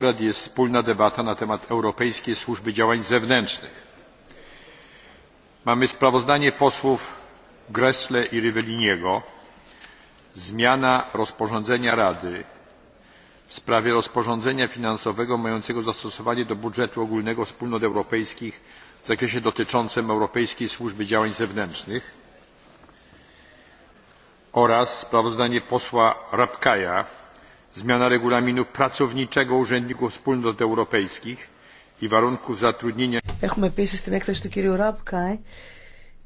obrad jest wspólna debata na temat Europejskiej Służby Działań Zewnętrznych. Mamy sprawozdanie posłów Gressle i Rivelliniego Zmiana rozporządzenia Rady w sprawie rozporządzenia finansowego mającego zastosowanie do budżetu ogólnego wspólnot europejskich w zakresie dotyczącym Europejskiej Służby Działań Zewnętrznych oraz sprawozdanie posła Rapkaja zmiana regulaminu pracowniczego urzędników wspólnot europejskich i warunków zatrudnienia. Έχουμε επίση την έκθεση του κυρίου Ράπκαη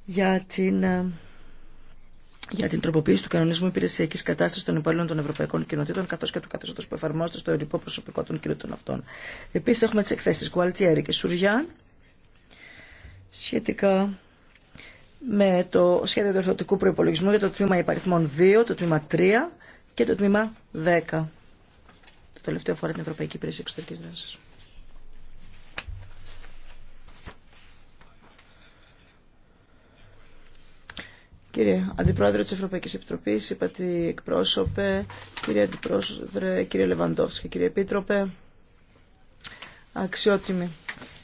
για την, ε, τροποποίηση του κανονισμού υπηρεσιακή κατάσταση των υπαλλήλων των Ευρωπαϊκών Κοινοτήτων καθώ και του καθεστώτο που εφαρμόζεται στο ελληνικό προσωπικό των κοινοτήτων αυτών. Επίση έχουμε τι εκθέσει Γκουαλτιέρη και Σουριάν σχετικά με το σχέδιο διορθωτικού προπολογισμού για το τμήμα υπαριθμών 2, το τμήμα 3 και το τμήμα 10. Το φορά την Ευρωπαϊκή Υπηρεσία Εξωτερικής Δράσης. Κύριε Αντιπρόεδρε της Ευρωπαϊκής Επιτροπής, είπατε εκπρόσωπε, κύριε Αντιπρόεδρε, κύριε και κύριε Επίτροπε, αξιότιμοι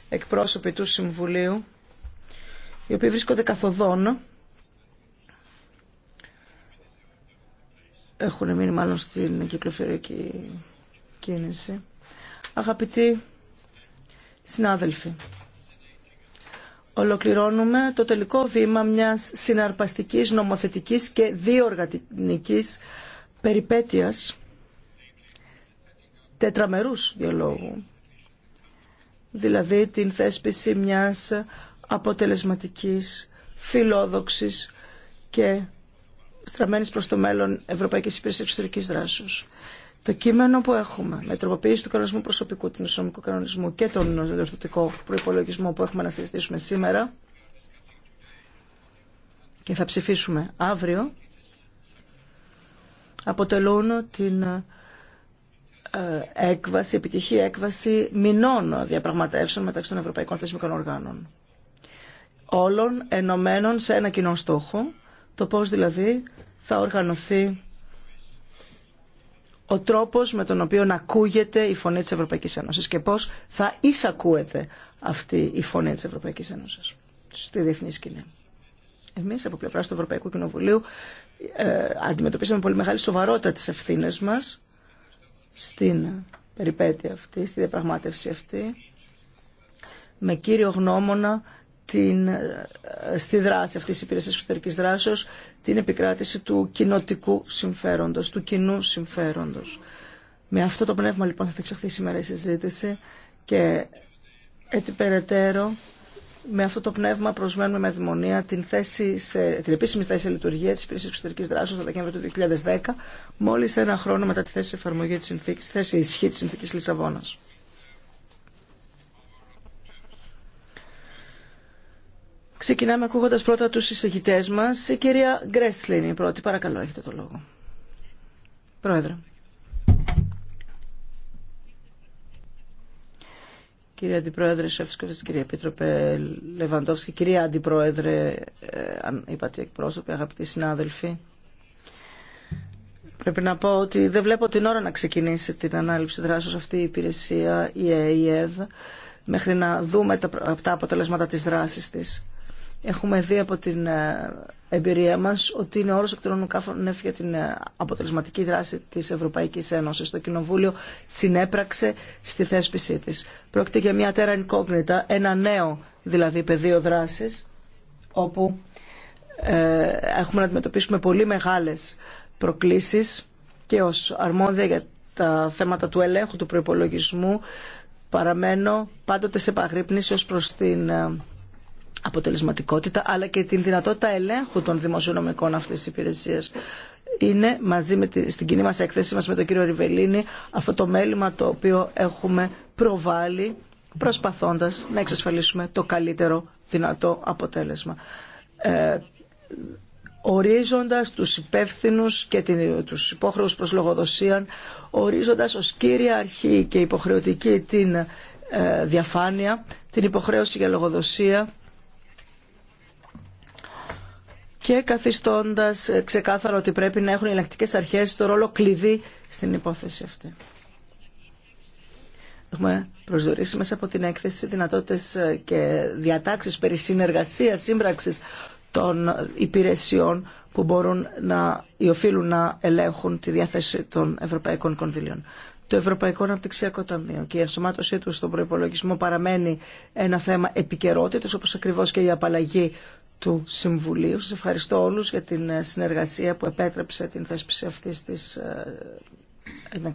εκπρόσωποι του Συμβουλίου, οι οποίοι βρίσκονται καθοδόν, έχουν μείνει μάλλον στην κυκλοφοριακή κίνηση. Αγαπητοί συνάδελφοι, ολοκληρώνουμε το τελικό βήμα μιας συναρπαστικής νομοθετικής και διοργανικής περιπέτειας τετραμερούς διαλόγου, δηλαδή την θέσπιση μιας αποτελεσματικής, φιλόδοξης και στραμμένης προς το μέλλον Ευρωπαϊκής Υπηρεσίας Εξωτερικής Δράσης το κείμενο που έχουμε με τροποποίηση του κανονισμού προσωπικού, του νοσονομικού κανονισμού και τον διορθωτικό προπολογισμό που έχουμε να συζητήσουμε σήμερα και θα ψηφίσουμε αύριο, αποτελούν την ε, έκβαση, επιτυχή έκβαση μηνών διαπραγματεύσεων μεταξύ των Ευρωπαϊκών Θεσμικών Οργάνων. Όλων ενωμένων σε ένα κοινό στόχο, το πώς δηλαδή θα οργανωθεί ο τρόπος με τον οποίο ακούγεται η φωνή της Ευρωπαϊκής Ένωσης και πώς θα εισακούεται αυτή η φωνή της Ευρωπαϊκής Ένωσης στη διεθνή σκηνή. Εμείς από πλευρά του Ευρωπαϊκού Κοινοβουλίου ε, αντιμετωπίσαμε πολύ μεγάλη σοβαρότητα τις ευθύνε μας στην περιπέτεια αυτή, στη διαπραγμάτευση αυτή με κύριο γνώμονα την, στη δράση αυτή τη υπηρεσία εξωτερική δράσεω την επικράτηση του κοινοτικού συμφέροντος, του κοινού συμφέροντος. Με αυτό το πνεύμα λοιπόν θα ξεχθεί σήμερα η συζήτηση και έτσι περαιτέρω με αυτό το πνεύμα προσμένουμε με δημονία την, θέση σε, την επίσημη θέση σε λειτουργία τη υπηρεσία εξωτερική δράσης το Δεκέμβριο του 2010 μόλι ένα χρόνο μετά τη θέση εφαρμογή της συνθήκης, θέση ισχύ τη συνθήκη Λισαβόνα. Ξεκινάμε ακούγοντα πρώτα του εισηγητές μα, Η κυρία Γκρέσλιν η πρώτη. Παρακαλώ, έχετε το λόγο. Πρόεδρε. Κύριε Αντιπρόεδρε Σεύσκοβης, κύριε Επίτροπε Λεβαντόφσκη, κυρία Αντιπρόεδρε, ε, αν είπατε εκπρόσωποι, αγαπητοί συνάδελφοι. Πρέπει να πω ότι δεν βλέπω την ώρα να ξεκινήσει την ανάληψη δράσεως αυτή η υπηρεσία, η ΕΕΔ, μέχρι να δούμε τα, τα αποτελέσματα της δράσης της. Έχουμε δει από την ε, εμπειρία μας ότι είναι όρος εκ κάφων νεφ για την ε, αποτελεσματική δράση της Ευρωπαϊκής Ένωσης. Το Κοινοβούλιο συνέπραξε στη θέσπιση της. Πρόκειται για μια τέρα incognita, ένα νέο δηλαδή πεδίο δράσης, όπου ε, έχουμε να αντιμετωπίσουμε πολύ μεγάλες προκλήσεις και ως αρμόδια για τα θέματα του ελέγχου του προϋπολογισμού παραμένω πάντοτε σε επαγρύπνηση ως προς την αποτελεσματικότητα αλλά και την δυνατότητα ελέγχου των δημοσιονομικών αυτής τη υπηρεσία, Είναι μαζί με τη, στην κοινή μα έκθεση μα με τον κύριο Ριβελίνη αυτό το μέλημα το οποίο έχουμε προβάλλει προσπαθώντα να εξασφαλίσουμε το καλύτερο δυνατό αποτέλεσμα. Ε, ορίζοντας τους υπεύθυνους και του τους υπόχρεους προς λογοδοσία, ορίζοντας ως κύρια αρχή και υποχρεωτική την ε, διαφάνεια, την υποχρέωση για λογοδοσία και καθιστώντας ξεκάθαρο ότι πρέπει να έχουν οι ελεκτικές αρχές το ρόλο κλειδί στην υπόθεση αυτή. Έχουμε προσδιορίσει μέσα από την έκθεση δυνατότητες και διατάξεις περί συνεργασίας, σύμπραξης των υπηρεσιών που μπορούν να ή οφείλουν να ελέγχουν τη διάθεση των ευρωπαϊκών κονδυλίων. Το Ευρωπαϊκό Αναπτυξιακό Ταμείο και η ασωμάτωσή του στον προπολογισμό παραμένει ένα θέμα επικαιρότητα, όπω ακριβώ και η απαλλαγή του Συμβουλίου. Σας ευχαριστώ όλους για την ε, συνεργασία που επέτρεψε την θέσπιση αυτής της ε,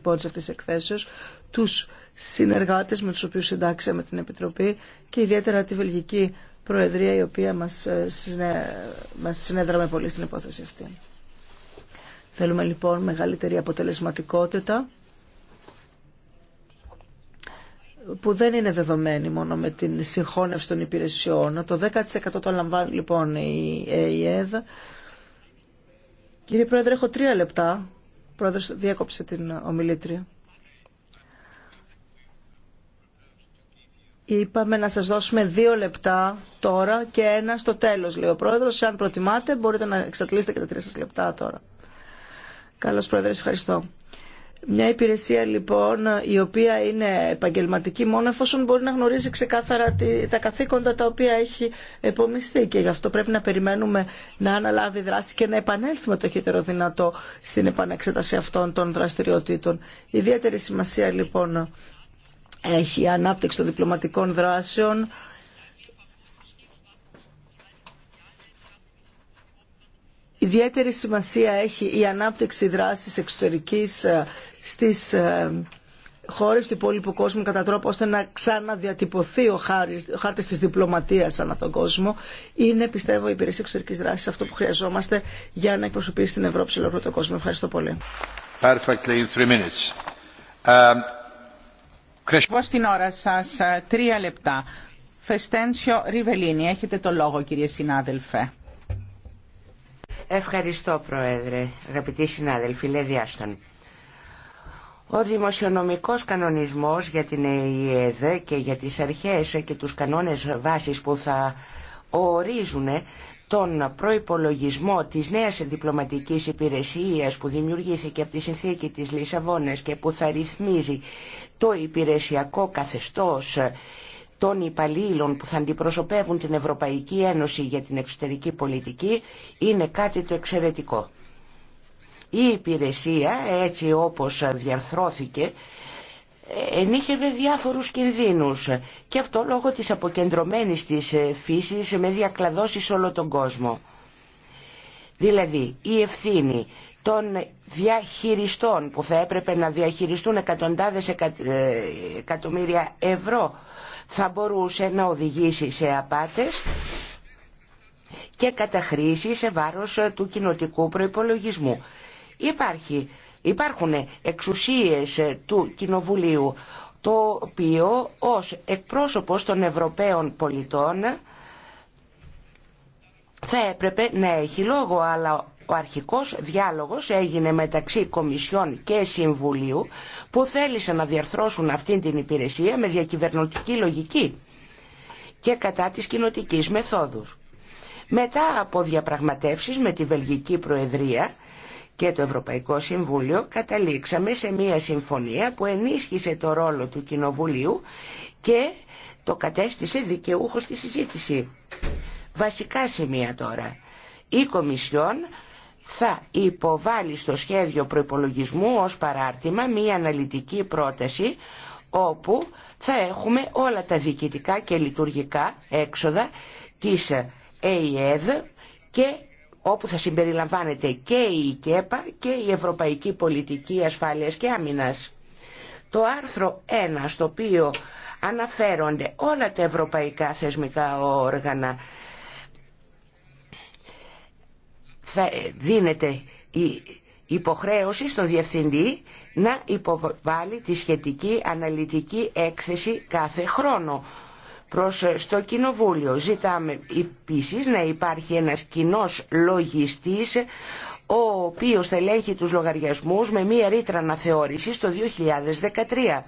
αυτής της εκθέσεως, τους συνεργάτες με τους οποίους συντάξαμε την Επιτροπή και ιδιαίτερα τη Βελγική Προεδρία η οποία μας, ε, μας συνέδραμε πολύ στην υπόθεση αυτή. Θέλουμε λοιπόν μεγαλύτερη αποτελεσματικότητα που δεν είναι δεδομένη μόνο με την συγχώνευση των υπηρεσιών. Το 10% το λαμβάνει λοιπόν η ΕΕΔ. Κύριε Πρόεδρε, έχω τρία λεπτά. Ο Πρόεδρος διέκοψε την ομιλήτρια. Είπαμε να σας δώσουμε δύο λεπτά τώρα και ένα στο τέλος, λέει ο Πρόεδρος. Αν προτιμάτε, μπορείτε να εξατλήσετε και τα τρία σας λεπτά τώρα. Καλώς, Πρόεδρε, ευχαριστώ. Μια υπηρεσία λοιπόν η οποία είναι επαγγελματική μόνο εφόσον μπορεί να γνωρίζει ξεκάθαρα τα καθήκοντα τα οποία έχει επομιστεί και γι' αυτό πρέπει να περιμένουμε να αναλάβει δράση και να επανέλθουμε το χύτερο δυνατό στην επανεξέταση αυτών των δραστηριοτήτων. Ιδιαίτερη σημασία λοιπόν έχει η ανάπτυξη των διπλωματικών δράσεων Ιδιαίτερη σημασία έχει η ανάπτυξη δράσης εξωτερικής ε, στις ε, χώρες του υπόλοιπου κόσμου κατά τρόπο ώστε να ξαναδιατυπωθεί ο, χάρτη χάρτης της διπλωματίας ανά τον κόσμο είναι πιστεύω η υπηρεσία εξωτερικής δράσης αυτό που χρειαζόμαστε για να εκπροσωπήσει την Ευρώπη σε όλο τον κόσμο. Ευχαριστώ πολύ. Um, ώρα σας, ε, τρία λεπτά. Φεστένσιο Ριβελίνη, έχετε το λόγο κύριε συνάδελφε. Ευχαριστώ Πρόεδρε, αγαπητοί συνάδελφοι, λέει Ο δημοσιονομικός κανονισμός για την ΕΕΔ και για τις αρχές και τους κανόνες βάσης που θα ορίζουν τον προϋπολογισμό της νέας διπλωματικής υπηρεσίας που δημιουργήθηκε από τη συνθήκη της Λισαβόνας και που θα ρυθμίζει το υπηρεσιακό καθεστώς των υπαλλήλων που θα αντιπροσωπεύουν την Ευρωπαϊκή Ένωση για την εξωτερική πολιτική είναι κάτι το εξαιρετικό. Η υπηρεσία έτσι όπως διαρθρώθηκε ενίχευε διάφορους κινδύνους και αυτό λόγω της αποκεντρωμένης της φύσης με σε όλο τον κόσμο. Δηλαδή η ευθύνη των διαχειριστών που θα έπρεπε να διαχειριστούν εκατοντάδες ε, εκατομμύρια ευρώ θα μπορούσε να οδηγήσει σε απάτες και καταχρήσει σε βάρος ε, του κοινοτικού προϋπολογισμού. Υπάρχει, υπάρχουν εξουσίες ε, του Κοινοβουλίου το οποίο ως εκπρόσωπος των Ευρωπαίων πολιτών θα έπρεπε να έχει λόγο αλλά ο αρχικός διάλογος έγινε μεταξύ Κομισιών και Συμβουλίου που θέλησαν να διαρθρώσουν αυτήν την υπηρεσία με διακυβερνητική λογική και κατά της κοινοτικής μεθόδου. Μετά από διαπραγματεύσεις με τη Βελγική Προεδρία και το Ευρωπαϊκό Συμβούλιο καταλήξαμε σε μια συμφωνία που ενίσχυσε το ρόλο του Κοινοβουλίου και το κατέστησε δικαιούχο στη συζήτηση. Βασικά σημεία τώρα. Η Κομισιόν θα υποβάλει στο σχέδιο προϋπολογισμού ως παράρτημα μία αναλυτική πρόταση όπου θα έχουμε όλα τα διοικητικά και λειτουργικά έξοδα της ΕΕΔ και όπου θα συμπεριλαμβάνεται και η ΚΕΠΑ και η Ευρωπαϊκή Πολιτική Ασφάλειας και Άμυνας. Το άρθρο 1 στο οποίο αναφέρονται όλα τα ευρωπαϊκά θεσμικά όργανα θα δίνεται η υποχρέωση στο Διευθυντή να υποβάλει τη σχετική αναλυτική έκθεση κάθε χρόνο προς ε, το Κοινοβούλιο. Ζητάμε επίσης να υπάρχει ένας κοινός λογιστής ο οποίος θα ελέγχει τους λογαριασμούς με μία ρήτρα αναθεώρηση το 2013.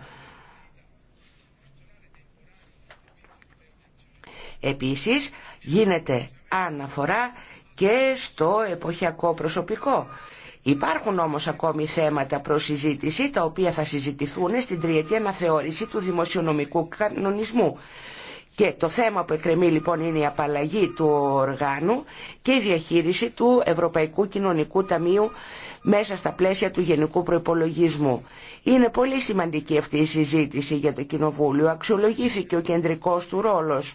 Επίσης γίνεται αναφορά και στο εποχιακό προσωπικό. Υπάρχουν όμως ακόμη θέματα προς συζήτηση, τα οποία θα συζητηθούν στην τριετή αναθεώρηση του δημοσιονομικού κανονισμού. Και το θέμα που εκκρεμεί λοιπόν είναι η απαλλαγή του οργάνου και η διαχείριση του Ευρωπαϊκού Κοινωνικού Ταμείου μέσα στα πλαίσια του Γενικού Προϋπολογισμού. Είναι πολύ σημαντική αυτή η συζήτηση για το Κοινοβούλιο. Αξιολογήθηκε ο κεντρικός του ρόλος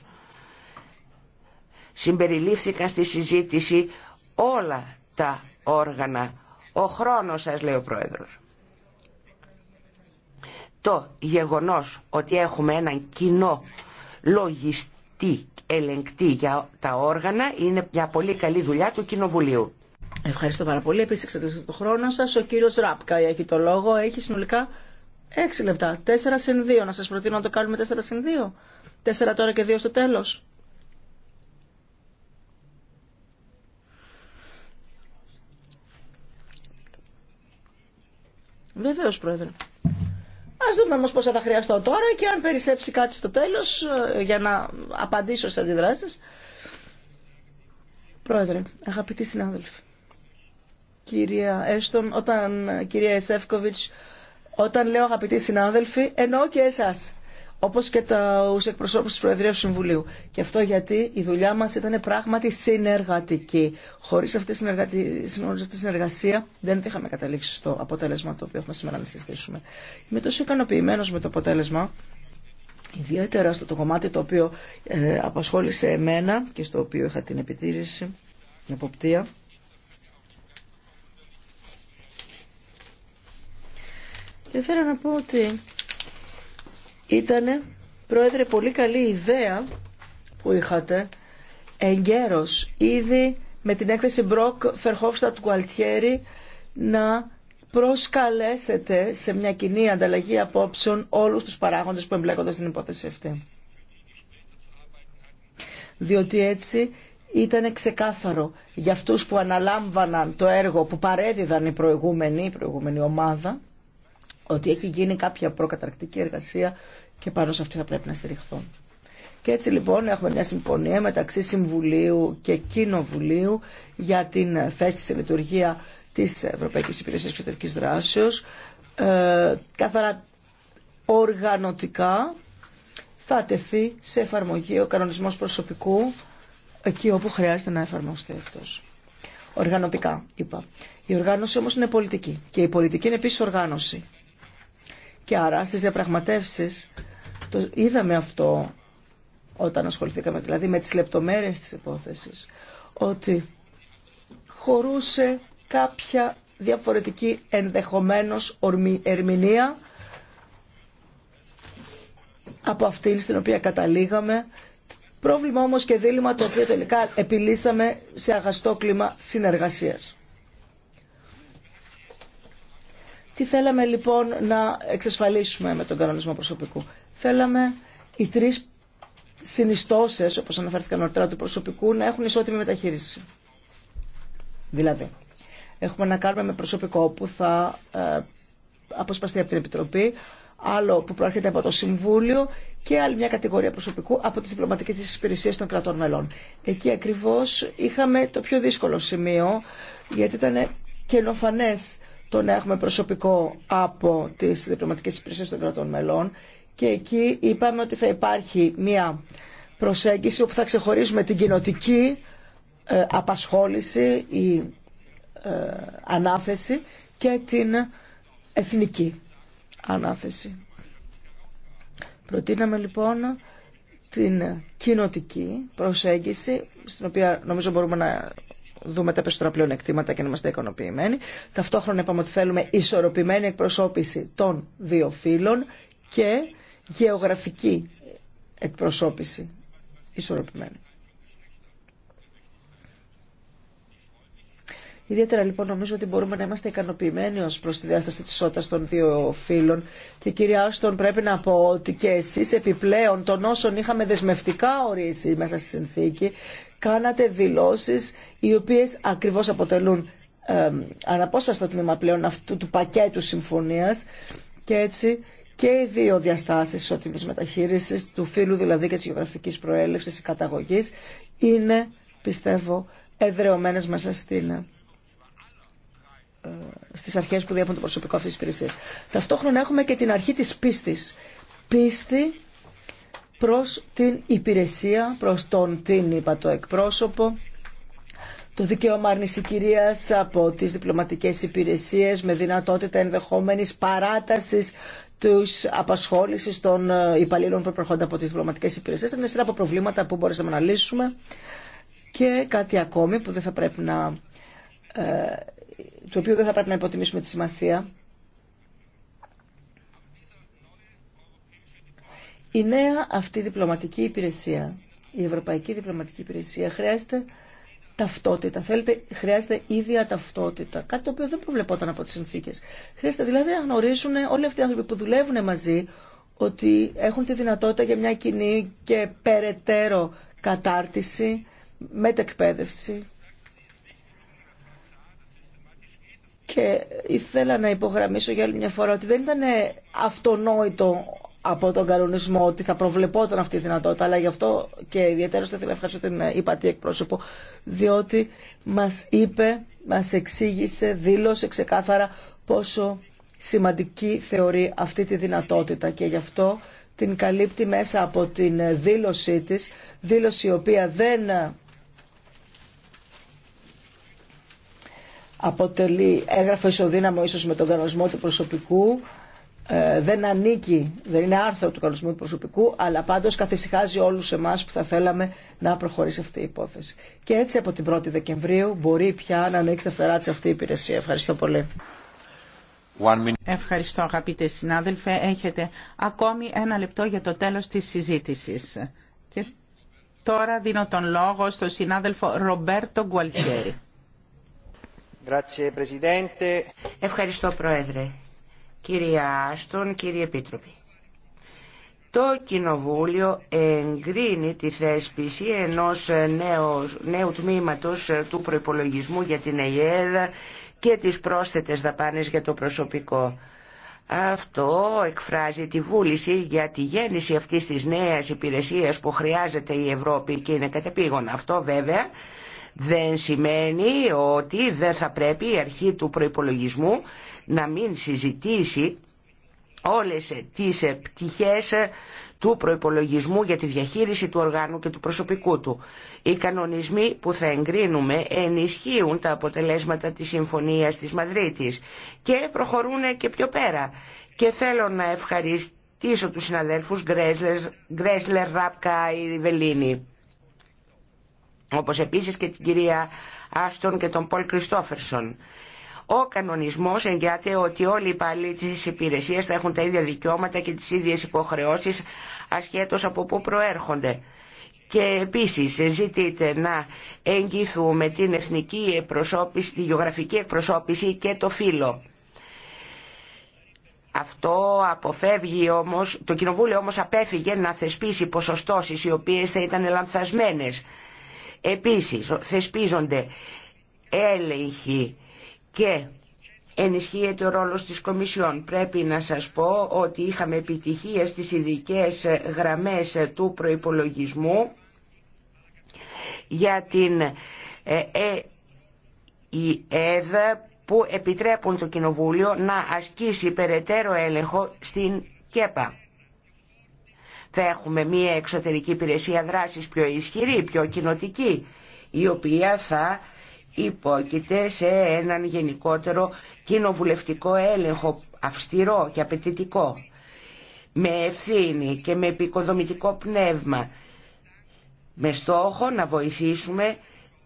συμπεριλήφθηκαν στη συζήτηση όλα τα όργανα. Ο χρόνος σας λέει ο Πρόεδρος. Το γεγονός ότι έχουμε έναν κοινό λογιστή ελεγκτή για τα όργανα είναι μια πολύ καλή δουλειά του Κοινοβουλίου. Ευχαριστώ πάρα πολύ. Επίση, εξαιρετήσατε το χρόνο σα. Ο κύριο Ράπκα έχει το λόγο. Έχει συνολικά 6 λεπτά. 4 συν 2. Να σα προτείνω να το κάνουμε 4 συν 2. 4 τώρα και 2 στο τέλο. Βεβαίω, Πρόεδρε. Ας δούμε όμως πόσα θα χρειαστώ τώρα και αν περισσέψει κάτι στο τέλος ε, για να απαντήσω στι αντιδράσει. Πρόεδρε, αγαπητοί συνάδελφοι, κυρία Έστον, όταν, ε, κυρία Εσεύκοβιτς, όταν λέω αγαπητοί συνάδελφοι, εννοώ και εσάς όπως και τους εκπροσώπους της Προεδρίας Συμβουλίου. Και αυτό γιατί η δουλειά μας ήταν πράγματι συνεργατική. Χωρίς αυτή τη συνεργασία δεν είχαμε καταλήξει στο αποτέλεσμα το οποίο έχουμε σήμερα να συστήσουμε. Είμαι τόσο ικανοποιημένο με το αποτέλεσμα, ιδιαίτερα στο το κομμάτι το οποίο ε, απασχόλησε εμένα και στο οποίο είχα την επιτήρηση, την εποπτεία. Και θέλω να πω ότι Ήτανε, Πρόεδρε, πολύ καλή ιδέα που είχατε εγκαίρως ήδη με την έκθεση Μπροκ Φερχόφστατ Κουαλτιέρη να προσκαλέσετε σε μια κοινή ανταλλαγή απόψεων όλους τους παράγοντες που εμπλέκονται στην υπόθεση αυτή. Διότι έτσι ήταν ξεκάθαρο για αυτούς που αναλάμβαναν το έργο που παρέδιδαν η προηγούμενη η προηγούμενη ομάδα, ότι έχει γίνει κάποια προκαταρκτική εργασία και πάνω σε αυτή θα πρέπει να στηριχθούν. Και έτσι λοιπόν έχουμε μια συμφωνία μεταξύ Συμβουλίου και Κοινοβουλίου για την θέση σε λειτουργία της Ευρωπαϊκής Υπηρεσίας Εξωτερικής Δράσεως. Ε, καθαρά οργανωτικά θα τεθεί σε εφαρμογή ο κανονισμός προσωπικού εκεί όπου χρειάζεται να εφαρμοστεί αυτός. Οργανωτικά, είπα. Η οργάνωση όμως είναι πολιτική και η πολιτική είναι επίσης οργάνωση. Και άρα στις διαπραγματεύσεις το είδαμε αυτό όταν ασχοληθήκαμε δηλαδή με τις λεπτομέρειες της υπόθεσης ότι χωρούσε κάποια διαφορετική ενδεχομένως ερμηνεία από αυτήν στην οποία καταλήγαμε. Πρόβλημα όμως και δίλημα το οποίο τελικά επιλύσαμε σε αγαστό κλίμα συνεργασίας. Τι θέλαμε λοιπόν να εξασφαλίσουμε με τον κανονισμό προσωπικού. Θέλαμε οι τρεις συνιστώσεις, όπως αναφέρθηκαν νωρίτερα, του προσωπικού να έχουν ισότιμη μεταχείριση. Δηλαδή, έχουμε να κάνουμε με προσωπικό που θα ε, αποσπαστεί από την Επιτροπή, άλλο που προέρχεται από το Συμβούλιο και άλλη μια κατηγορία προσωπικού από τις διπλωματικές υπηρεσίες των κρατών μελών. Εκεί ακριβώς είχαμε το πιο δύσκολο σημείο, γιατί ήταν καινοφανές το έχουμε προσωπικό από τις διπλωματικές υπηρεσίες των κρατών μελών και εκεί είπαμε ότι θα υπάρχει μια προσέγγιση όπου θα ξεχωρίζουμε την κοινοτική ε, απασχόληση ή ε, ανάθεση και την εθνική ανάθεση. Προτείναμε λοιπόν την κοινοτική προσέγγιση, στην οποία νομίζω μπορούμε να δούμε τα περισσότερα πλέον εκτήματα και να είμαστε ικανοποιημένοι. Ταυτόχρονα είπαμε ότι θέλουμε ισορροπημένη εκπροσώπηση των δύο φύλων και γεωγραφική εκπροσώπηση ισορροπημένη. Ιδιαίτερα λοιπόν νομίζω ότι μπορούμε να είμαστε ικανοποιημένοι ως προς τη διάσταση της ισότητας των δύο φίλων και κυρία Άστον πρέπει να πω ότι και εσείς επιπλέον των όσων είχαμε δεσμευτικά ορίσει μέσα στη συνθήκη κάνατε δηλώσεις οι οποίες ακριβώς αποτελούν ε, αναπόσπαστο τμήμα πλέον αυτού του πακέτου συμφωνίας και έτσι και οι δύο διαστάσεις ισότιμης μεταχείρισης του φύλου δηλαδή και της γεωγραφικής προέλευσης ή καταγωγής είναι πιστεύω εδρεωμένες μέσα στην ε, στις αρχές που διέπουν το προσωπικό αυτής της υπηρεσίας. Ταυτόχρονα έχουμε και την αρχή της πίστης. Πίστη προς την υπηρεσία, προς τον την είπα το εκπρόσωπο, το δικαίωμα άρνηση κυρίας από τις διπλωματικές υπηρεσίες με δυνατότητα ενδεχόμενης παράτασης τους απασχόλησης των ε, υπαλλήλων που προχωρούν από τι διπλωματικές υπηρεσίε. Ήταν μια σειρά από προβλήματα που μπορούσαμε να λύσουμε και κάτι ακόμη που δεν θα πρέπει να ε, το οποίο δεν θα πρέπει να υποτιμήσουμε τη σημασία. Η νέα αυτή διπλωματική υπηρεσία, η Ευρωπαϊκή Διπλωματική Υπηρεσία, χρειάζεται ταυτότητα. Θέλετε, χρειάζεται ίδια ταυτότητα. Κάτι το οποίο δεν προβλεπόταν από τι συνθήκε. Χρειάζεται δηλαδή να γνωρίζουν όλοι αυτοί οι άνθρωποι που δουλεύουν μαζί ότι έχουν τη δυνατότητα για μια κοινή και περαιτέρω κατάρτιση, μετεκπαίδευση Και ήθελα να υπογραμμίσω για άλλη μια φορά ότι δεν ήταν αυτονόητο από τον κανονισμό ότι θα προβλεπόταν αυτή η δυνατότητα, αλλά γι' αυτό και ιδιαίτερα θα ήθελα να ευχαριστώ την υπατή εκπρόσωπο, διότι μας είπε, μας εξήγησε, δήλωσε ξεκάθαρα πόσο σημαντική θεωρεί αυτή τη δυνατότητα και γι' αυτό την καλύπτει μέσα από την δήλωσή της, δήλωση η οποία δεν αποτελεί έγγραφο ισοδύναμο ίσως με τον κανονισμό του προσωπικού, ε, δεν ανήκει, δεν είναι άρθρο του κανονισμού του προσωπικού, αλλά πάντως καθησυχάζει όλους εμάς που θα θέλαμε να προχωρήσει αυτή η υπόθεση. Και έτσι από την 1η Δεκεμβρίου μπορεί πια να ανοίξει τα φτερά της αυτή η υπηρεσία. Ευχαριστώ πολύ. Ευχαριστώ αγαπητέ συνάδελφε. Έχετε ακόμη ένα λεπτό για το τέλος της συζήτησης. τώρα δίνω τον λόγο στον συνάδελφο Ρομπέρτο Γκουαλτιέρη. Ευχαριστώ Πρόεδρε. Κυρία Άστον, κύριε Επίτροπη. Το Κοινοβούλιο εγκρίνει τη θέσπιση ενός νέου, νέου τμήματος του προϋπολογισμού για την ΕΕΔ και τις πρόσθετες δαπάνες για το προσωπικό. Αυτό εκφράζει τη βούληση για τη γέννηση αυτής της νέας υπηρεσίας που χρειάζεται η Ευρώπη και είναι κατεπήγον. Αυτό βέβαια δεν σημαίνει ότι δεν θα πρέπει η αρχή του προϋπολογισμού να μην συζητήσει όλες τις πτυχές του προϋπολογισμού για τη διαχείριση του οργάνου και του προσωπικού του. Οι κανονισμοί που θα εγκρίνουμε ενισχύουν τα αποτελέσματα της Συμφωνίας της Μαδρίτης και προχωρούν και πιο πέρα. Και θέλω να ευχαριστήσω τους συναδέλφους Γκρέσλερ, Ράπκα, Ιβελίνη όπως επίσης και την κυρία Άστον και τον Πολ Κριστόφερσον. Ο κανονισμός εγγυάται ότι όλοι οι υπαλλήλοι της υπηρεσίας θα έχουν τα ίδια δικαιώματα και τις ίδιες υποχρεώσεις ασχέτως από πού προέρχονται. Και επίσης ζητείται να εγγυηθούμε την εθνική εκπροσώπηση, τη γεωγραφική εκπροσώπηση και το φύλλο. Αυτό αποφεύγει όμως, το Κοινοβούλιο όμως απέφυγε να θεσπίσει ποσοστώσεις οι οποίες θα ήταν λανθασμένες Επίσης θεσπίζονται έλεγχοι και ενισχύεται ο ρόλος της Κομισιόν. Πρέπει να σας πω ότι είχαμε επιτυχία στις ειδικέ γραμμές του προϋπολογισμού για την ΕΕΔ ε, που επιτρέπουν το Κοινοβούλιο να ασκήσει περαιτέρω έλεγχο στην ΚΕΠΑ. Θα έχουμε μία εξωτερική υπηρεσία δράσης πιο ισχυρή, πιο κοινοτική, η οποία θα υπόκειται σε έναν γενικότερο κοινοβουλευτικό έλεγχο αυστηρό και απαιτητικό, με ευθύνη και με επικοδομητικό πνεύμα, με στόχο να βοηθήσουμε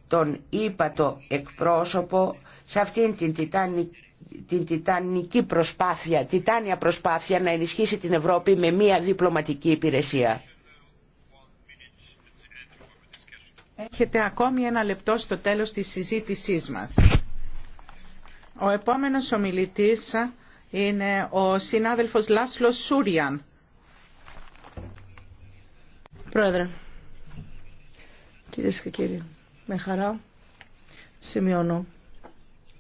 τον ύπατο εκπρόσωπο σε αυτήν την τιτάνικη την τιτανική προσπάθεια, τιτάνια προσπάθεια να ενισχύσει την Ευρώπη με μια διπλωματική υπηρεσία. Έχετε ακόμη ένα λεπτό στο τέλος της συζήτησής μας. Ο επόμενος ομιλητής είναι ο συνάδελφος Λάσλο Σούριαν. Πρόεδρε, κυρίες και κύριοι, με χαρά σημειώνω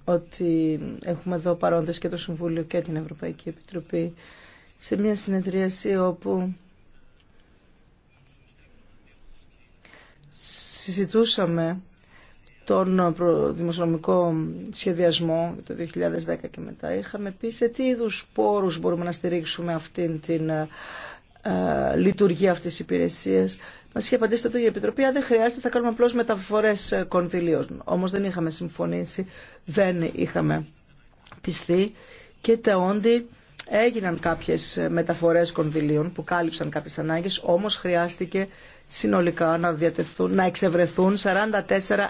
ότι έχουμε εδώ παρόντες και το Συμβούλιο και την Ευρωπαϊκή Επιτροπή σε μια συνεδρίαση όπου συζητούσαμε τον δημοσιονομικό σχεδιασμό το 2010 και μετά. Είχαμε πει σε τι είδους πόρους μπορούμε να στηρίξουμε αυτήν την ε, ε, λειτουργεί αυτή τη υπηρεσία. Μα είχε απαντήσει τότε η Επιτροπή, δεν χρειάζεται θα κάνουμε απλώ μεταφορέ ε, κονδυλίων. Όμω δεν είχαμε συμφωνήσει, δεν είχαμε πιστεί και τα όντι έγιναν κάποιε μεταφορέ κονδυλίων που κάλυψαν κάποιε ανάγκε, όμω χρειάστηκε συνολικά να, διατεθούν, να εξευρεθούν 44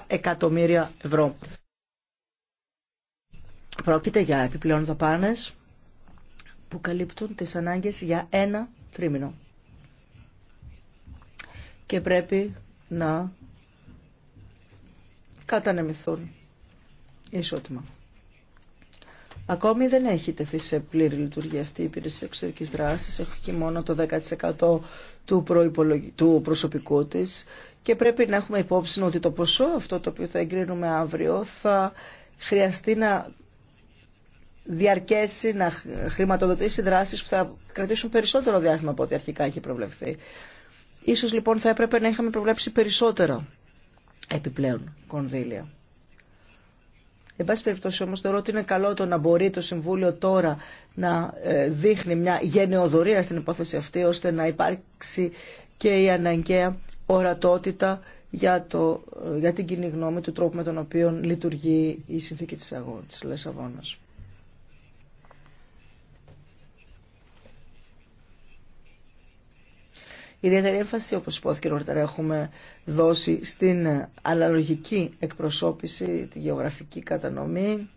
εκατομμύρια ευρώ. Πρόκειται για επιπλέον δαπάνε που καλύπτουν τις ανάγκες για ένα τρίμηνο. Και πρέπει να κατανεμηθούν ισότιμα. Ακόμη δεν έχει τεθεί σε πλήρη λειτουργία αυτή η υπηρεσία εξωτερικής δράσης, έχει μόνο το 10% του, του προσωπικού της και πρέπει να έχουμε υπόψη ότι το ποσό αυτό το οποίο θα εγκρίνουμε αύριο θα χρειαστεί να διαρκέσει να χρηματοδοτήσει δράσεις που θα κρατήσουν περισσότερο διάστημα από ό,τι αρχικά έχει προβλεφθεί. Ίσως λοιπόν θα έπρεπε να είχαμε προβλέψει περισσότερο επιπλέον κονδύλια. Εν πάση περιπτώσει όμως θεωρώ ότι είναι καλό το να μπορεί το Συμβούλιο τώρα να ε, δείχνει μια γενεοδορία στην υπόθεση αυτή ώστε να υπάρξει και η αναγκαία ορατότητα για, το, ε, για την κοινή γνώμη του τρόπου με τον οποίο λειτουργεί η συνθήκη της, αγώ, της Λεσσαβόνας. Ιδιαίτερη έμφαση, όπως υπόθηκε νωρίτερα, έχουμε δώσει στην αναλογική εκπροσώπηση, τη γεωγραφική κατανομή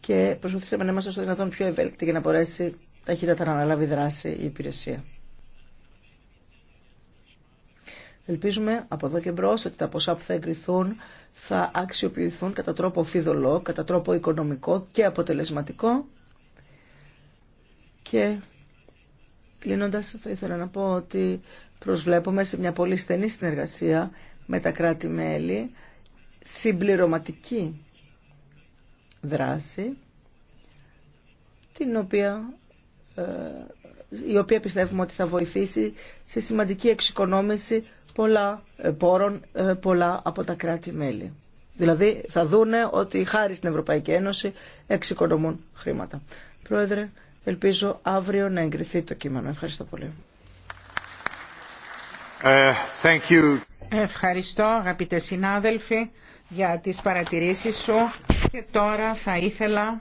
και προσπαθήσαμε να είμαστε στο δυνατόν πιο ευέλικτοι για να μπορέσει ταχύτατα να αναλάβει δράση η υπηρεσία. Ελπίζουμε από εδώ και μπρο ότι τα ποσά που θα εγκριθούν θα αξιοποιηθούν κατά τρόπο φιδωλό, κατά τρόπο οικονομικό και αποτελεσματικό και κλείνοντα θα ήθελα να πω ότι προσβλέπουμε σε μια πολύ στενή συνεργασία με τα κράτη-μέλη συμπληρωματική δράση την οποία, ε, η οποία πιστεύουμε ότι θα βοηθήσει σε σημαντική εξοικονόμηση πολλά ε, πόρων ε, πολλά από τα κράτη-μέλη. Δηλαδή θα δούνε ότι χάρη στην Ευρωπαϊκή Ένωση εξοικονομούν χρήματα. Πρόεδρε, Ελπίζω αύριο να εγκριθεί το κείμενο. Ευχαριστώ πολύ. Ε, Ευχαριστώ αγαπητέ συνάδελφοι για τις παρατηρήσεις σου και τώρα θα ήθελα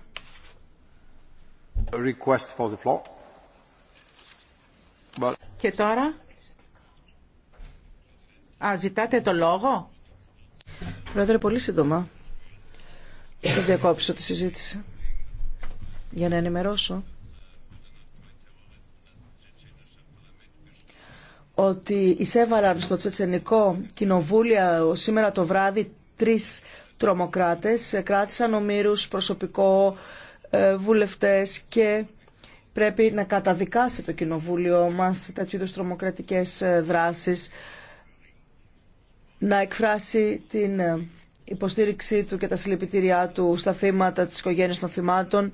for the και τώρα Α, ζητάτε το λόγο. Πρόεδρε, πολύ σύντομα. Θα διακόψω τη συζήτηση για να ενημερώσω ότι εισέβαλαν στο Τσετσενικό Κοινοβούλιο σήμερα το βράδυ τρεις τρομοκράτες, κράτησαν ομήρους, προσωπικό, ε, βουλευτές και πρέπει να καταδικάσει το Κοινοβούλιο μας τέτοιου είδους τρομοκρατικές ε, δράσεις, να εκφράσει την ε, υποστήριξή του και τα συλληπιτήριά του στα θύματα της οικογένειας των θυμάτων,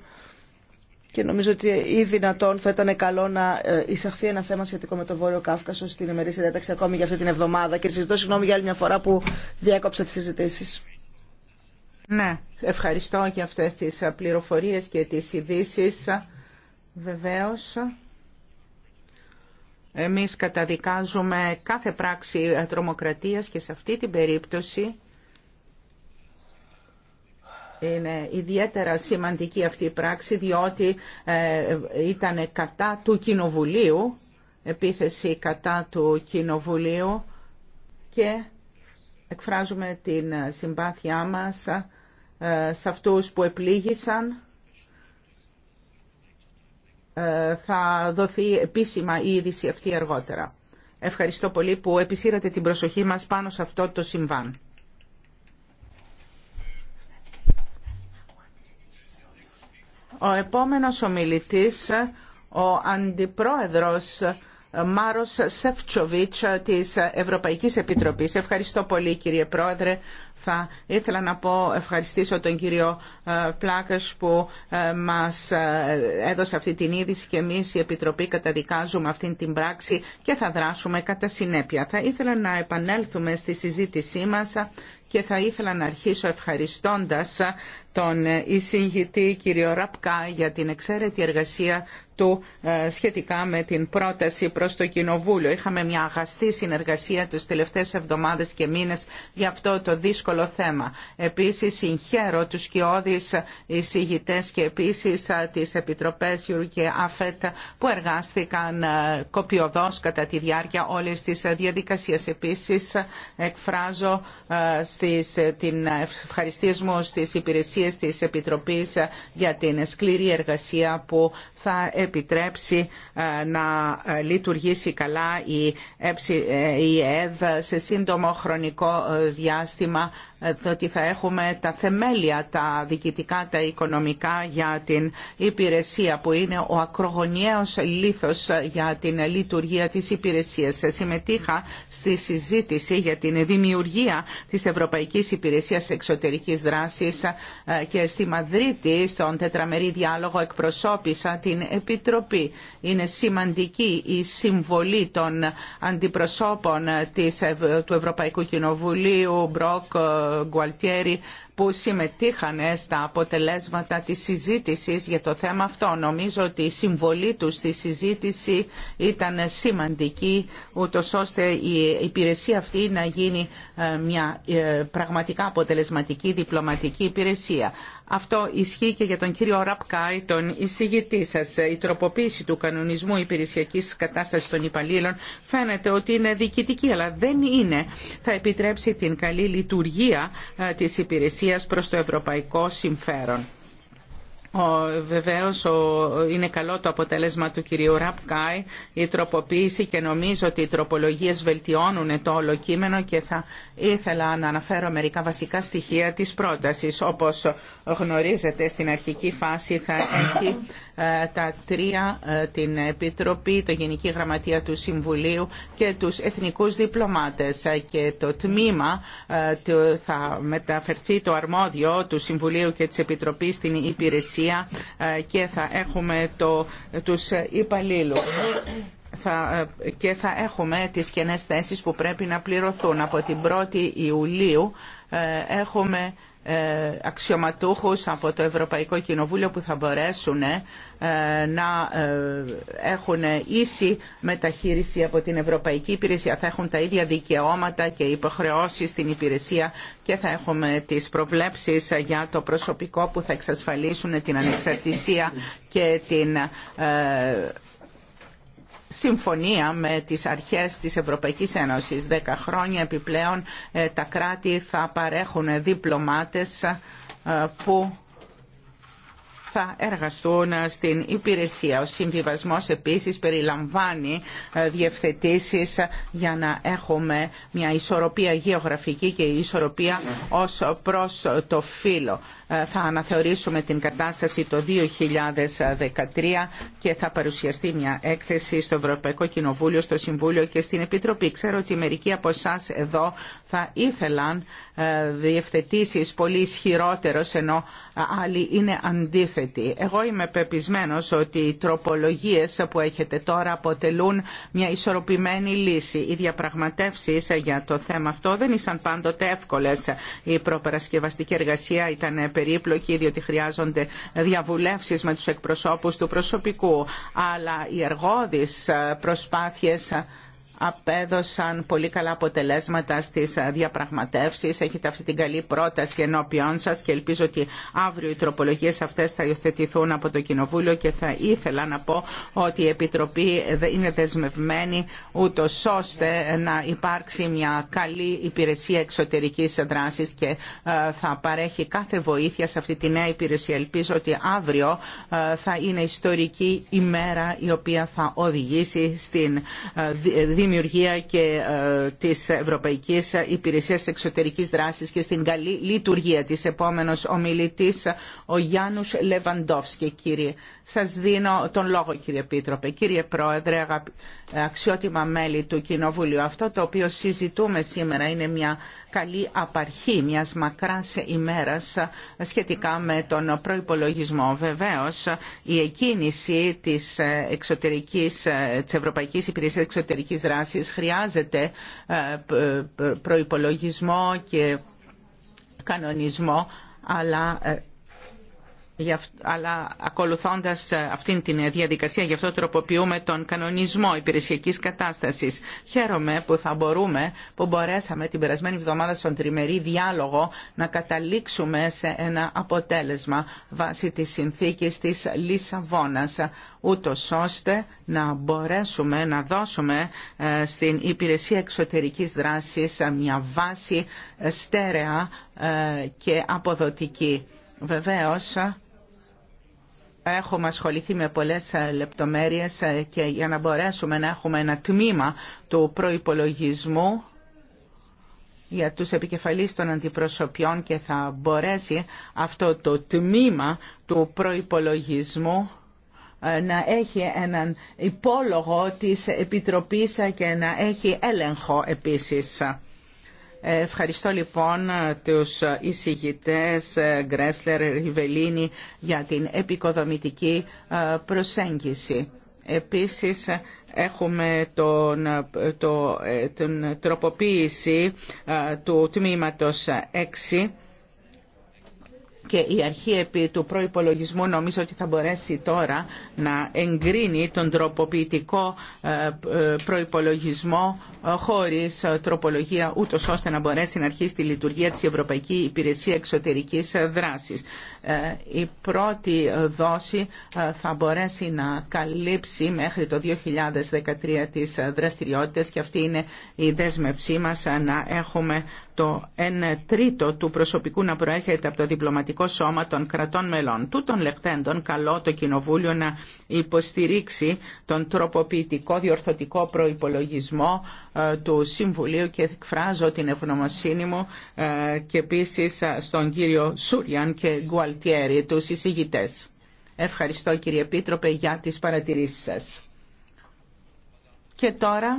και νομίζω ότι ή δυνατόν θα ήταν καλό να ε, εισαχθεί ένα θέμα σχετικό με το Βόρειο Κάφκασο στην ημερή συντάταξη ακόμη για αυτή την εβδομάδα και συζητώ συγγνώμη για άλλη μια φορά που διέκοψα τις συζητήσεις. Ναι, ευχαριστώ για αυτές τις πληροφορίες και τις ειδήσει. Βεβαίως, εμείς καταδικάζουμε κάθε πράξη τρομοκρατίας και σε αυτή την περίπτωση είναι ιδιαίτερα σημαντική αυτή η πράξη διότι ε, ήταν κατά του Κοινοβουλίου, επίθεση κατά του Κοινοβουλίου και εκφράζουμε την συμπάθειά μας ε, σε αυτούς που επλήγησαν. Ε, θα δοθεί επίσημα η είδηση αυτή αργότερα. Ευχαριστώ πολύ που επισήρατε την προσοχή μας πάνω σε αυτό το συμβάν. Ο επόμενος ομιλητής, ο Αντιπρόεδρος Μάρος Σεφτσοβίτς της Ευρωπαϊκής Επιτροπής. Ευχαριστώ πολύ κύριε Πρόεδρε. Θα ήθελα να πω ευχαριστήσω τον κύριο ε, Πλάκας που ε, μας ε, έδωσε αυτή την είδηση και εμείς η Επιτροπή καταδικάζουμε αυτή την πράξη και θα δράσουμε κατά συνέπεια. Θα ήθελα να επανέλθουμε στη συζήτησή μας και θα ήθελα να αρχίσω ευχαριστώντας τον ε, εισηγητή κύριο Ραπκά για την εξαίρετη εργασία του ε, σχετικά με την πρόταση προς το Κοινοβούλιο. Είχαμε μια αγαστή συνεργασία τις τελευταίες εβδομάδες και μήνες για αυτό το δύσκολο θέμα. Επίσης συγχαίρω τους κοιόδης εισηγητέ και επίσης ε, τις Επιτροπές Γιουρ και ΑΦΕΤ που εργάστηκαν κοπιοδός κατά τη διάρκεια όλες τις διαδικασίες. Επίσης εκφράζω την Τη της για την σκληρή εργασία που θα επιτρέψει ε, να ε, λειτουργήσει καλά ε, η ΕΔ σε σύντομο χρονικό διάστημα ε, ότι θα έχουμε τα θεμέλια, τα διοικητικά, τα οικονομικά για την υπηρεσία που είναι ο ακρογωνιαίος λίθος για την λειτουργία της υπηρεσίας. Ε, συμμετείχα στη συζήτηση για την δημιουργία της Ευρωπαϊκής Υπηρεσίας Εξωτερικής Δράσης ε, και στη Μαδρίτη στον τετραμερή διάλογο εκπροσώπησα την Επιτροπή. Είναι σημαντική η συμβολή των αντιπροσώπων του Ευρωπαϊκού Κοινοβουλίου, Μπροκ, Γκουαλτιέρη που συμμετείχαν στα αποτελέσματα της συζήτησης για το θέμα αυτό. Νομίζω ότι η συμβολή τους στη συζήτηση ήταν σημαντική, ούτω ώστε η υπηρεσία αυτή να γίνει ε, μια ε, πραγματικά αποτελεσματική διπλωματική υπηρεσία. Αυτό ισχύει και για τον κύριο Ραπκάη, τον εισηγητή σα. Η τροποποίηση του κανονισμού υπηρεσιακή κατάσταση των υπαλλήλων φαίνεται ότι είναι διοικητική, αλλά δεν είναι. Θα επιτρέψει την καλή λειτουργία ε, τη υπηρεσία προστασίας προς το ευρωπαϊκό συμφέρον. Βεβαίως είναι καλό το αποτέλεσμα του κυρίου Ραπκάη, η τροποποίηση και νομίζω ότι οι τροπολογίες βελτιώνουν το όλο κείμενο και θα ήθελα να αναφέρω μερικά βασικά στοιχεία της πρότασης. Όπως γνωρίζετε στην αρχική φάση θα έχει ε, τα τρία, ε, την Επιτροπή, το Γενική Γραμματεία του Συμβουλίου και τους εθνικούς διπλωμάτες ε, και το τμήμα θα μεταφερθεί το αρμόδιο του Συμβουλίου και της Επιτροπής στην υπηρεσία ε, και θα έχουμε το, τους υπαλλήλους θα, ε, και θα έχουμε τις κενές θέσεις που πρέπει να πληρωθούν. Από την 1η Ιουλίου ε, έχουμε ε, αξιωματούχους από το Ευρωπαϊκό Κοινοβούλιο που θα μπορέσουν ε, να ε, έχουν ίση μεταχείριση από την Ευρωπαϊκή Υπηρεσία. Θα έχουν τα ίδια δικαιώματα και υποχρεώσεις στην υπηρεσία και θα έχουμε τις προβλέψεις για το προσωπικό που θα εξασφαλίσουν την ανεξαρτησία και την συμφωνία με τις αρχές της Ευρωπαϊκής Ένωσης. Δέκα χρόνια επιπλέον ε, τα κράτη θα παρέχουν διπλωμάτες ε, που θα εργαστούν στην υπηρεσία. Ο συμβιβασμός επίσης περιλαμβάνει ε, διευθετήσεις για να έχουμε μια ισορροπία γεωγραφική και ισορροπία ως προς το φύλλο. Ε, θα αναθεωρήσουμε την κατάσταση το 2013 και θα παρουσιαστεί μια έκθεση στο Ευρωπαϊκό Κοινοβούλιο, στο Συμβούλιο και στην Επιτροπή. Ξέρω ότι μερικοί από εσά εδώ θα ήθελαν ε, διευθετήσεις πολύ ισχυρότερο ενώ άλλοι είναι αντίθετοι. Εγώ είμαι πεπισμένος ότι οι τροπολογίες που έχετε τώρα αποτελούν μια ισορροπημένη λύση. Οι διαπραγματεύσεις για το θέμα αυτό δεν ήσαν πάντοτε εύκολες. Η προπερασκευαστική εργασία ήταν περίπλοκη διότι χρειάζονται διαβουλεύσεις με τους εκπροσώπους του προσωπικού αλλά οι εργόδεις ε, προσπάθειες απέδωσαν πολύ καλά αποτελέσματα στις διαπραγματεύσεις. Έχετε αυτή την καλή πρόταση ενώπιόν σας και ελπίζω ότι αύριο οι τροπολογίες αυτές θα υιοθετηθούν από το Κοινοβούλιο και θα ήθελα να πω ότι η Επιτροπή είναι δεσμευμένη ούτω ώστε να υπάρξει μια καλή υπηρεσία εξωτερικής δράσης και ε, θα παρέχει κάθε βοήθεια σε αυτή τη νέα υπηρεσία. Ελπίζω ότι αύριο ε, θα είναι ιστορική ημέρα η οποία θα οδηγήσει στην ε, δημιουργία και ε, της Ευρωπαϊκής Υπηρεσίας Εξωτερικής Δράσης και στην καλή λειτουργία της. Επόμενος ομιλητής, ο Γιάννους Λεβαντόφσκι. Κύριε, σας δίνω τον λόγο κύριε Πίτροπε. Κύριε Πρόεδρε, αξιότιμα μέλη του Κοινοβουλίου, αυτό το οποίο συζητούμε σήμερα είναι μια καλή απαρχή μιας μακράς ημέρας σχετικά με τον προϋπολογισμό. Βεβαίως, η εκκίνηση της, ε, εξωτερικής, ε, της Ευρωπαϊκής Υπηρεσίας Εξωτερικής χρειάζεται ε, προϋπολογισμό και κανονισμό αλλά ε, αλλά ακολουθώντας ε, αυτήν την ε, διαδικασία, γι' αυτό τροποποιούμε τον κανονισμό υπηρεσιακή κατάστασης. Χαίρομαι που θα μπορούμε, που μπορέσαμε την περασμένη εβδομάδα στον τριμερή διάλογο να καταλήξουμε σε ένα αποτέλεσμα βάσει της συνθήκης της Λισαβόνα, ούτω ώστε να μπορέσουμε να δώσουμε ε, στην υπηρεσία εξωτερική δράση μια βάση στέρεα και αποδοτική. Βεβαίω, Έχουμε ασχοληθεί με πολλές ε, λεπτομέρειες ε, και για να μπορέσουμε να έχουμε ένα τμήμα του προϋπολογισμού για τους επικεφαλείς των αντιπροσωπιών και θα μπορέσει αυτό το τμήμα του προϋπολογισμού ε, να έχει έναν υπόλογο της Επιτροπής και να έχει έλεγχο επίσης. Ευχαριστώ λοιπόν τους εισηγητές ε, Γκρέσλερ, Ριβελίνη για την επικοδομητική ε, προσέγγιση. Επίσης έχουμε τον, ε, τροποποίηση του τμήματος 6 και η αρχή επί του προϋπολογισμού νομίζω ότι θα μπορέσει τώρα να εγκρίνει τον τροποποιητικό ε, ε, προϋπολογισμό ε, χωρίς τροπολογία ούτω ώστε να μπορέσει να αρχίσει τη λειτουργία της Ευρωπαϊκής Υπηρεσίας Εξωτερικής Δράσης. Η πρώτη δόση θα μπορέσει να καλύψει μέχρι το 2013 τις δραστηριότητες και αυτή είναι η δέσμευσή μας να έχουμε το 1 τρίτο του προσωπικού να προέρχεται από το διπλωματικό σώμα των κρατών μελών. Τούτων λεχθέντων καλό το Κοινοβούλιο να υποστηρίξει τον τροποποιητικό διορθωτικό προϋπολογισμό ε, του Συμβουλίου και εκφράζω την ευγνωμοσύνη μου ε, και επίση ε, στον κύριο Σούριαν και Γκουαλτιέρη, τους εισηγητές. Ευχαριστώ κύριε Επίτροπε για τις παρατηρήσεις σας. Και τώρα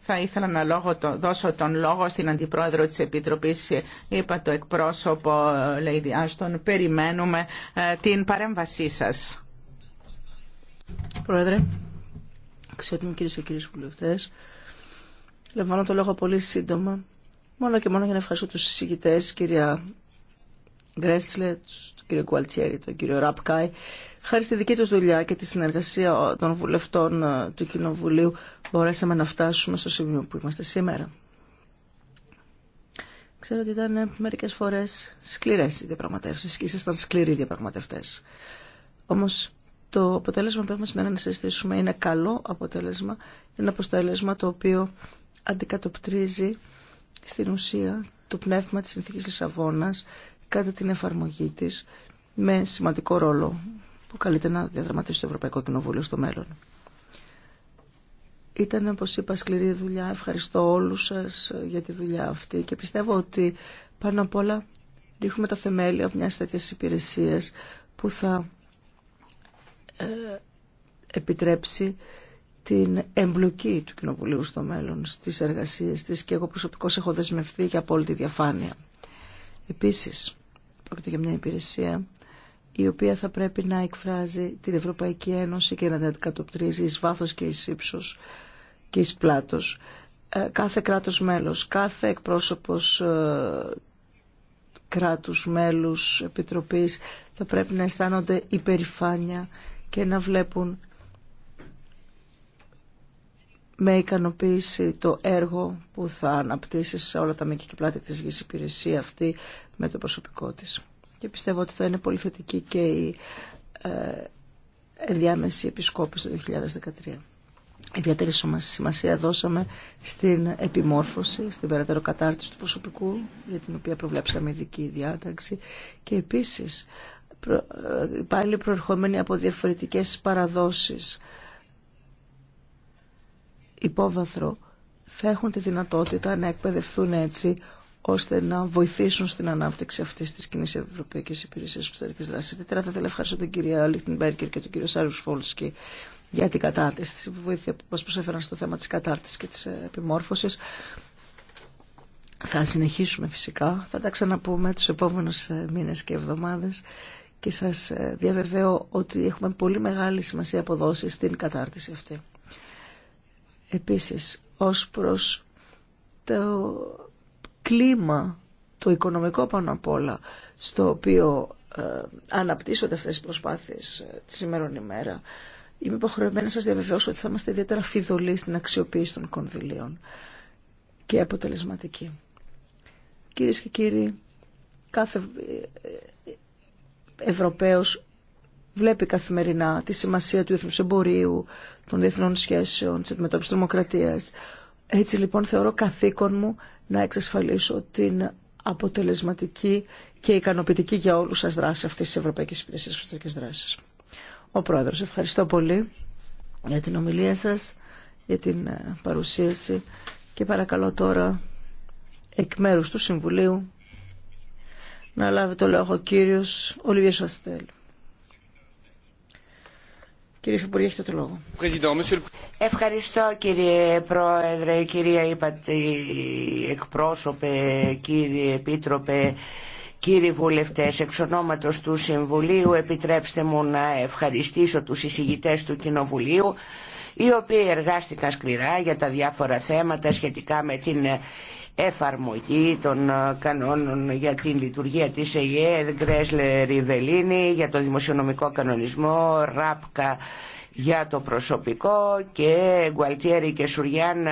θα ήθελα να δώσω τον λόγο στην Αντιπρόεδρο της Επιτροπής, είπα το εκπρόσωπο, Lady Ashton περιμένουμε ε, την παρέμβασή σας. Πρόεδρε, αξιότιμοι κύριε και κύριοι βουλευτές, λαμβάνω το λόγο πολύ σύντομα, μόνο και μόνο για να ευχαριστώ τους συζητητές, κυρία Γκρέσλε, τον κύριο Κουαλτσέρη, τον κύριο Ραπκάη, Χάρη στη δική τους δουλειά και τη συνεργασία των βουλευτών ε, του Κοινοβουλίου μπορέσαμε να φτάσουμε στο σημείο που είμαστε σήμερα. Ξέρω ότι ήταν ε, μερικές φορές σκληρές οι διαπραγματεύσεις και ήσασταν σκληροί διαπραγματευτές. Όμως το αποτέλεσμα που έχουμε σήμερα να συζητήσουμε είναι καλό αποτέλεσμα, ένα αποτέλεσμα το οποίο αντικατοπτρίζει στην ουσία το πνεύμα της συνθήκης Λισαβόνας κατά την εφαρμογή της με σημαντικό ρόλο που καλείται να διαδραματίσει το Ευρωπαϊκό Κοινοβούλιο στο μέλλον. Ήταν, όπω είπα, σκληρή δουλειά. Ευχαριστώ όλους σας για τη δουλειά αυτή και πιστεύω ότι πάνω απ' όλα ρίχνουμε τα θεμέλια μιας τέτοια υπηρεσία που θα ε, επιτρέψει την εμπλοκή του Κοινοβουλίου στο μέλλον στις εργασίες της και εγώ προσωπικώς έχω δεσμευθεί για απόλυτη διαφάνεια. Επίσης, πρόκειται για μια υπηρεσία η οποία θα πρέπει να εκφράζει την Ευρωπαϊκή Ένωση και να την αντικατοπτρίζει εις βάθος και εις ύψος και εις πλάτος. Ε, κάθε κράτος μέλος, κάθε εκπρόσωπος ε, κράτους μέλους επιτροπής θα πρέπει να αισθάνονται υπερηφάνεια και να βλέπουν με ικανοποίηση το έργο που θα αναπτύσσει σε όλα τα μήκη και πλάτη της γης υπηρεσία αυτή με το προσωπικό της και πιστεύω ότι θα είναι πολύ θετική και η ε, ενδιάμεση επισκόπηση το 2013. Ιδιαίτερη σημασία δώσαμε στην επιμόρφωση, στην περαιτέρω κατάρτιση του προσωπικού, για την οποία προβλέψαμε ειδική διάταξη και επίσης ε, πάλι προερχόμενοι από διαφορετικές παραδόσεις υπόβαθρο θα έχουν τη δυνατότητα να εκπαιδευτούν έτσι ώστε να βοηθήσουν στην ανάπτυξη αυτή τη κοινή Ευρωπαϊκή Υπηρεσία Εξωτερική Δράση. Ιδιαίτερα θα ήθελα να ευχαριστώ τον κύριο Λίχτενμπέργκερ και τον κύριο Σάριου Φόλσκι για την κατάρτιση, τη βοήθεια που μα προσέφεραν στο θέμα τη κατάρτιση και τη ε, επιμόρφωση. Θα συνεχίσουμε φυσικά, θα τα ξαναπούμε τους επόμενους ε, μήνες και εβδομάδες και σας ε, διαβεβαίω ότι έχουμε πολύ μεγάλη σημασία αποδόσεις στην κατάρτιση αυτή. Επίσης, ως προς το κλίμα, το οικονομικό πάνω απ' όλα, στο οποίο ε, αναπτύσσονται αυτές οι προσπάθειες ε, τη ημέρων ημέρα. Είμαι υποχρεωμένη να σας διαβεβαιώσω ότι θα είμαστε ιδιαίτερα φιδωλοί στην αξιοποίηση των κονδυλίων και αποτελεσματικοί. Κυρίε και κύριοι, κάθε ε, Ευρωπαίος βλέπει καθημερινά τη σημασία του εθνούς εμπορίου, των διεθνών σχέσεων, της αντιμετώπισης τρομοκρατίας, έτσι λοιπόν θεωρώ καθήκον μου να εξασφαλίσω την αποτελεσματική και ικανοποιητική για όλους σας δράση αυτής της Ευρωπαϊκής Υπηρεσίας Εξωτερικής Δράσης. Ο Πρόεδρος, ευχαριστώ πολύ για την ομιλία σας, για την ε, παρουσίαση και παρακαλώ τώρα εκ μέρους του Συμβουλίου να λάβει το λόγο ο κύριος Ολυβίες Σαστέλ. Κύριε Υπουργέ, έχετε το λόγο. Ευχαριστώ κύριε Πρόεδρε, κυρία είπατε εκπρόσωπε, κύριε Επίτροπε, κύριοι βουλευτές. Εξ ονόματος του Συμβουλίου επιτρέψτε μου να ευχαριστήσω τους εισηγητές του Κοινοβουλίου οι οποίοι εργάστηκαν σκληρά για τα διάφορα θέματα σχετικά με την εφαρμογή των κανόνων για την λειτουργία της ΕΓΕ, Γκρέσλε Ριβελίνη, για το δημοσιονομικό κανονισμό, ΡΑΠΚΑ για το προσωπικό και Γκουαλτιέρη και Σουριάν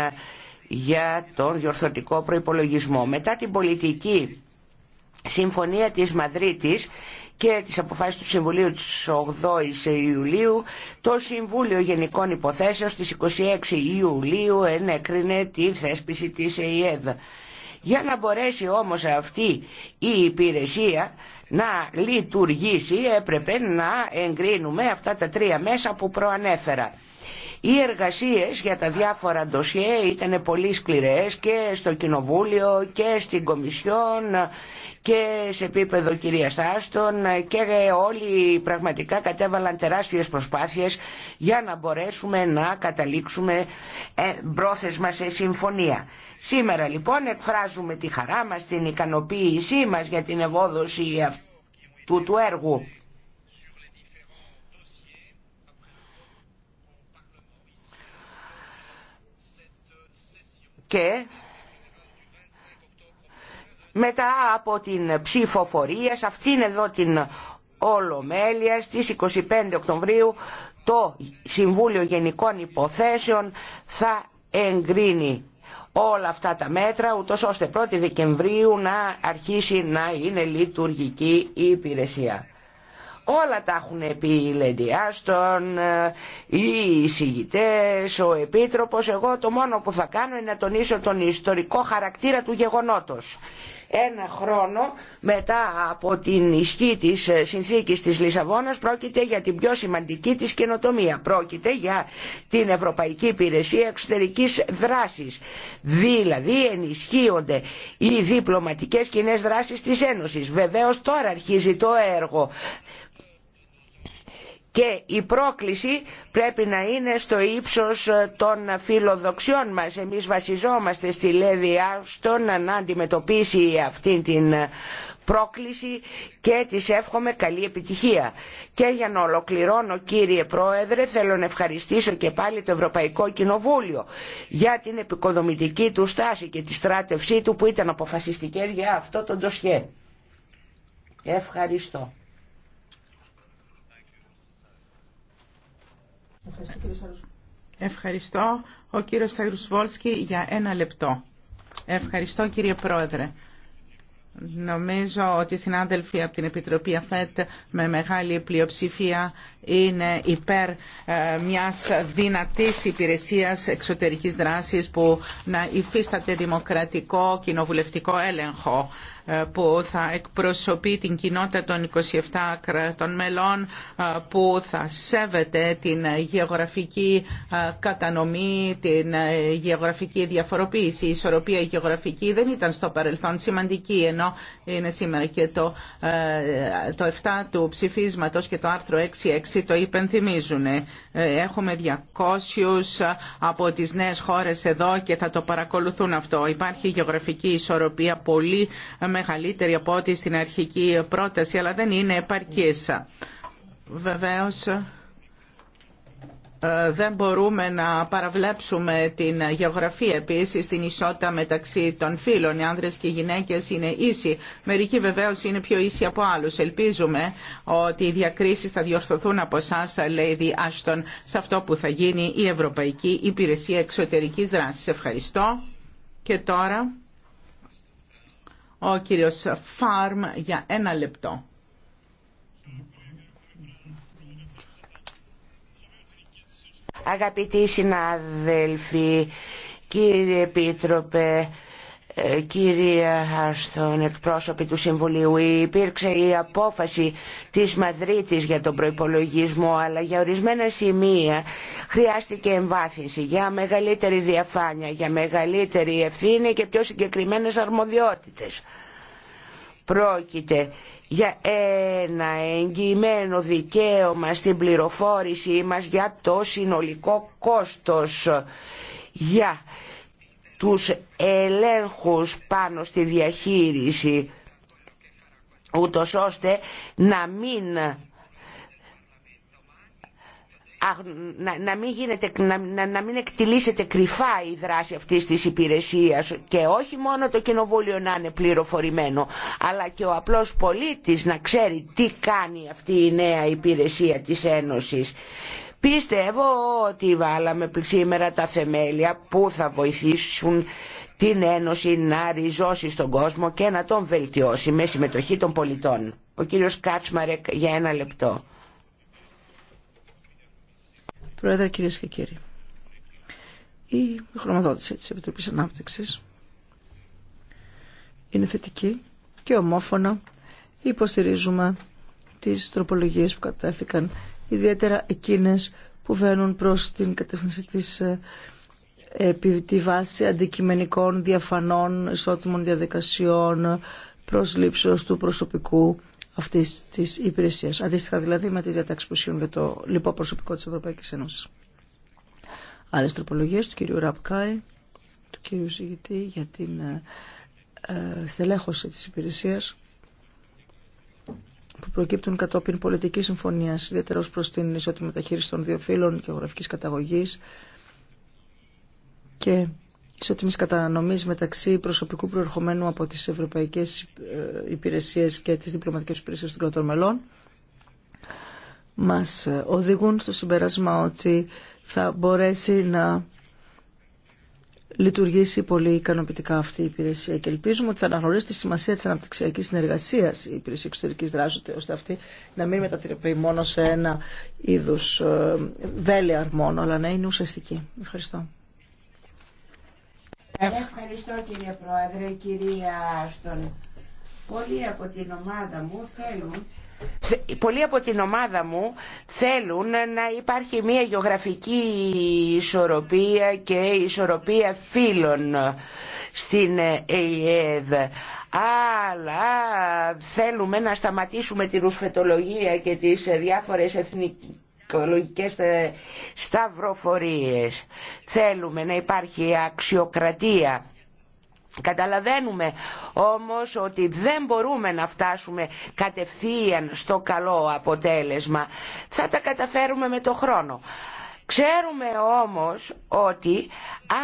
για τον διορθωτικό προϋπολογισμό. Μετά την πολιτική συμφωνία της Μαδρίτης και τις αποφάσεις του Συμβουλίου της 8ης Ιουλίου, το Συμβούλιο Γενικών Υποθέσεων στις 26 Ιουλίου ενέκρινε τη θέσπιση της ΕΙΕΔ. Για να μπορέσει όμως αυτή η υπηρεσία να λειτουργήσει έπρεπε να εγκρίνουμε αυτά τα τρία μέσα που προανέφερα. Οι εργασίες για τα διάφορα ντοσιέ ήταν πολύ σκληρές και στο Κοινοβούλιο και στην Κομισιόν και σε επίπεδο κυρία Άστον και όλοι πραγματικά κατέβαλαν τεράστιες προσπάθειες για να μπορέσουμε να καταλήξουμε ε, πρόθεσμα σε συμφωνία. Σήμερα λοιπόν εκφράζουμε τη χαρά μας, την ικανοποίησή μας για την ευόδοση αυτού του έργου. και μετά από την ψηφοφορία σε αυτήν εδώ την Ολομέλεια στις 25 Οκτωβρίου το Συμβούλιο Γενικών Υποθέσεων θα εγκρίνει όλα αυτά τα μέτρα ούτως ώστε 1η Δεκεμβρίου να αρχίσει να είναι λειτουργική η υπηρεσία. Όλα τα έχουν πει η Λέντι Άστον, ε, οι εισηγητές, ο Επίτροπος. Εγώ το μόνο που θα κάνω είναι να τονίσω τον ιστορικό χαρακτήρα του γεγονότος. Ένα χρόνο μετά από την ισχύ της συνθήκης της Λισαβόνας πρόκειται για την πιο σημαντική της καινοτομία. Πρόκειται για την Ευρωπαϊκή Υπηρεσία Εξωτερικής Δράσης. Δηλαδή ενισχύονται οι διπλωματικές κοινέ δράσεις της Ένωσης. Βεβαίως τώρα αρχίζει το έργο και η πρόκληση πρέπει να είναι στο ύψος ε, των φιλοδοξιών μας. Εμείς βασιζόμαστε στη Λέδη Άρστον να αντιμετωπίσει αυτή την ε, πρόκληση και της εύχομαι καλή επιτυχία. Και για να ολοκληρώνω κύριε Πρόεδρε θέλω να ευχαριστήσω και πάλι το Ευρωπαϊκό Κοινοβούλιο για την επικοδομητική του στάση και τη στράτευσή του που ήταν αποφασιστικές για αυτό το ντοσιέ. Ευχαριστώ. Ευχαριστώ ο κύριος Σαρουσβόλσκι για ένα λεπτό. Ευχαριστώ κύριε Πρόεδρε. Νομίζω ότι οι συνάδελφοι από την Επιτροπή ΑΦΕΤ με μεγάλη πλειοψηφία είναι υπέρ ε, μιας δυνατής υπηρεσίας εξωτερικής δράσης που να υφίσταται δημοκρατικό κοινοβουλευτικό έλεγχο ε, που θα εκπροσωπεί την κοινότητα των 27 κρατών μελών, ε, που θα σέβεται την γεωγραφική κατανομή, την γεωγραφική διαφοροποίηση. Η ισορροπία γεωγραφική δεν ήταν στο παρελθόν σημαντική, ενώ είναι σήμερα και το, το 7 του ψηφίσματος και το άρθρο 6.6 το υπενθυμίζουν. Ε, έχουμε 200 από τις νέες χώρες εδώ και θα το παρακολουθούν αυτό. Υπάρχει γεωγραφική ισορροπία πολύ μεγαλύτερη από ό,τι στην αρχική πρόταση, αλλά δεν είναι επαρκής. Βεβαίως ε, δεν μπορούμε να παραβλέψουμε την γεωγραφία επίσης, την ισότητα μεταξύ των φύλων. Οι άνδρες και οι γυναίκες είναι ίσοι. Μερικοί βεβαίω είναι πιο ίσοι από άλλους. Ελπίζουμε ότι οι διακρίσει θα διορθωθούν από εσά, Lady Ashton, σε αυτό που θα γίνει η Ευρωπαϊκή Υπηρεσία Εξωτερικής Δράσης. Ευχαριστώ. Και τώρα ο κύριος Φάρμ για ένα λεπτό. Αγαπητοί συνάδελφοι, κύριε Επίτροπε, ε, κυρία Άρστον, εκπρόσωποι του Συμβουλίου, υπήρξε η απόφαση της Μαδρίτης για τον προϋπολογισμό, αλλά για ορισμένα σημεία χρειάστηκε εμβάθυνση για μεγαλύτερη διαφάνεια, για μεγαλύτερη ευθύνη και πιο συγκεκριμένες αρμοδιότητες. Πρόκειται για ένα εγγυημένο δικαίωμα στην πληροφόρησή μας για το συνολικό κόστος για τους ελέγχους πάνω στη διαχείριση ούτως ώστε να μην να, μην γίνεται, κρυφά η δράση αυτής της υπηρεσίας και όχι μόνο το κοινοβούλιο να είναι πληροφορημένο αλλά και ο απλός πολίτης να ξέρει τι κάνει αυτή η νέα υπηρεσία της Ένωσης. Πιστεύω ότι βάλαμε σήμερα τα θεμέλια που θα βοηθήσουν την Ένωση να ριζώσει στον κόσμο και να τον βελτιώσει με συμμετοχή των πολιτών. Ο κύριος Κάτσμαρεκ για ένα λεπτό. Πρόεδρε, κυρίε και κύριοι. Η χρωμαδότηση τη Επιτροπή Ανάπτυξη είναι θετική και ομόφωνα υποστηρίζουμε τις τροπολογίες που κατέθηκαν, ιδιαίτερα εκείνες που βαίνουν προς την κατεύθυνση της ε, επί τη βάση αντικειμενικών διαφανών ισότιμων διαδικασιών προσλήψεως του προσωπικού αυτή τη υπηρεσία. Αντίστοιχα δηλαδή με τι διατάξει που ισχύουν για το λοιπό προσωπικό τη Ευρωπαϊκής Ένωσης. Άλλες του κυρίου Ραπκάη, του κυρίου Συγητή για την ε, ε, στελέχωση τη υπηρεσία που προκύπτουν κατόπιν πολιτική συμφωνία, ιδιαίτερα προ την ισότιμη μεταχείριση των δύο φύλων και καταγωγή και ισότιμης κατανομής μεταξύ προσωπικού προερχομένου από τις ευρωπαϊκές ε, υπηρεσίες και τις διπλωματικές υπηρεσίες των κρατών μελών μας ε, οδηγούν στο συμπέρασμα ότι θα μπορέσει να λειτουργήσει πολύ ικανοποιητικά αυτή η υπηρεσία και ελπίζουμε ότι θα αναγνωρίσει τη σημασία της αναπτυξιακής συνεργασίας η υπηρεσία εξωτερικής δράσης ώστε αυτή να μην μετατρεπεί μόνο σε ένα είδους δέλεαρ ε, μόνο αλλά να είναι ουσιαστική. Ευχαριστώ. Ευχαριστώ κύριε Πρόεδρε, κυρία Άστον. Πολλοί από την ομάδα μου θέλουν Πολλοί από την ομάδα μου θέλουν να υπάρχει μια γεωγραφική ισορροπία και ισορροπία φίλων στην ΕΕΔ. Αλλά θέλουμε να σταματήσουμε τη ρουσφετολογία και τις διάφορες εθνικές οικολογικές ε, σταυροφορίες. Θέλουμε να υπάρχει αξιοκρατία. Καταλαβαίνουμε όμως ότι δεν μπορούμε να φτάσουμε κατευθείαν στο καλό αποτέλεσμα. Θα τα καταφέρουμε με το χρόνο. Ξέρουμε όμως ότι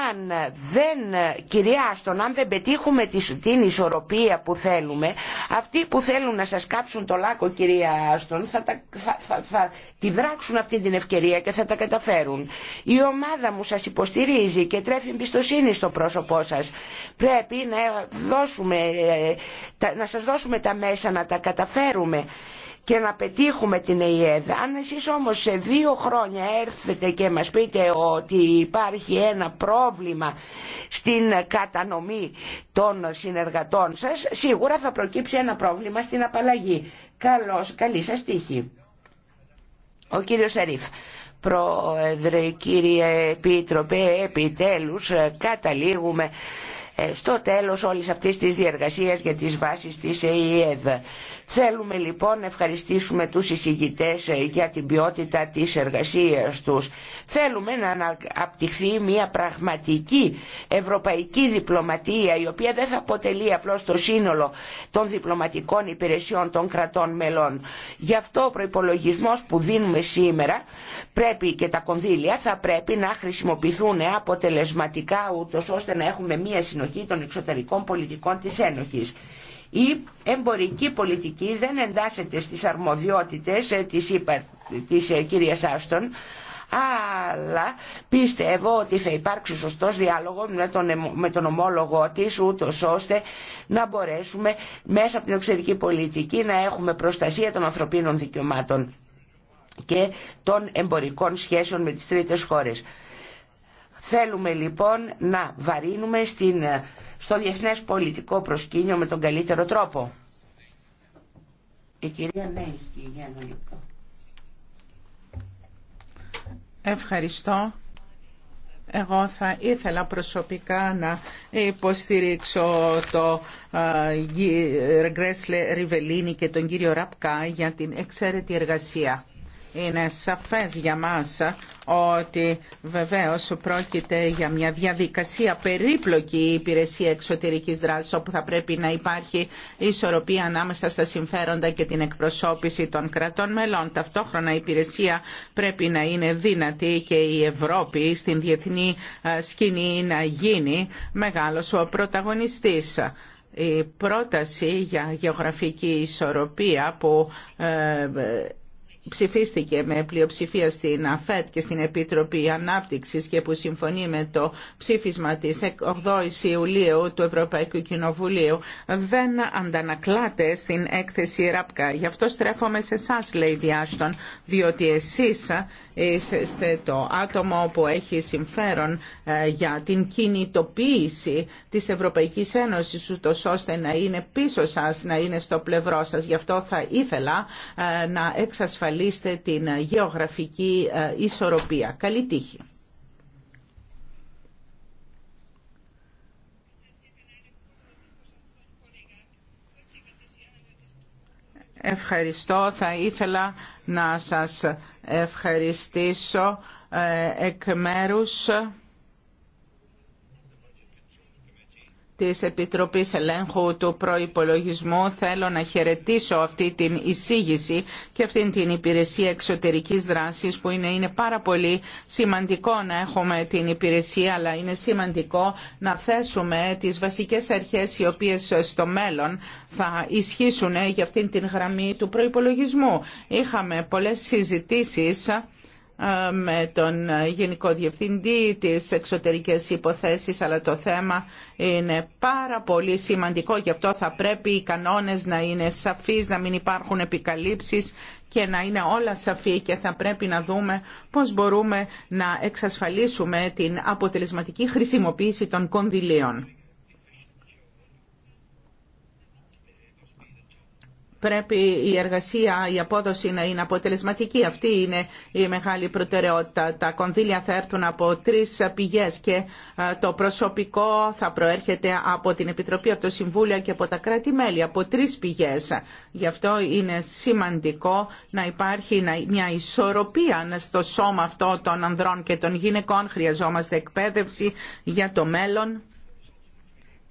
αν δεν, κυρία αν δεν πετύχουμε την ισορροπία που θέλουμε, αυτοί που θέλουν να σας κάψουν το λάκκο, κυρία Άστον, θα, τη δράξουν αυτή την ευκαιρία και θα τα καταφέρουν. Η ομάδα μου σας υποστηρίζει και τρέφει εμπιστοσύνη στο πρόσωπό σας. Πρέπει να, δώσουμε, ε, να σας δώσουμε τα μέσα να τα καταφέρουμε και να πετύχουμε την ΕΙΕΔ. Αν εσείς όμως σε δύο χρόνια έρθετε και μας πείτε ότι υπάρχει ένα πρόβλημα στην κατανομή των συνεργατών σας, σίγουρα θα προκύψει ένα πρόβλημα στην απαλλαγή. Καλώς, καλή σας τύχη. Ο κύριος Σαρίφ. Πρόεδρε, κύριε Επίτροπε, επιτέλους ε, καταλήγουμε ε, στο τέλος όλης αυτής της διεργασίας για τις βάσεις της ΕΙΕΔ. Θέλουμε λοιπόν να ευχαριστήσουμε τους εισηγητές ε, για την ποιότητα της εργασίας τους. Θέλουμε να αναπτυχθεί μια πραγματική ευρωπαϊκή διπλωματία η οποία δεν θα αποτελεί απλώς το σύνολο των διπλωματικών υπηρεσιών των κρατών μελών. Γι' αυτό ο προϋπολογισμός που δίνουμε σήμερα πρέπει και τα κονδύλια θα πρέπει να χρησιμοποιηθούν αποτελεσματικά ούτως ώστε να έχουμε μια συνοχή των εξωτερικών πολιτικών της Ένοχης. Η εμπορική πολιτική δεν εντάσσεται στις αρμοδιότητες ε, της, ΥΠΑ, της ε, κυρίας Άστον, αλλά πιστεύω ότι θα υπάρξει σωστός διάλογο με τον, με τον ομόλογο της ούτως ώστε να μπορέσουμε μέσα από την εξωτερική πολιτική να έχουμε προστασία των ανθρωπίνων δικαιωμάτων και των εμπορικών σχέσεων με τις τρίτες χώρες. Θέλουμε λοιπόν να βαρύνουμε στην ε, στο διεθνές πολιτικό προσκήνιο με τον καλύτερο τρόπο. Ευχαριστώ. Εγώ θα ήθελα προσωπικά να υποστηρίξω το Γκρέσλε Ριβελίνη και τον κύριο Ραπκά για την εξαίρετη εργασία είναι σαφές για μας ότι βεβαίως πρόκειται για μια διαδικασία περίπλοκη η υπηρεσία εξωτερικής δράσης όπου θα πρέπει να υπάρχει ισορροπία ανάμεσα στα συμφέροντα και την εκπροσώπηση των κρατών μελών. Ταυτόχρονα η υπηρεσία πρέπει να είναι δυνατή και η Ευρώπη στην διεθνή ε, σκηνή να γίνει μεγάλος ο πρωταγωνιστής η πρόταση για γεωγραφική ισορροπία που ε, ψηφίστηκε με πλειοψηφία στην ΑΦΕΤ και στην Επίτροπη Ανάπτυξης και που συμφωνεί με το ψήφισμα της 8ης Ιουλίου του Ευρωπαϊκού Κοινοβουλίου δεν αντανακλάται στην έκθεση ΡΑΠΚΑ. Γι' αυτό στρέφομαι σε εσά, λέει Διάστον, διότι εσείς είστε το άτομο που έχει συμφέρον ε, για την κινητοποίηση της Ευρωπαϊκής Ένωσης ούτως ώστε να είναι πίσω σας, να είναι στο πλευρό σας. Γι' αυτό θα ήθελα ε, να διασφαλίσετε την ε, γεωγραφική ε, ισορροπία. Καλή τύχη. Ευχαριστώ. Θα ήθελα να σας ευχαριστήσω ε, εκ μέρους της Επιτροπής Ελέγχου του Προϋπολογισμού θέλω να χαιρετήσω αυτή την εισήγηση και αυτή την υπηρεσία εξωτερικής δράσης που είναι, είναι πάρα πολύ σημαντικό να έχουμε την υπηρεσία αλλά είναι σημαντικό να θέσουμε τις βασικές αρχές οι οποίες στο μέλλον θα ισχύσουν για αυτήν την γραμμή του προϋπολογισμού. Είχαμε πολλές συζητήσεις ε, με τον Γενικό Διευθυντή της Εξωτερικές Υποθέσεις, αλλά το θέμα είναι πάρα πολύ σημαντικό. Γι' αυτό θα πρέπει οι κανόνες να είναι σαφείς, να μην υπάρχουν επικαλύψεις και να είναι όλα σαφή και θα πρέπει να δούμε πώς μπορούμε να εξασφαλίσουμε την αποτελεσματική χρησιμοποίηση των κονδυλίων. πρέπει η εργασία, η απόδοση να είναι αποτελεσματική. Αυτή είναι η μεγάλη προτεραιότητα. Τα κονδύλια θα έρθουν από τρει πηγέ. και ε, το προσωπικό θα προέρχεται από την Επιτροπή, από το Συμβούλιο και από τα κράτη-μέλη, από τρει πηγέ. Γι' αυτό είναι σημαντικό να υπάρχει μια ισορροπία στο σώμα αυτό των ανδρών και των γυναικών. Χρειαζόμαστε εκπαίδευση για το μέλλον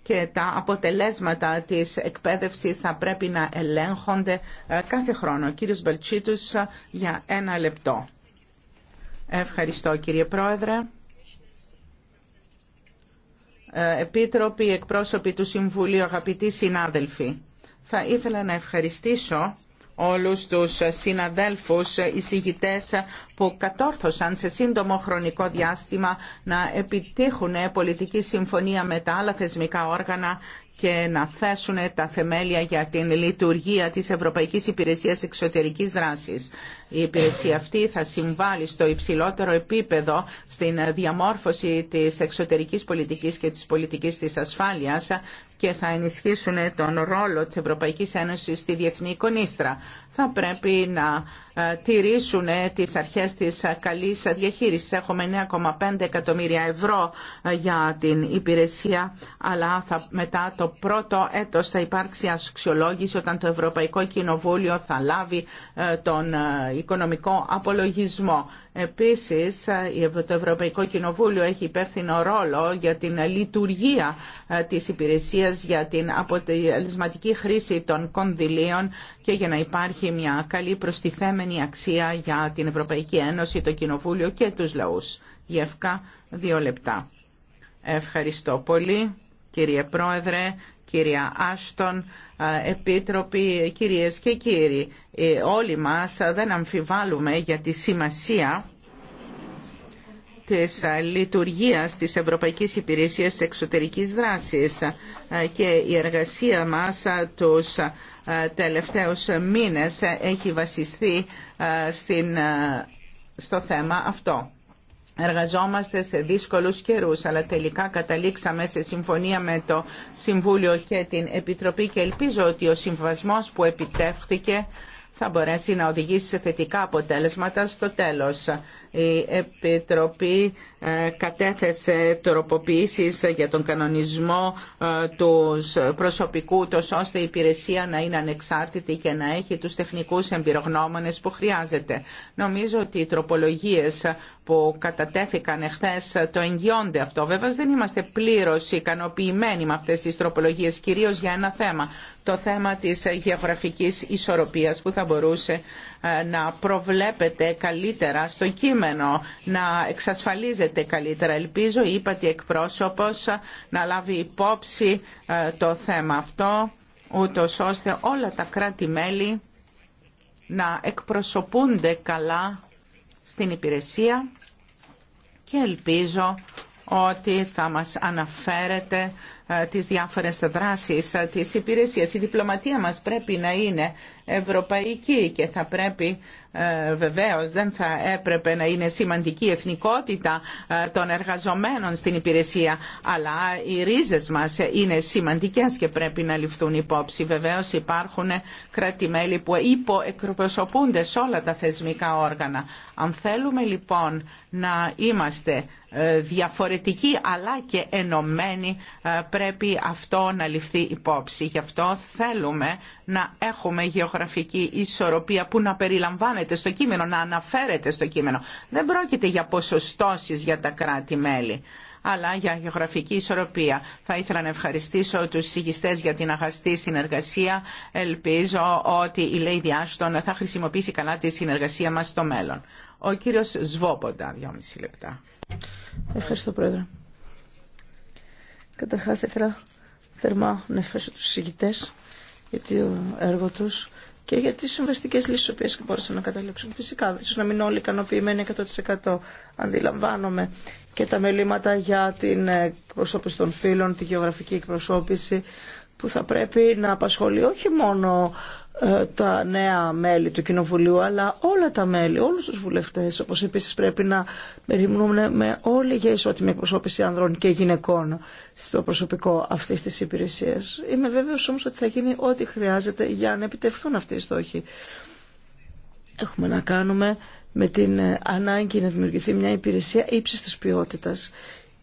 και τα αποτελέσματα της εκπαίδευσης θα πρέπει να ελέγχονται ε, κάθε χρόνο. κύριος Μπελτσίτους ε, για ένα λεπτό. Ευχαριστώ κύριε Πρόεδρε. Ε, επίτροποι, εκπρόσωποι του Συμβουλίου, αγαπητοί συνάδελφοι. Θα ήθελα να ευχαριστήσω όλους τους συναδέλφους εισηγητές που κατόρθωσαν σε σύντομο χρονικό διάστημα να επιτύχουν πολιτική συμφωνία με τα άλλα θεσμικά όργανα και να θέσουν τα θεμέλια για την λειτουργία της Ευρωπαϊκής Υπηρεσίας Εξωτερικής Δράσης. Η υπηρεσία αυτή θα συμβάλλει στο υψηλότερο επίπεδο στην διαμόρφωση της εξωτερικής πολιτικής και της πολιτικής της ασφάλειας και θα ενισχύσουν τον ρόλο της Ευρωπαϊκής Ένωσης στη διεθνή εικονίστρα. Θα πρέπει να ε, τηρήσουν ε, τις αρχές της ε, καλής διαχείρισης. Έχουμε 9,5 εκατομμύρια ευρώ για την υπηρεσία, αλλά θα, μετά το πρώτο έτος θα υπάρξει αξιολόγηση όταν το Ευρωπαϊκό Κοινοβούλιο θα λάβει τον οικονομικό απολογισμό. Επίσης, το Ευρωπαϊκό Κοινοβούλιο έχει υπεύθυνο ρόλο για την λειτουργία ε, της υπηρεσίας για την αποτελεσματική χρήση των κονδυλίων και για να υπάρχει μια καλή προστιθέμενη αξία για την Ευρωπαϊκή Ένωση, το Κοινοβούλιο και τους λαούς. Γεύκα, δύο λεπτά. Ευχαριστώ πολύ, κύριε Πρόεδρε, κυρία Άστον. Επίτροποι, κυρίες και κύριοι, ε, όλοι μας δεν αμφιβάλλουμε για τη σημασία της ε, λειτουργίας της Ευρωπαϊκής Υπηρεσίας Εξωτερικής Δράσης ε, και η εργασία μας τους τελευταίους μήνες έχει βασιστεί στην, στο θέμα αυτό. Εργαζόμαστε σε δύσκολους καιρούς, αλλά τελικά καταλήξαμε σε συμφωνία με το Συμβούλιο και την Επιτροπή και ελπίζω ότι ο συμβασμός που επιτεύχθηκε θα μπορέσει να οδηγήσει σε θετικά αποτέλεσματα στο τέλος η Επιτροπή ε, κατέθεσε τροποποιήσεις για τον κανονισμό ε, του προσωπικού, τόσο ώστε η υπηρεσία να είναι ανεξάρτητη και να έχει τους τεχνικούς εμπειρογνώμονες που χρειάζεται. Νομίζω ότι οι τροπολογίες που κατατέθηκαν εχθές το εγγυώνται αυτό. Βέβαια δεν είμαστε πλήρως ικανοποιημένοι με αυτές τις τροπολογίες, κυρίως για ένα θέμα, το θέμα της γεωγραφικής ισορροπίας που θα μπορούσε να προβλέπετε καλύτερα στο κείμενο, να εξασφαλίζετε καλύτερα. Ελπίζω, είπατε εκπρόσωπος, να λάβει υπόψη ε, το θέμα αυτό, ούτως ώστε όλα τα κράτη-μέλη να εκπροσωπούνται καλά στην υπηρεσία και ελπίζω ότι θα μας αναφέρετε ε, τις διάφορες δράσεις ε, της υπηρεσίας. Η διπλωματία μας πρέπει να είναι ευρωπαϊκή και θα πρέπει ε, βεβαίως δεν θα έπρεπε να είναι σημαντική η εθνικότητα των εργαζομένων στην υπηρεσία αλλά οι ρίζες μας είναι σημαντικές και πρέπει να ληφθούν υπόψη. Βεβαίως υπάρχουν κρατημέλη που υποεκπροσωπούνται σε όλα τα θεσμικά όργανα. Αν θέλουμε λοιπόν να είμαστε ε, διαφορετική αλλά και ενωμένη ε, πρέπει αυτό να ληφθεί υπόψη. Γι' αυτό θέλουμε να έχουμε γεωγραφική ισορροπία που να περιλαμβάνεται στο κείμενο, να αναφέρεται στο κείμενο. Δεν πρόκειται για ποσοστώσεις για τα κράτη-μέλη αλλά για γεωγραφική ισορροπία. Θα ήθελα να ευχαριστήσω τους συγγιστές για την αγαστή συνεργασία. Ελπίζω ότι η Λέιδη Άστον θα χρησιμοποιήσει καλά τη συνεργασία μας στο μέλλον. Ο κύριος Σβόποντα, δυόμιση λεπτά. Ευχαριστώ, Πρόεδρε. Καταρχάς, ήθελα θερμά να ευχαριστώ τους συζητητές για το έργο τους και για τις συμβαστικές λύσεις που οποίες μπορούσαν να καταλήξουν. Φυσικά, ίσως να μην όλοι ικανοποιημένοι 100%. Αντιλαμβάνομαι και τα μελήματα για την εκπροσώπηση των φίλων, τη γεωγραφική εκπροσώπηση, που θα πρέπει να απασχολεί όχι μόνο ε, τα νέα μέλη του Κοινοβουλίου αλλά όλα τα μέλη, όλους τους βουλευτές όπως επίσης πρέπει να περιμένουμε με όλη για ισότιμη εκπροσώπηση ανδρών και γυναικών στο προσωπικό αυτής της υπηρεσίας. Είμαι βέβαιος όμως ότι θα γίνει ό,τι χρειάζεται για να επιτευχθούν αυτοί οι στόχοι. Έχουμε να κάνουμε με την ανάγκη να δημιουργηθεί μια υπηρεσία ύψης της ποιότητας.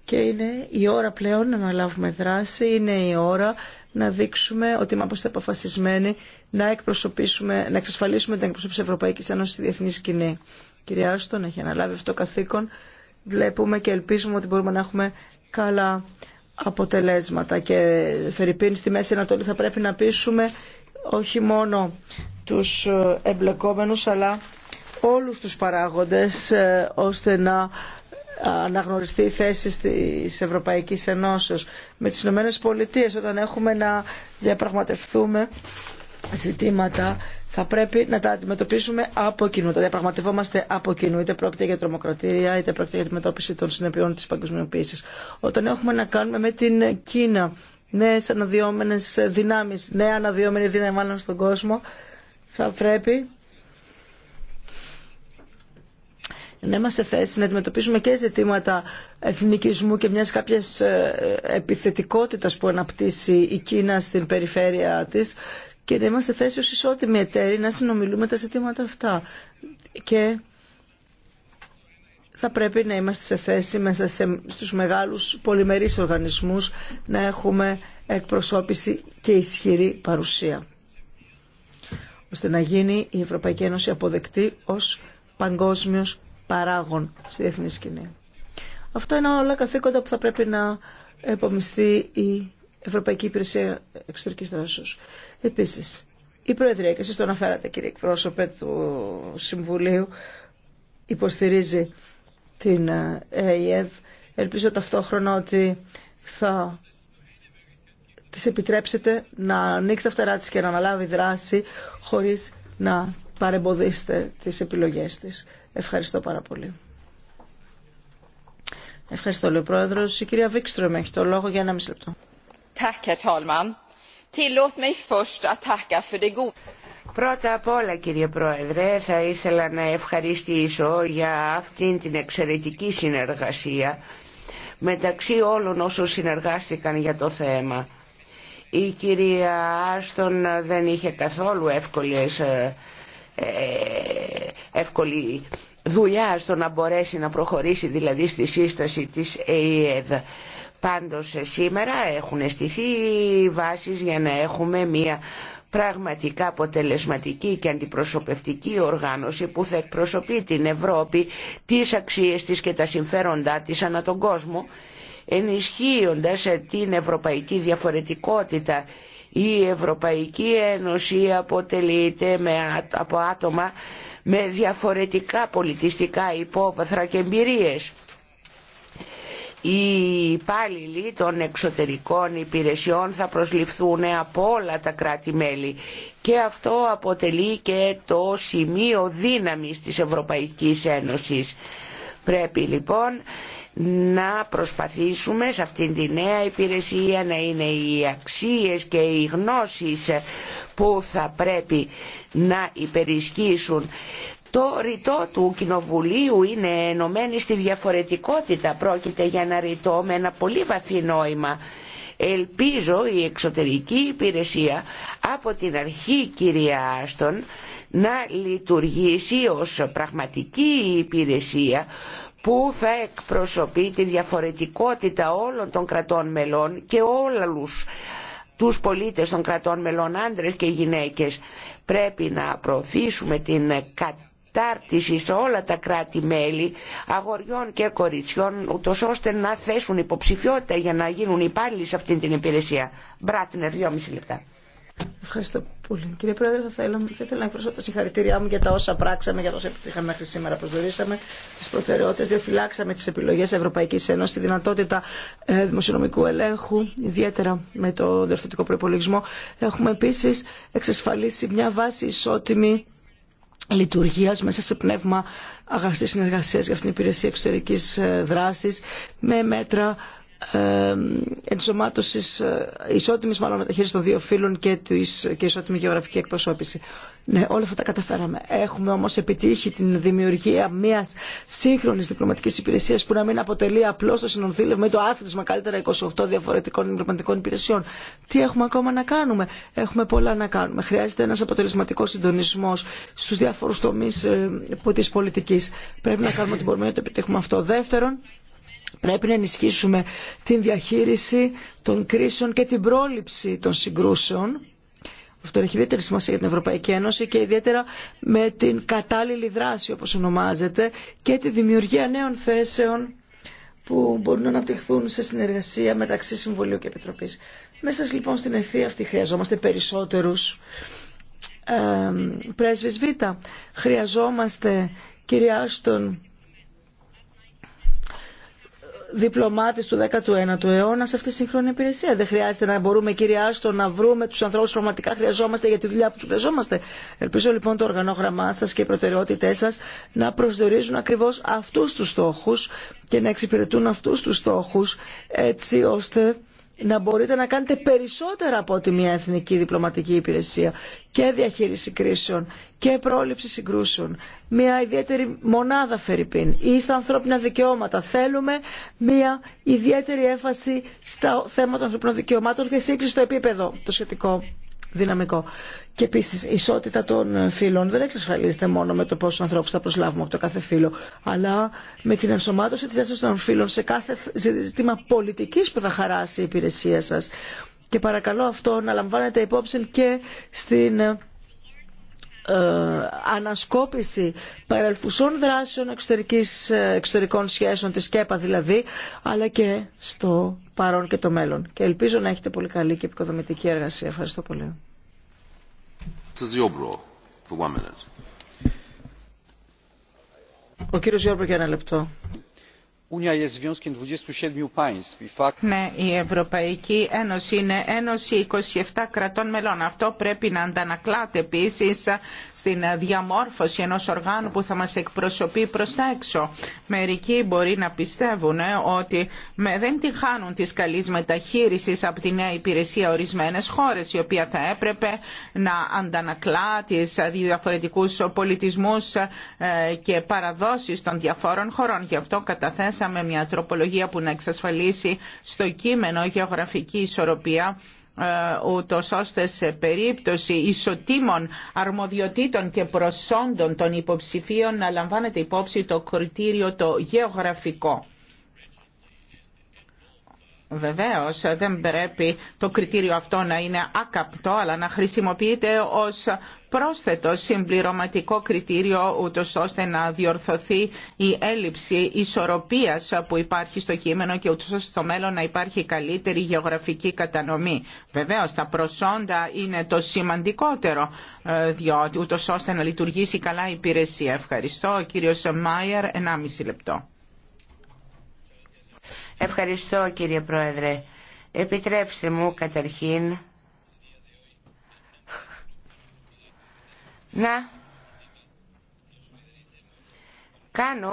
Και είναι η ώρα πλέον να λάβουμε δράση, είναι η ώρα να δείξουμε ότι είμαστε αποφασισμένοι να, εκπροσωπήσουμε, να εξασφαλίσουμε την εκπροσώπηση Ευρωπαϊκή Ένωση στη διεθνή σκηνή. Κυρία Άστον, έχει αναλάβει αυτό το καθήκον. Βλέπουμε και ελπίζουμε ότι μπορούμε να έχουμε καλά αποτελέσματα. Και Φερρυπίν στη Μέση Ανατολή θα πρέπει να πείσουμε όχι μόνο τους ε, εμπλεκόμενους αλλά όλους τους παράγοντες ε, ώστε να αναγνωριστεί η θέση της Ευρωπαϊκής Ενώσεως με τις Ηνωμένε Πολιτείες όταν έχουμε να διαπραγματευτούμε ζητήματα θα πρέπει να τα αντιμετωπίσουμε από κοινού. Τα διαπραγματευόμαστε από κοινού. Είτε πρόκειται για τρομοκρατία, είτε πρόκειται για αντιμετώπιση των συνεπειών τη παγκοσμιοποίηση. Όταν έχουμε να κάνουμε με την Κίνα, νέε αναδυόμενε δυνάμει, νέα αναδυόμενη δύναμη μάλλον στον κόσμο, θα πρέπει να είμαστε θέση να αντιμετωπίσουμε και ζητήματα εθνικισμού και μιας κάποιας ε, επιθετικότητας που αναπτύσσει η Κίνα στην περιφέρεια της και να είμαστε θέση ως ισότιμοι εταίροι να συνομιλούμε τα ζητήματα αυτά. Και θα πρέπει να είμαστε σε θέση μέσα σε, στους μεγάλους πολυμερείς οργανισμούς να έχουμε εκπροσώπηση και ισχυρή παρουσία ώστε να γίνει η Ευρωπαϊκή Ένωση αποδεκτή ως παγκόσμιος παράγων στη διεθνή σκηνή. Αυτά είναι όλα καθήκοντα που θα πρέπει να επομιστεί η Ευρωπαϊκή Υπηρεσία Εξωτερική Δράσεω. Επίση, η Προεδρία, και εσεί το αναφέρατε κύριε εκπρόσωπε του Συμβουλίου, υποστηρίζει την ΕΕΔ. Ελπίζω ταυτόχρονα ότι θα της επιτρέψετε να ανοίξει τα φτερά της και να αναλάβει δράση χωρίς να παρεμποδίσετε τις επιλογές της. Ευχαριστώ πάρα πολύ. Ευχαριστώ, λέει ο Πρόεδρο. Η κυρία Βίξτρομ έχει το λόγο για ένα μισή λεπτό. Πρώτα απ' όλα κύριε Πρόεδρε θα ήθελα να ευχαριστήσω για αυτήν την εξαιρετική συνεργασία μεταξύ όλων όσων συνεργάστηκαν για το θέμα. Η κυρία Άστον δεν είχε καθόλου εύκολες, ε, ε, εύκολη δουλειά στο να μπορέσει να προχωρήσει δηλαδή στη σύσταση της ΕΕΔ. Πάντως ε, σήμερα έχουν στηθεί βάσεις για να έχουμε μια πραγματικά αποτελεσματική και αντιπροσωπευτική οργάνωση που θα εκπροσωπεί την Ευρώπη, τις αξίες της και τα συμφέροντά της ανά τον κόσμο, ενισχύοντας ε, την ευρωπαϊκή διαφορετικότητα. Η Ευρωπαϊκή Ένωση αποτελείται από άτομα με διαφορετικά πολιτιστικά υπόβαθρα και εμπειρίες. Οι υπάλληλοι των εξωτερικών υπηρεσιών θα προσληφθούν από όλα τα κράτη-μέλη και αυτό αποτελεί και το σημείο δύναμης της Ευρωπαϊκής Ένωσης. Πρέπει λοιπόν να προσπαθήσουμε σε αυτήν τη νέα υπηρεσία να είναι οι αξίες και οι γνώσεις που θα πρέπει να υπερισχύσουν. Το ρητό του Κοινοβουλίου είναι ενωμένη στη διαφορετικότητα. Πρόκειται για ένα ρητό με ένα πολύ βαθύ νόημα. Ελπίζω η εξωτερική υπηρεσία από την αρχή κυρία Άστον να λειτουργήσει ως πραγματική υπηρεσία που θα εκπροσωπεί τη διαφορετικότητα όλων των κρατών μελών και όλους τους πολίτες των κρατών μελών άντρες και γυναίκες. Πρέπει να προωθήσουμε την κατάρτιση σε όλα τα κράτη-μέλη αγοριών και κοριτσιών ούτως ώστε να θέσουν υποψηφιότητα για να γίνουν υπάλληλοι σε αυτήν την υπηρεσία. Μπράτνερ, μισή λεπτά. Ευχαριστώ πολύ. Κύριε Πρόεδρε, θα, θα ήθελα να εκφράσω τα συγχαρητήριά μου για τα όσα πράξαμε, για τα όσα επιτύχαμε μέχρι σήμερα. Προσδορίσαμε τι προτεραιότητε, διαφυλάξαμε τι επιλογέ Ευρωπαϊκή Ένωση, τη δυνατότητα ε, δημοσιονομικού ελέγχου, ιδιαίτερα με το διορθωτικό προπολογισμό. Έχουμε επίση εξασφαλίσει μια βάση ισότιμη λειτουργία μέσα σε πνεύμα αγαστή συνεργασία για αυτήν την υπηρεσία εξωτερική ε, δράση με μέτρα ενσωμάτωσης, ε, ισότιμης μάλλον μεταχείρισης των δύο φύλων και, της, και ισότιμη γεωγραφική εκπροσώπηση. Ναι, όλα αυτά τα καταφέραμε. Έχουμε όμως επιτύχει την δημιουργία μιας σύγχρονης διπλωματικής υπηρεσίας που να μην αποτελεί απλώς το συνονθήλευμα ή το άθροισμα καλύτερα 28 διαφορετικών διπλωματικών υπηρεσιών. Τι έχουμε ακόμα να κάνουμε. Έχουμε πολλά να κάνουμε. Χρειάζεται ένας αποτελεσματικός συντονισμός στους διάφορους τομεί ε, της πολιτικής. Πρέπει να κάνουμε ό,τι μπορούμε να το επιτύχουμε αυτό. Δεύτερον, Πρέπει να ενισχύσουμε την διαχείριση των κρίσεων και την πρόληψη των συγκρούσεων. Αυτό έχει ιδιαίτερη σημασία για την Ευρωπαϊκή Ένωση και ιδιαίτερα με την κατάλληλη δράση όπως ονομάζεται και τη δημιουργία νέων θέσεων που μπορούν να αναπτυχθούν σε συνεργασία μεταξύ Συμβουλίου και Επιτροπής. Μέσα λοιπόν στην ευθεία αυτή χρειαζόμαστε περισσότερους ε, πρέσβεις Β. Χρειαζόμαστε, κυρία Άστον, διπλωμάτης του 19ου αιώνα σε αυτή τη σύγχρονη υπηρεσία. Δεν χρειάζεται να μπορούμε κυρία Άστο να βρούμε τους ανθρώπους που πραγματικά χρειαζόμαστε για τη δουλειά που τους χρειαζόμαστε. Ελπίζω λοιπόν το οργανόγραμμά σας και οι προτεραιότητές σας να προσδιορίζουν ακριβώς αυτούς τους στόχους και να εξυπηρετούν αυτούς τους στόχους έτσι ώστε να μπορείτε να κάνετε περισσότερα από ότι μια εθνική διπλωματική υπηρεσία και διαχείριση κρίσεων και πρόληψη συγκρούσεων. Μια ιδιαίτερη μονάδα Φερρυπίν ή στα ανθρώπινα δικαιώματα. Θέλουμε μια ιδιαίτερη έμφαση στα θέματα των ανθρωπινών δικαιωμάτων και σύγκριση στο επίπεδο το σχετικό δυναμικό. Και επίση η ισότητα των φύλων δεν εξασφαλίζεται μόνο με το πόσο ανθρώπου θα προσλάβουμε από το κάθε φίλο, αλλά με την ενσωμάτωση τη θέση των φύλων σε κάθε ζήτημα πολιτική που θα χαράσει η υπηρεσία σα. Και παρακαλώ αυτό να λαμβάνετε υπόψη και στην ε, ανασκόπηση παρελθουσών δράσεων ε, εξωτερικών σχέσεων της ΚΕΠΑ δηλαδή αλλά και στο παρόν και το μέλλον. Και ελπίζω να έχετε πολύ καλή και επικοδομητική εργασία. Ευχαριστώ πολύ. Ο κύριος για ένα λεπτό. Ναι, η Ευρωπαϊκή Ένωση είναι ένωση 27 κρατών μελών. Αυτό πρέπει να αντανακλάται επίση στην διαμόρφωση ενός οργάνου που θα μας εκπροσωπεί προς τα έξω. Μερικοί μπορεί να πιστεύουν ε, ότι δεν τη χάνουν της καλής μεταχείρισης από τη νέα υπηρεσία ορισμένες χώρες, η οποία θα έπρεπε να αντανακλά τις διαφορετικούς πολιτισμούς ε, και παραδόσεις των διαφόρων χωρών. Γι' αυτό καταθέσαμε ψηφίσαμε μια τροπολογία που να εξασφαλίσει στο κείμενο γεωγραφική ισορροπία ε, ούτω ώστε σε περίπτωση ισοτήμων αρμοδιοτήτων και προσόντων των υποψηφίων να λαμβάνεται υπόψη το κριτήριο το γεωγραφικό. Βεβαίως δεν πρέπει το κριτήριο αυτό να είναι άκαπτο αλλά να χρησιμοποιείται ως πρόσθετο συμπληρωματικό κριτήριο ούτω ώστε να διορθωθεί η έλλειψη ισορροπίας που υπάρχει στο κείμενο και ούτω ώστε στο μέλλον να υπάρχει καλύτερη γεωγραφική κατανομή. Βεβαίως τα προσόντα είναι το σημαντικότερο ε, διότι ώστε να λειτουργήσει καλά η υπηρεσία. Ευχαριστώ. Ο κύριος Μάιερ, 1,5 λεπτό. Ευχαριστώ κύριε Πρόεδρε. Επιτρέψτε μου καταρχήν να κάνω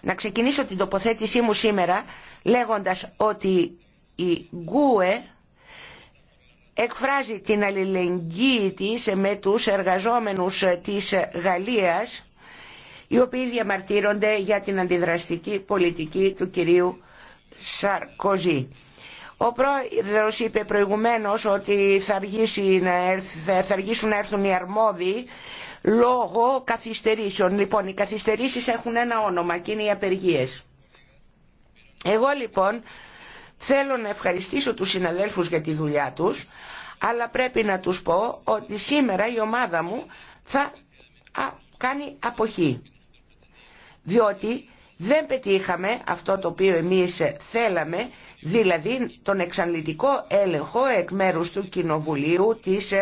να ξεκινήσω την τοποθέτησή μου σήμερα λέγοντας ότι η Γκούε εκφράζει την αλληλεγγύη της με τους εργαζόμενους της Γαλλίας οι οποίοι διαμαρτύρονται για την αντιδραστική πολιτική του κυρίου Σαρκοζή. Ο πρόεδρος είπε προηγουμένως ότι θα, να θα αργήσουν να έρθουν οι αρμόδιοι λόγω καθυστερήσεων. Λοιπόν, οι καθυστερήσεις έχουν ένα όνομα και είναι οι απεργίες. Εγώ λοιπόν θέλω να ευχαριστήσω τους συναδέλφους για τη δουλειά τους, αλλά πρέπει να τους πω ότι σήμερα η ομάδα μου θα κάνει αποχή διότι δεν πετύχαμε αυτό το οποίο εμείς θέλαμε, δηλαδή τον εξαντλητικό έλεγχο εκ μέρους του Κοινοβουλίου της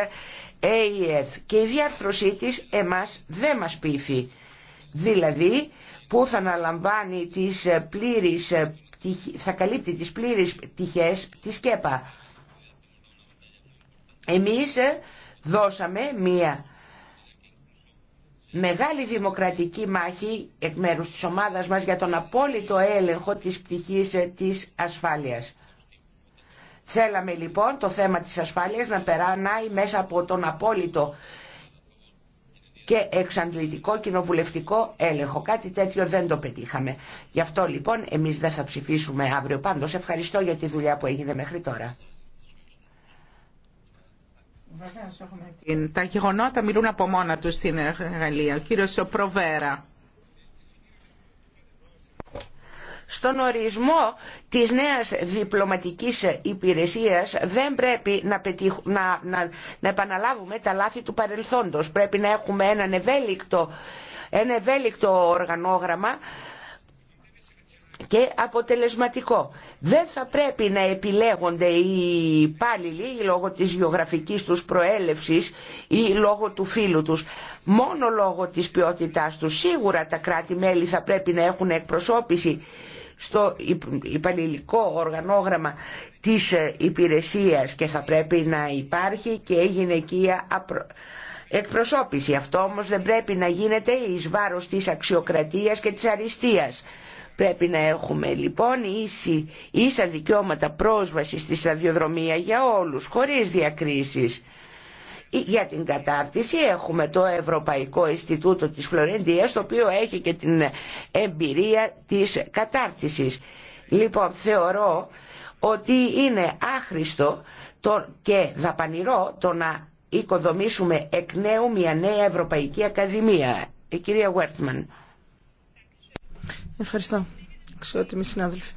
ΑΕΕΦ και η διάρθρωσή της εμάς δεν μας πείθει. Δηλαδή που θα αναλαμβάνει τις πλήρεις, θα καλύπτει τις πλήρεις πτυχές της ΚΕΠΑ. Εμείς δώσαμε μία μεγάλη δημοκρατική μάχη εκ μέρους της ομάδας μας για τον απόλυτο έλεγχο της πτυχής ε, της ασφάλειας. Θέλαμε λοιπόν το θέμα της ασφάλειας να περάνει μέσα από τον απόλυτο και εξαντλητικό κοινοβουλευτικό έλεγχο. Κάτι τέτοιο δεν το πετύχαμε. Γι' αυτό λοιπόν εμείς δεν θα ψηφίσουμε αύριο. Πάντως ευχαριστώ για τη δουλειά που έγινε μέχρι τώρα. Τα γεγονότα μιλούν από μόνα τους στην ε, Γαλλία. Ο Προβέρα. Στον ορισμό της νέας διπλωματικής υπηρεσίας δεν πρέπει να, να, να, επαναλάβουμε τα λάθη του παρελθόντος. Πρέπει να έχουμε ένα ευέλικτο, ένα ευέλικτο οργανόγραμμα και αποτελεσματικό. Δεν θα πρέπει να επιλέγονται οι υπάλληλοι λόγω της γεωγραφικής τους προέλευσης ή λόγω του φίλου τους. Μόνο λόγω της ποιότητάς τους. Σίγουρα τα κράτη-μέλη θα πρέπει να έχουν εκπροσώπηση στο υπαλληλικό οργανόγραμμα της ε, υπηρεσίας και θα πρέπει να υπάρχει και γυναικεία εκπροσώπηση. Αυτό όμως δεν πρέπει να γίνεται εις βάρος της αξιοκρατίας και της αριστείας. Πρέπει να έχουμε λοιπόν ίση, ίσα δικαιώματα πρόσβαση στη σταδιοδρομία για όλους, χωρίς διακρίσεις. Ε, για την κατάρτιση έχουμε το Ευρωπαϊκό Ινστιτούτο της Φλωρεντίας, το οποίο έχει και την εμπειρία της κατάρτισης. Λοιπόν, θεωρώ ότι είναι άχρηστο το και δαπανηρό το να οικοδομήσουμε εκ νέου μια νέα Ευρωπαϊκή Ακαδημία. Η ε, κυρία Βέρτμαν. Ευχαριστώ. Αξιότιμοι συνάδελφοι.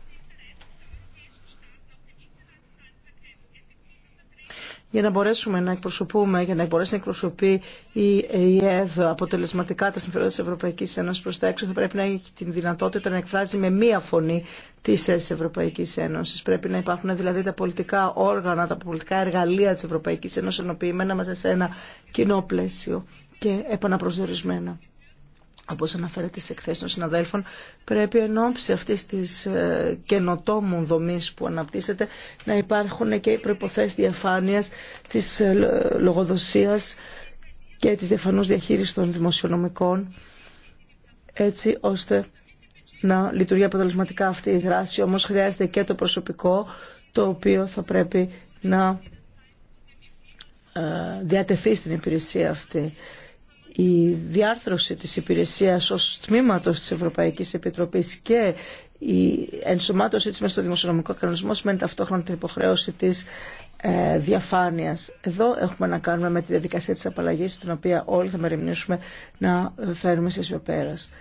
για να μπορέσουμε να εκπροσωπούμε, για να μπορέσει να εκπροσωπεί η ΕΕΔ αποτελεσματικά τα συμφέροντα τη Ευρωπαϊκή Ένωση προ τα έξω, θα πρέπει να έχει την δυνατότητα να εκφράζει με μία φωνή τι θέσει τη Ευρωπαϊκή Ένωση. Πρέπει να υπάρχουν δηλαδή τα πολιτικά όργανα, τα πολιτικά εργαλεία τη Ευρωπαϊκή Ένωση ενοποιημένα μέσα σε ένα κοινό πλαίσιο και επαναπροσδιορισμένα όπως αναφέρεται σε εκθέσεις των συναδέλφων, πρέπει εν ώψη αυτής της ε, καινοτόμων δομής που αναπτύσσεται να υπάρχουν και οι προϋποθέσεις διαφάνειας της ε, λογοδοσίας και της διαφανούς διαχείρισης των δημοσιονομικών, έτσι ώστε να λειτουργεί αποτελεσματικά αυτή η δράση. Όμως χρειάζεται και το προσωπικό, το οποίο θα πρέπει να ε, διατεθεί στην υπηρεσία αυτή η διάρθρωση της υπηρεσίας ως τμήματος της Ευρωπαϊκής Επιτροπής και η ενσωμάτωσή της μέσα στο δημοσιονομικό κανονισμό σημαίνει ταυτόχρονα την υποχρέωση της ε, διαφάνειας. Εδώ έχουμε να κάνουμε με τη διαδικασία της απαλλαγής, την οποία όλοι θα μεριμνήσουμε να ε, φέρουμε σε σιωπέρας.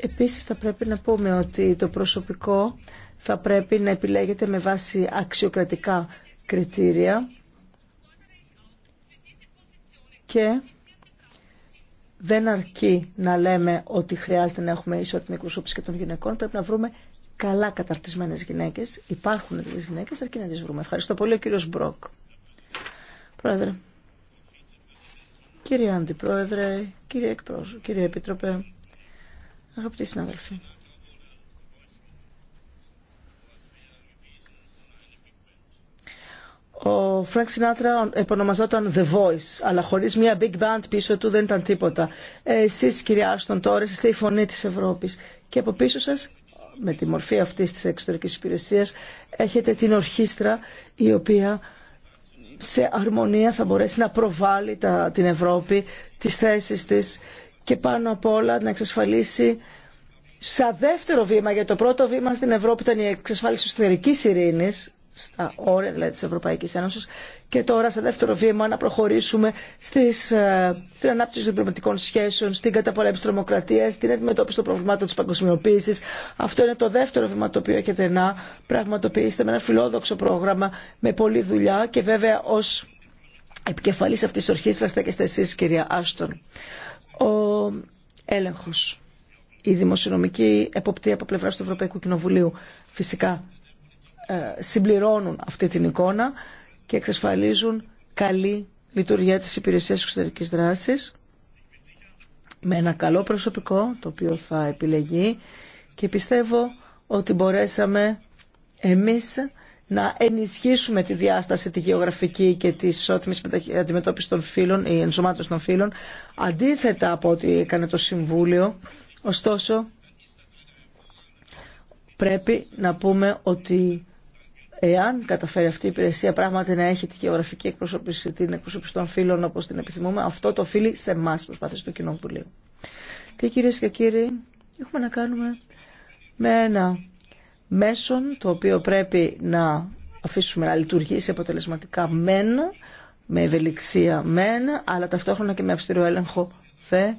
Επίσης θα πρέπει να πούμε ότι το προσωπικό θα πρέπει να επιλέγεται με βάση αξιοκρατικά κριτήρια και δεν αρκεί να λέμε ότι χρειάζεται να έχουμε ισότιμη εκπροσώπηση και των γυναικών. Πρέπει να βρούμε καλά καταρτισμένε γυναίκε. Υπάρχουν τέτοιε γυναίκε, αρκεί να τι βρούμε. Ευχαριστώ πολύ, ο κύριο Μπροκ. Πρόεδρε. Κύριε Αντιπρόεδρε, κύριε, κύριε Επίτροπε, αγαπητοί συνάδελφοι. Ο Φρανκ Σινάτρα επωνομαζόταν The Voice, αλλά χωρίς μια big band πίσω του δεν ήταν τίποτα. Ε, εσείς κυρία Άστον τώρα είστε η φωνή της Ευρώπης και από πίσω σας με τη μορφή αυτής της εξωτερικής υπηρεσίας έχετε την ορχήστρα η οποία σε αρμονία θα μπορέσει να προβάλλει τα, την Ευρώπη, τις θέσεις της και πάνω απ' όλα να εξασφαλίσει σαν δεύτερο βήμα, για το πρώτο βήμα στην Ευρώπη ήταν η εξασφάλιση εσωτερικής ειρήνης στα όρια δηλαδή, της Ευρωπαϊκής Ένωσης και τώρα σε δεύτερο βήμα να προχωρήσουμε στις, ε, στην ανάπτυξη των πνευματικών σχέσεων, στην καταπολέμηση τρομοκρατία, στην αντιμετώπιση των προβλημάτων της παγκοσμιοποίησης. Αυτό είναι το δεύτερο βήμα το οποίο έχετε να πραγματοποιήσετε με ένα φιλόδοξο πρόγραμμα, με πολλή δουλειά και βέβαια ως επικεφαλής αυτής της ορχήστρας θα και εσείς κυρία Άστον. Ο έλεγχος η δημοσιονομική εποπτεία από πλευρά του Ευρωπαϊκού Κοινοβουλίου. Φυσικά ε, συμπληρώνουν αυτή την εικόνα και εξασφαλίζουν καλή λειτουργία της υπηρεσίας εξωτερικής δράσης με ένα καλό προσωπικό το οποίο θα επιλεγεί και πιστεύω ότι μπορέσαμε εμείς να ενισχύσουμε τη διάσταση τη γεωγραφική και τη ισότιμη αντιμετώπιση των φύλων ή ενσωμάτωση των φύλων, αντίθετα από ό,τι έκανε το Συμβούλιο. Ωστόσο, πρέπει να πούμε ότι Εάν καταφέρει αυτή η υπηρεσία πράγματι να έχει τη γεωγραφική εκπροσώπηση, την εκπροσώπηση των φίλων όπω την επιθυμούμε, αυτό το οφείλει σε εμά, τι προσπάθειε του Κοινοβουλίου. Και κυρίε και κύριοι, έχουμε να κάνουμε με ένα μέσον το οποίο πρέπει να αφήσουμε να λειτουργήσει αποτελεσματικά μεν, με ευελιξία μεν, αλλά ταυτόχρονα και με αυστηρό έλεγχο δε.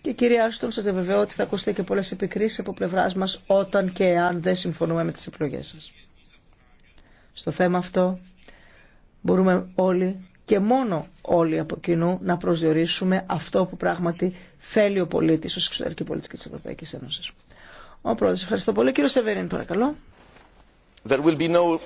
Και κύριε Άστον, σα διαβεβαιώ ότι θα ακούσετε και πολλέ επικρίσει από πλευρά μα όταν και εάν δεν συμφωνούμε με τι επιλογέ σα στο θέμα αυτό μπορούμε όλοι και μόνο όλοι από κοινού να προσδιορίσουμε αυτό που πράγματι θέλει ο πολιτή ω εξωτερική πολιτική τη Ευρωπαϊκή Ένωση. Ο Πρόεδρος, ευχαριστώ πολύ. Κύριο Σεβερίν, παρακαλώ. There will be no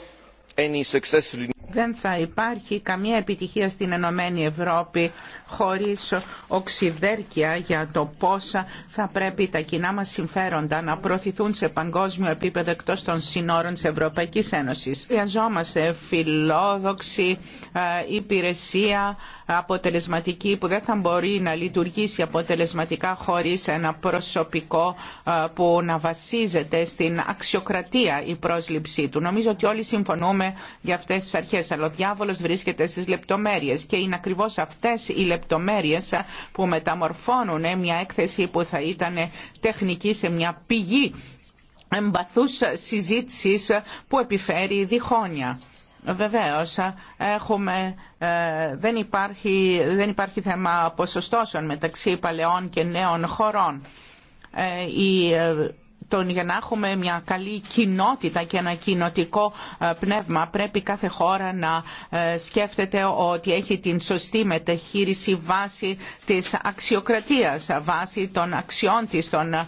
any δεν θα υπάρχει καμία επιτυχία στην Ενωμένη ΕΕ Ευρώπη χωρίς οξυδέρκεια για το πόσα θα πρέπει τα κοινά μας συμφέροντα να προωθηθούν σε παγκόσμιο επίπεδο εκτός των συνόρων της Ευρωπαϊκής Ένωσης. Χρειαζόμαστε φιλόδοξη ε, υπηρεσία αποτελεσματική που δεν θα μπορεί να λειτουργήσει αποτελεσματικά χωρίς ένα προσωπικό ε, που να βασίζεται στην αξιοκρατία η πρόσληψή του. Νομίζω ότι όλοι συμφωνούμε για αυτές τις αρχές, αλλά ο διάβολος βρίσκεται στις λεπτομέρειες και είναι ακριβώς αυτές οι λεπτομέρειες που μεταμορφώνουν μια έκθεση που θα ήταν τεχνική σε μια πηγή εμπαθούς συζήτησης που επιφέρει διχόνοια. Βεβαίως, έχουμε, ε, δεν, υπάρχει, δεν υπάρχει θέμα ποσοστώσεων μεταξύ παλαιών και νέων χωρών. Ε, η ε, τον, για να έχουμε μια καλή κοινότητα και ένα κοινοτικό ε, πνεύμα πρέπει κάθε χώρα να ε, σκέφτεται ότι έχει την σωστή μεταχείριση βάσει της αξιοκρατίας, βάσει των αξιών της, των ε,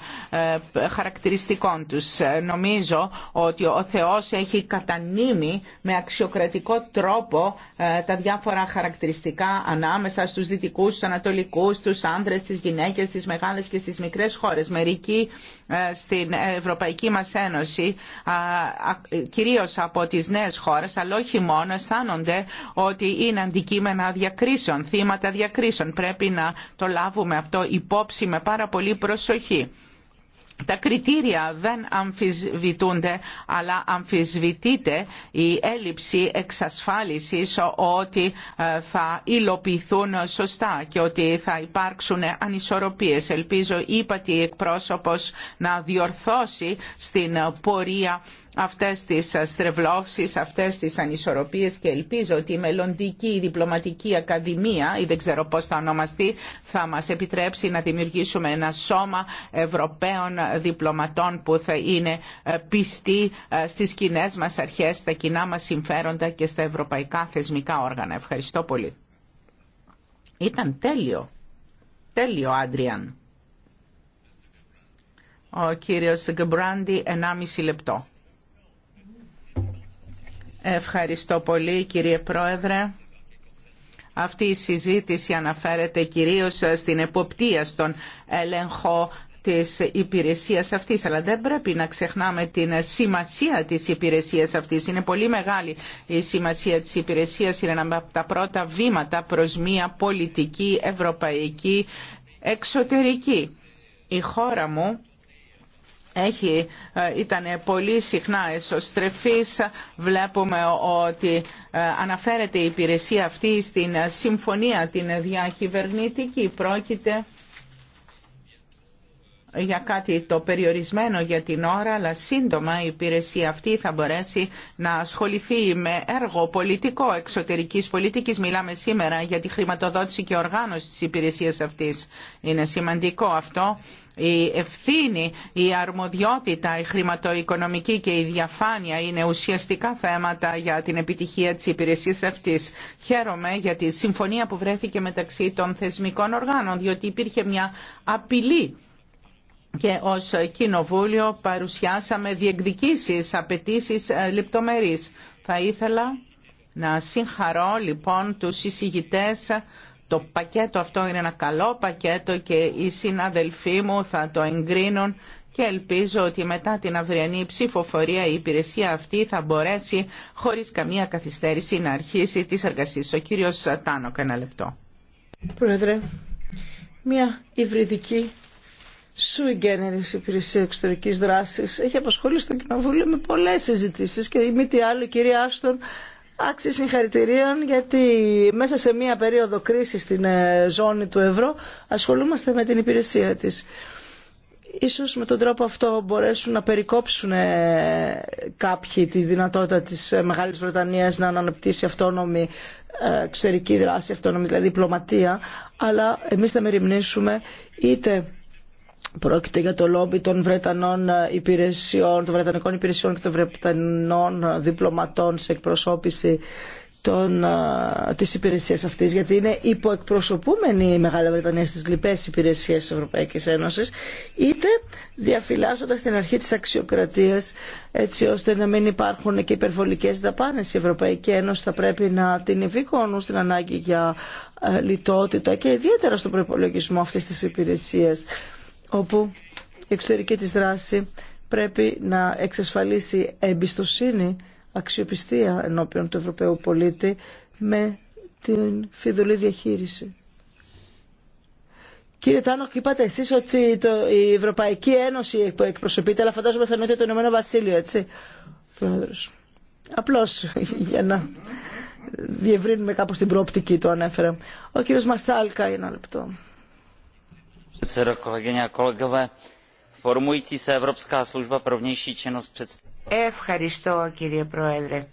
χαρακτηριστικών τους. Νομίζω ότι ο Θεός έχει κατανείμει με αξιοκρατικό τρόπο τα διάφορα χαρακτηριστικά ανάμεσα στους δυτικούς, στους ανατολικούς, στους άνδρες, στις γυναίκες, στις μεγάλες και στις μικρές χώρες. Μερικοί στην η Ευρωπαϊκή μας Ένωση, κυρίως από τις νέες χώρες, αλλά όχι μόνο, αισθάνονται ότι είναι αντικείμενα διακρίσεων, θύματα διακρίσεων. Πρέπει να το λάβουμε αυτό υπόψη με πάρα πολύ προσοχή τα κριτήρια δεν αμφισβητούνται αλλά αμφισβητείται η έλλειψη εξασφάλισης ότι ε, θα υλοποιηθούν σωστά και ότι θα υπάρξουν ανισορροπίες. Ελπίζω είπατε, η εκπρόσωπος να διορθώσει στην πορεία αυτές τις στρεβλώσεις, αυτές τις ανισορροπίες και ελπίζω ότι η μελλοντική διπλωματική ακαδημία ή δεν ξέρω πώς θα ονομαστεί θα μας επιτρέψει να δημιουργήσουμε ένα σώμα Ευρωπαίων διπλωματών που θα είναι ε, πιστοί ε, στις κοινέ μας αρχές, στα κοινά μας συμφέροντα και στα ευρωπαϊκά θεσμικά όργανα. Ευχαριστώ πολύ. Ήταν τέλειο. Τέλειο, Άντριαν. Ο κύριος Γκμπράντι, 1,5 λεπτό. Ευχαριστώ πολύ κύριε Πρόεδρε. Αυτή η συζήτηση αναφέρεται κυρίως στην εποπτεία στον έλεγχο της υπηρεσίας αυτής, αλλά δεν πρέπει να ξεχνάμε την σημασία της υπηρεσίας αυτής. Είναι πολύ μεγάλη η σημασία της υπηρεσίας, είναι ένα από τα πρώτα βήματα προς μια πολιτική ευρωπαϊκή εξωτερική. Η χώρα μου έχει, ε, ήταν πολύ συχνά εσωστρεφής. Βλέπουμε ότι ε, αναφέρεται η υπηρεσία αυτή στην ε, συμφωνία την διακυβερνητική. Πρόκειται για κάτι το περιορισμένο για την ώρα, αλλά σύντομα η υπηρεσία αυτή θα μπορέσει να ασχοληθεί με έργο πολιτικό εξωτερικής πολιτικής. Μιλάμε σήμερα για τη χρηματοδότηση και οργάνωση της υπηρεσίας αυτής. Είναι σημαντικό αυτό. Η ευθύνη, η αρμοδιότητα, η χρηματοοικονομική και η διαφάνεια είναι ουσιαστικά θέματα για την επιτυχία της υπηρεσίας αυτής. Χαίρομαι για τη συμφωνία που βρέθηκε μεταξύ των θεσμικών οργάνων, διότι υπήρχε μια απειλή και ως Κοινοβούλιο παρουσιάσαμε διεκδικήσεις, απαιτήσει ε, λεπτομερείς. Θα ήθελα να συγχαρώ λοιπόν τους εισηγητές. Το πακέτο αυτό είναι ένα καλό πακέτο και οι συναδελφοί μου θα το εγκρίνουν και ελπίζω ότι μετά την αυριανή ψηφοφορία η υπηρεσία αυτή θα μπορέσει χωρίς καμία καθυστέρηση να αρχίσει τις εργασίες. Ο κύριος Τάνο, ένα λεπτό. Πρόεδρε, μια υβριδική σου η Υπηρεσία Εξωτερική Δράση έχει απασχολήσει το Κοινοβούλιο με πολλέ συζητήσει και μη τι άλλο η κυρία Άστον άξιε συγχαρητηρίων γιατί μέσα σε μία περίοδο κρίση στην ε, ζώνη του ευρώ ασχολούμαστε με την υπηρεσία τη. Ίσως με τον τρόπο αυτό μπορέσουν να περικόψουν ε, κάποιοι τη δυνατότητα της ε, Μεγάλης Βρετανίας να αναπτύσσει αυτόνομη εξωτερική δράση, αυτόνομη δηλαδή διπλωματία, αλλά εμεί θα μεριμνήσουμε είτε Πρόκειται για το λόμπι των Βρετανών ε, υπηρεσιών, των Βρετανικών υπηρεσιών και των Βρετανών ε, διπλωματών σε εκπροσώπηση των, υπηρεσία της υπηρεσίας γιατί είναι υποεκπροσωπούμενη η Μεγάλη Βρετανία στις γλυπές υπηρεσίες της Ευρωπαϊκής Ένωσης, είτε διαφυλάσσοντας την αρχή της αξιοκρατίας, έτσι ώστε να μην υπάρχουν και υπερβολικές δαπάνες. Η Ευρωπαϊκή Ένωση θα πρέπει να την ευήκονουν στην ανάγκη για ε, λιτότητα και ιδιαίτερα στον προπολογισμό αυτής της υπηρεσία όπου η εξωτερική της δράση πρέπει να εξασφαλίσει εμπιστοσύνη, αξιοπιστία ενώπιον του Ευρωπαίου πολίτη με την φιδωλή διαχείριση. Κύριε Τάνοκ, είπατε εσεί ότι το, η Ευρωπαϊκή Ένωση εκπροσωπείται, αλλά φαντάζομαι θα το Ηνωμένο Βασίλειο, έτσι. Πρόεδρο. Απλώ για να διευρύνουμε κάπω την πρόπτικη, το ανέφερα. Ο κύριο Μαστάλκα, ένα λεπτό. Ευχαριστώ κύριε Πρόεδρε.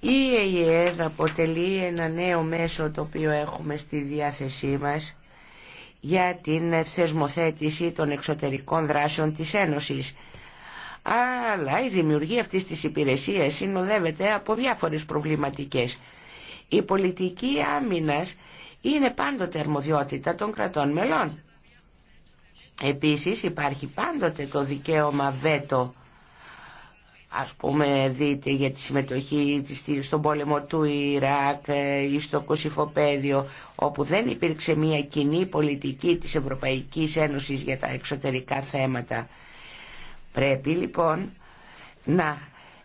Η ΕΕΔ αποτελεί ένα νέο μέσο το οποίο έχουμε στη διάθεσή μας για την θεσμοθέτηση των εξωτερικών δράσεων της Ένωσης. Αλλά η δημιουργία αυτής της υπηρεσίας συνοδεύεται από διάφορες προβληματικές. Η πολιτική άμυνας είναι πάντοτε αρμοδιότητα των κρατών μελών. Επίσης υπάρχει πάντοτε το δικαίωμα βέτο ας πούμε δείτε για τη συμμετοχή στον πόλεμο του Ιράκ ε, ή στο Κωσυφοπαίδιο όπου δεν υπήρξε μια κοινή πολιτική της Ευρωπαϊκής Ένωσης για τα εξωτερικά θέματα. Πρέπει λοιπόν να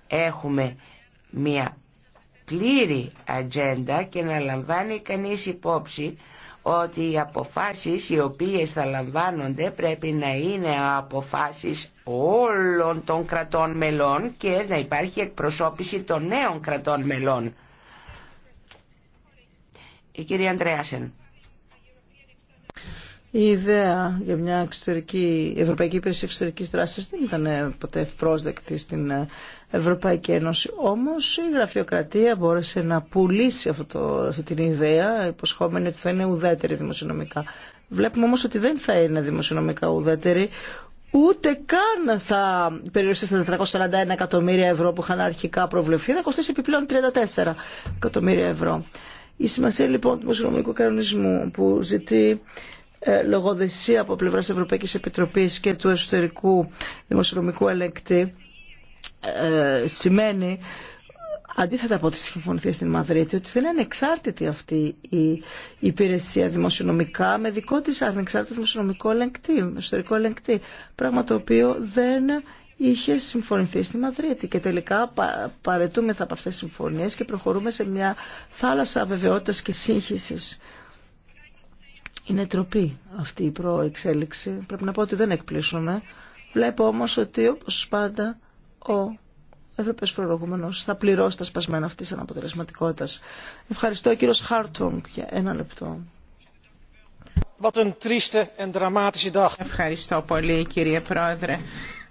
έχουμε μια πλήρη ατζέντα και να λαμβάνει κανείς υπόψη ότι οι αποφάσεις οι οποίες θα λαμβάνονται πρέπει να είναι αποφάσεις όλων των κρατών μελών και να υπάρχει εκπροσώπηση των νέων κρατών μελών. Η κυρία Αντρέασεν. Η ιδέα για μια εξωτερική, Ευρωπαϊκή Υπηρεσία Εξωτερική Δράση δεν ήταν ε, ποτέ ευπρόσδεκτη στην ε, Ευρωπαϊκή Ένωση. Όμω η γραφειοκρατία μπόρεσε να πουλήσει αυτό το, αυτή την ιδέα, υποσχόμενη ότι θα είναι ουδέτερη δημοσιονομικά. Βλέπουμε όμω ότι δεν θα είναι δημοσιονομικά ουδέτερη, ούτε καν θα περιοριστεί στα 441 εκατομμύρια ευρώ που είχαν αρχικά προβλεφθεί, θα κοστίσει επιπλέον 34 εκατομμύρια ευρώ. Η σημασία λοιπόν του δημοσιονομικού κανονισμού που ζητεί ε, λογοδεσία από πλευράς Ευρωπαϊκή Επιτροπή και του εσωτερικού δημοσιονομικού ελεγκτή ε, σημαίνει αντίθετα από ό,τι συμφωνηθεί στην Μαδρίτη, ότι δεν είναι ανεξάρτητη αυτή η υπηρεσία δημοσιονομικά με δικό της ανεξάρτητο δημοσιονομικό ελεγκτή, εσωτερικό ελεγκτή, πράγμα το οποίο δεν είχε συμφωνηθεί στη Μαδρίτη και τελικά παρετούμεθα από αυτές τις συμφωνίες και προχωρούμε σε μια θάλασσα αβεβαιότητας και σύγχυσης. Είναι τροπή αυτή η προεξέλιξη. Πρέπει να πω ότι δεν εκπλήσουμε. Βλέπω όμως ότι όπως πάντα ο Ευρωπαίος Φορολογούμενος θα πληρώσει τα σπασμένα αυτής αναποτελεσματικότητας. Ευχαριστώ κύριος Χάρτονγκ για ένα λεπτό. Ευχαριστώ πολύ κύριε Πρόεδρε.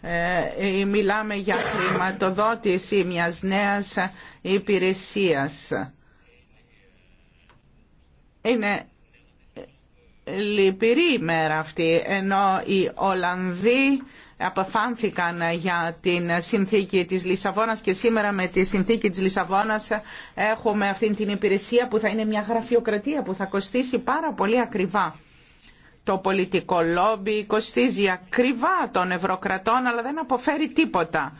Ε, ε, μιλάμε για χρηματοδότηση μιας νέας υπηρεσίας. Είναι λυπηρή ημέρα αυτή, ενώ οι Ολλανδοί αποφάνθηκαν για την συνθήκη της Λισαβόνας και σήμερα με τη συνθήκη της Λισαβόνας έχουμε αυτή την υπηρεσία που θα είναι μια γραφειοκρατία που θα κοστίσει πάρα πολύ ακριβά. Το πολιτικό λόμπι κοστίζει ακριβά των ευρωκρατών αλλά δεν αποφέρει τίποτα.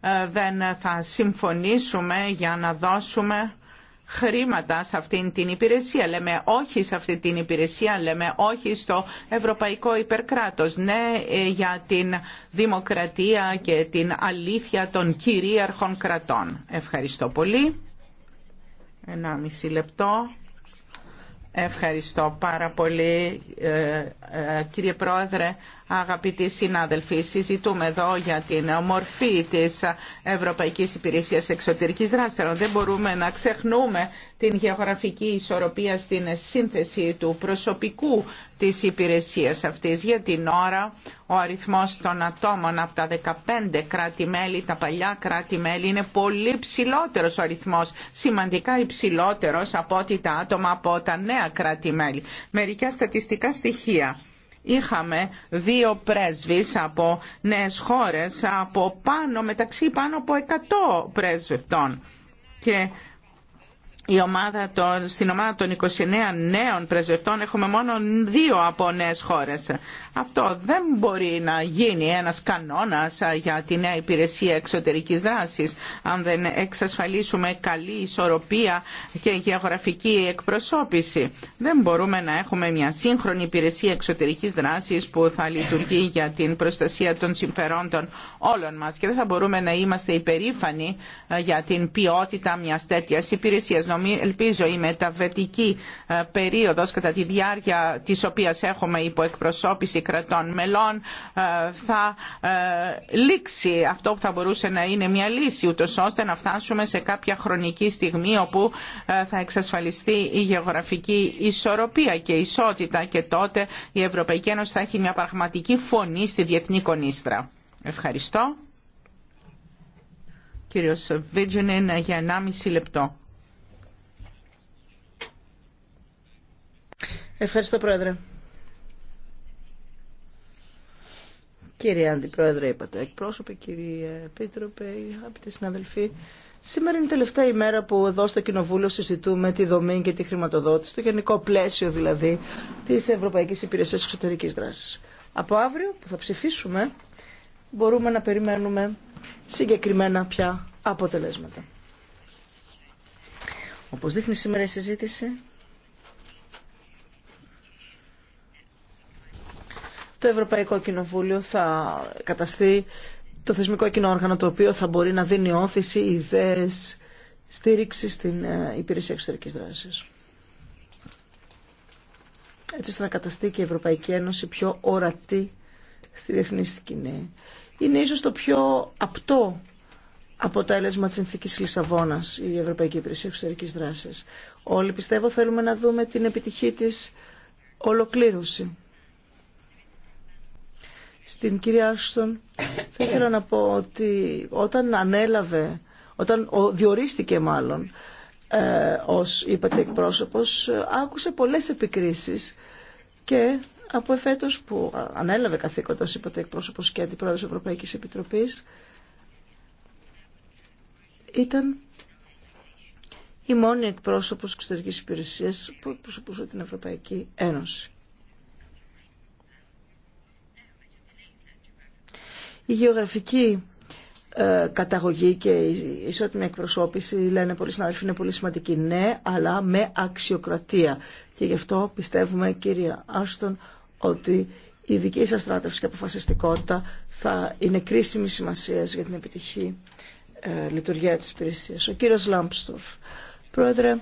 Ε, δεν θα συμφωνήσουμε για να δώσουμε χρήματα σε αυτήν την υπηρεσία. Λέμε όχι σε αυτή την υπηρεσία, λέμε όχι στο ευρωπαϊκό υπερκράτος. Ναι ε, για την δημοκρατία και την αλήθεια των κυρίαρχων κρατών. Ευχαριστώ πολύ. Ένα μισή λεπτό. Ευχαριστώ πάρα πολύ ε, ε, κύριε Πρόεδρε, αγαπητοί συνάδελφοι. Συζητούμε εδώ για την ομορφή της Ευρωπαϊκής Υπηρεσίας Εξωτερικής Δράσεων. Δεν μπορούμε να ξεχνούμε την γεωγραφική ισορροπία στην σύνθεση του προσωπικού της υπηρεσίας αυτής. Για την ώρα ο αριθμός των ατόμων από τα 15 κράτη-μέλη, τα παλιά κράτη-μέλη είναι πολύ ψηλότερος ο αριθμός, σημαντικά υψηλότερος από ό,τι τα άτομα από τα νέα κράτη-μέλη. Μερικά στατιστικά στοιχεία είχαμε δύο πρέσβεις από νέες χώρες, από πάνω, μεταξύ πάνω από 100 πρέσβευτών. Και η ομάδα των, στην ομάδα των 29 νέων πρεσβευτών έχουμε μόνο δύο από νέες χώρες. Αυτό δεν μπορεί να γίνει ένας κανόνας ε, για τη νέα υπηρεσία εξωτερικής δράσης αν δεν εξασφαλίσουμε καλή ισορροπία και γεωγραφική εκπροσώπηση. Δεν μπορούμε να έχουμε μια σύγχρονη υπηρεσία εξωτερικής δράσης που θα λειτουργεί για την προστασία των συμφερόντων όλων μας και δεν θα μπορούμε να είμαστε υπερήφανοι ε, για την ποιότητα μιας τέτοιας υπηρεσίας Ελπίζω η μεταβετική ε, περίοδος κατά τη διάρκεια της οποίας έχουμε υποεκπροσώπηση κρατών μελών ε, θα ε, λήξει αυτό που θα μπορούσε να είναι μια λύση ούτως ώστε να φτάσουμε σε κάποια χρονική στιγμή όπου θα εξασφαλιστεί η γεωγραφική ισορροπία και ισότητα και τότε η Ευρωπαϊκή Ένωση θα έχει μια πραγματική φωνή στη διεθνή κονίστρα. Ευχαριστώ. Κύριος Βίτζενεν για 1,5 λεπτό. Ευχαριστώ, Πρόεδρε. Κύριε Αντιπρόεδρε, είπατε εκπρόσωπε, κύριε Επίτροπε, αγαπητοί συναδελφοί. Σήμερα είναι η τελευταία ημέρα που εδώ στο Κοινοβούλιο συζητούμε τη δομή και τη χρηματοδότηση, το γενικό πλαίσιο δηλαδή τη Ευρωπαϊκή Υπηρεσία Εξωτερική Δράση. Από αύριο που θα ψηφίσουμε, μπορούμε να περιμένουμε συγκεκριμένα πια αποτελέσματα. Όπως δείχνει σήμερα η συζήτηση, το Ευρωπαϊκό Κοινοβούλιο θα καταστεί το θεσμικό κοινό όργανο το οποίο θα μπορεί να δίνει όθηση, ιδέες, στήριξη στην ε, υπηρεσία εξωτερικής δράσης. Έτσι ώστε να καταστεί και η Ευρωπαϊκή Ένωση πιο ορατή στη διεθνή σκηνή. Είναι ίσως το πιο απτό αποτέλεσμα της συνθήκης Λισαβόνας η Ευρωπαϊκή Υπηρεσία Εξωτερικής Δράσης. Όλοι πιστεύω θέλουμε να δούμε την επιτυχή της ολοκλήρωση στην κυρία Άστον, θα ήθελα να πω ότι όταν ανέλαβε, όταν διορίστηκε μάλλον ε, ως είπατε εκπρόσωπος, άκουσε πολλές επικρίσεις και από εφέτος που ανέλαβε καθήκοντας είπατε εκπρόσωπος και αντιπρόεδρος Ευρωπαϊκής Επιτροπής ήταν η μόνη εκπρόσωπος εξωτερικής υπηρεσίας που εκπροσωπούσε την Ευρωπαϊκή Ένωση. Η γεωγραφική ε, καταγωγή και η ισότιμη εκπροσώπηση, λένε πολλοί συνάδελφοι, είναι πολύ σημαντική. Ναι, αλλά με αξιοκρατία. Και γι' αυτό πιστεύουμε, κύριε Άστον, ότι η δική σας στράτευση και αποφασιστικότητα θα είναι κρίσιμη σημασία για την επιτυχή ε, λειτουργία της υπηρεσία. Ο κύριος Λάμπστορφ. Πρόεδρε,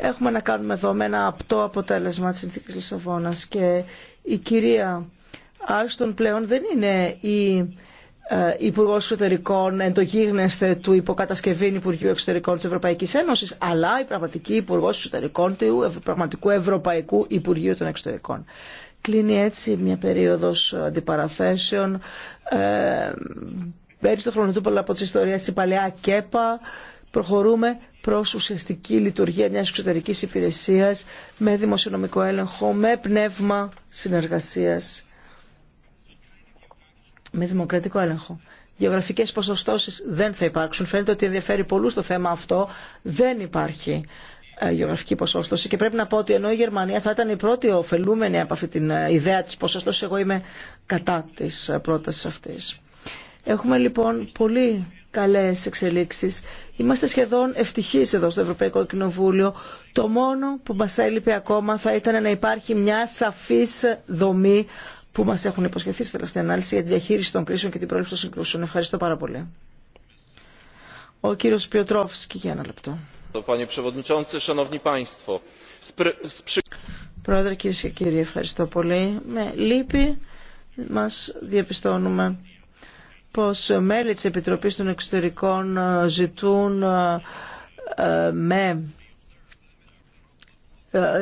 έχουμε να κάνουμε εδώ με ένα απτό αποτέλεσμα της συνθήκης Λισαβόνας και η κυρία Άστον πλέον δεν είναι η ε, Υπουργό Εξωτερικών εν το γίγνεσθε του υποκατασκευήν Υπουργείου Εξωτερικών τη Ευρωπαϊκή Ένωση, αλλά η πραγματική Υπουργό Εξωτερικών του πραγματικού Ευρωπαϊκού Υπουργείου των Εξωτερικών. Κλείνει έτσι μια περίοδο αντιπαραθέσεων. Ε, πέρυσι το χρονοτούπολο από τι ιστορία στην παλαιά ΚΕΠΑ προχωρούμε προ ουσιαστική λειτουργία μια εξωτερική υπηρεσία με δημοσιονομικό έλεγχο, με πνεύμα συνεργασία με δημοκρατικό έλεγχο. Γεωγραφικές ποσοστώσεις δεν θα υπάρξουν. Φαίνεται ότι ενδιαφέρει πολλού το θέμα αυτό. Δεν υπάρχει ε, γεωγραφική ποσόστοση και πρέπει να πω ότι ενώ η Γερμανία θα ήταν η πρώτη ωφελούμενη από αυτή την ε, ιδέα της ποσόστοσης, εγώ είμαι κατά της ε, πρότασης αυτής. Έχουμε λοιπόν πολύ καλές εξελίξεις. Είμαστε σχεδόν ευτυχείς εδώ στο Ευρωπαϊκό Κοινοβούλιο. Το μόνο που μας έλειπε ακόμα θα ήταν να υπάρχει μια σαφής δομή που μας έχουν υποσχεθεί στην τελευταία ανάλυση για τη διαχείριση των κρίσεων και την πρόληψη των συγκρούσεων. Ευχαριστώ πάρα πολύ. Ο κύριος Πιοτρόφσκι για ένα λεπτό. Πρόεδρε, κύριε και κύριοι, ευχαριστώ πολύ. Με λύπη μας διαπιστώνουμε πως μέλη της Επιτροπής των Εξωτερικών ε, ζητούν ε, ε, με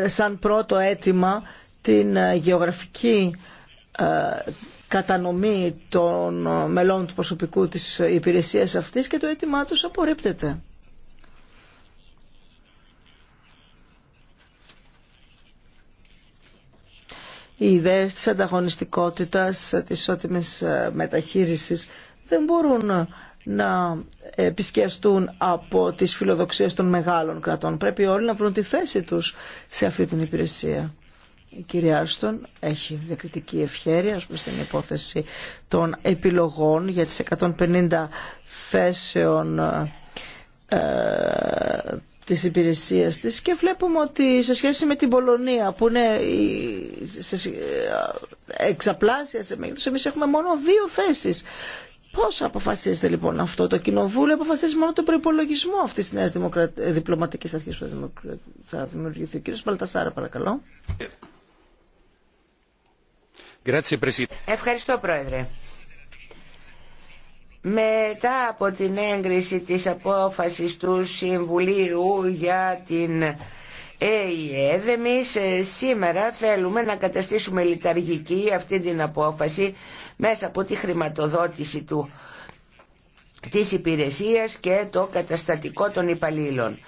σαν πρώτο αίτημα την γεωγραφική ε, κατανομή των μελών του προσωπικού της υπηρεσίας αυτής και το αίτημά τους απορρίπτεται. Οι ιδέες της ανταγωνιστικότητας, της ισότιμης ε, μεταχείρισης δεν μπορούν να επισκεφτούν από τις φιλοδοξίες των μεγάλων κρατών. Πρέπει όλοι να βρουν τη θέση τους σε αυτή την υπηρεσία η κυρία Άρστον έχει διακριτική ευχέρεια προς την υπόθεση των επιλογών για τις 150 θέσεων ε, ε, της υπηρεσίας της και βλέπουμε ότι σε σχέση με την Πολωνία που είναι σε ε, εξαπλάσια σε μέγεθος εμείς έχουμε μόνο δύο θέσεις Πώς αποφασίζεται λοιπόν αυτό το κοινοβούλιο, αποφασίζει μόνο τον προπολογισμό αυτή τη νέα διπλωματική αρχή που θα δημιουργηθεί. Ο Μπαλτασάρα παρακαλώ. Ευχαριστώ Πρόεδρε. Μετά από την έγκριση της απόφασης του Συμβουλίου για την ΕΕΔ, εμείς ε, σήμερα θέλουμε να καταστήσουμε λιταργική αυτή την απόφαση μέσα από τη χρηματοδότηση του της υπηρεσίας και το καταστατικό των υπαλλήλων.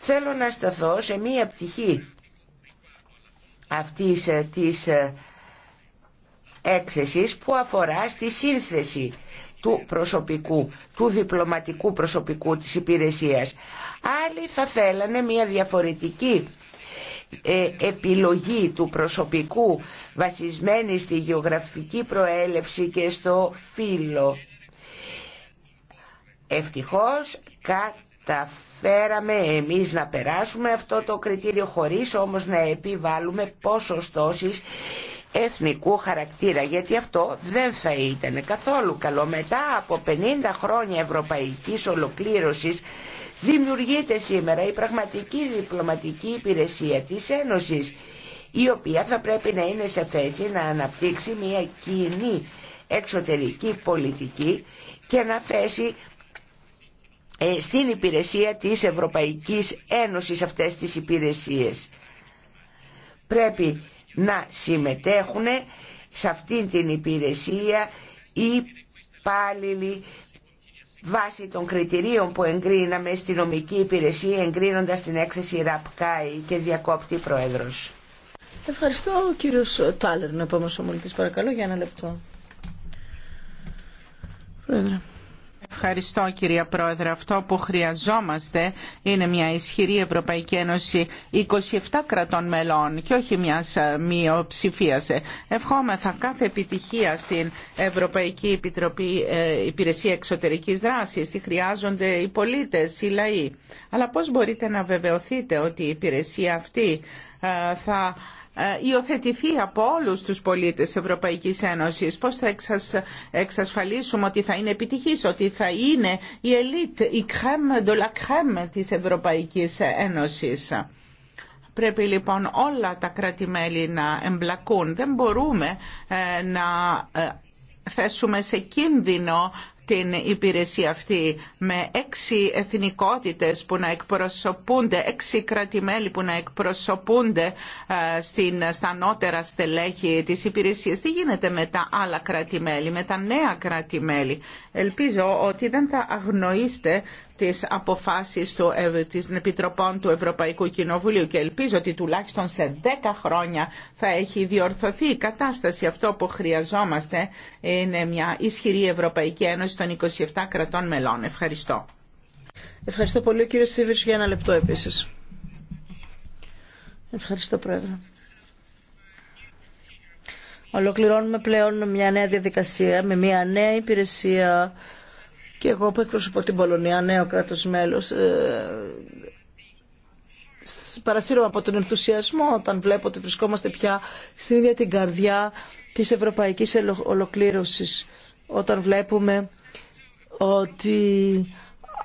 Θέλω να σταθώ σε μία πτυχή αυτής ε, της ε, έκθεσης που αφορά στη σύνθεση του προσωπικού, του διπλωματικού προσωπικού της υπηρεσίας. Άλλοι θα θέλανε μια διαφορετική ε, επιλογή του προσωπικού βασισμένη στη γεωγραφική προέλευση και στο φύλλο. Ευτυχώς καταφέραμε εμείς να περάσουμε αυτό το κριτήριο χωρίς όμως να επιβάλλουμε ποσοστώσεις εθνικού χαρακτήρα γιατί αυτό δεν θα ήταν καθόλου καλό. Μετά από 50 χρόνια ευρωπαϊκής ολοκλήρωσης δημιουργείται σήμερα η πραγματική διπλωματική υπηρεσία της Ένωσης η οποία θα πρέπει να είναι σε θέση να αναπτύξει μια κοινή εξωτερική πολιτική και να θέσει ε, στην υπηρεσία της Ευρωπαϊκής Ένωσης αυτές τις υπηρεσίες. Πρέπει να συμμετέχουν σε αυτήν την υπηρεσία οι υπάλληλοι βάσει των κριτηρίων που εγκρίναμε στη νομική υπηρεσία εγκρίνοντας την έκθεση ΡΑΠΚΑΙ και διακόπτη πρόεδρος. Ευχαριστώ ο κύριος Τάλερ, να πάμε ομολητής παρακαλώ για ένα λεπτό. Πρόεδρε. Ευχαριστώ κυρία Πρόεδρε. Αυτό που χρειαζόμαστε είναι μια ισχυρή Ευρωπαϊκή Ένωση 27 κρατών μελών και όχι μια ε, μειοψηφία. Ευχόμεθα κάθε επιτυχία στην Ευρωπαϊκή Επιτροπή ε, Υπηρεσία Εξωτερικής δράση. Τη χρειάζονται οι πολίτες, οι λαοί. Αλλά πώς μπορείτε να βεβαιωθείτε ότι η υπηρεσία αυτή ε, θα ε, υιοθετηθεί από όλους τους πολίτες Ευρωπαϊκής Ένωσης. Πώς θα εξασφαλίσουμε ότι θα είναι επιτυχής, ότι θα είναι η ελίτ, η κρέμ, το της Ευρωπαϊκής Ένωσης. Πρέπει λοιπόν όλα τα κράτη-μέλη να εμπλακούν. Δεν μπορούμε ε, να ε, θέσουμε σε κίνδυνο την υπηρεσία αυτή με έξι εθνικότητες που να εκπροσωπούνται, έξι κρατημέλη που να εκπροσωπούνται ε, στην, στα νότερα στελέχη της υπηρεσίας. Τι γίνεται με τα άλλα κρατημέλη, με τα νέα κρατημέλη. Ελπίζω ότι δεν θα αγνοήσετε τις αποφάσεις του, των Επιτροπών του Ευρωπαϊκού Κοινοβουλίου και ελπίζω ότι τουλάχιστον σε 10 χρόνια θα έχει διορθωθεί η κατάσταση. Αυτό που χρειαζόμαστε είναι μια ισχυρή Ευρωπαϊκή Ένωση των 27 κρατών μελών. Ευχαριστώ. Ευχαριστώ πολύ κύριε Σίβιτς για ένα λεπτό επίσης. Ευχαριστώ Πρόεδρε. Ολοκληρώνουμε πλέον μια νέα διαδικασία με μια νέα υπηρεσία και εγώ που εκπροσωπώ την Πολωνία, νέο κράτος μέλος, ε, παρασύρομαι από τον ενθουσιασμό όταν βλέπω ότι βρισκόμαστε πια στην ίδια την καρδιά της ευρωπαϊκής ολοκλήρωσης. Όταν βλέπουμε ότι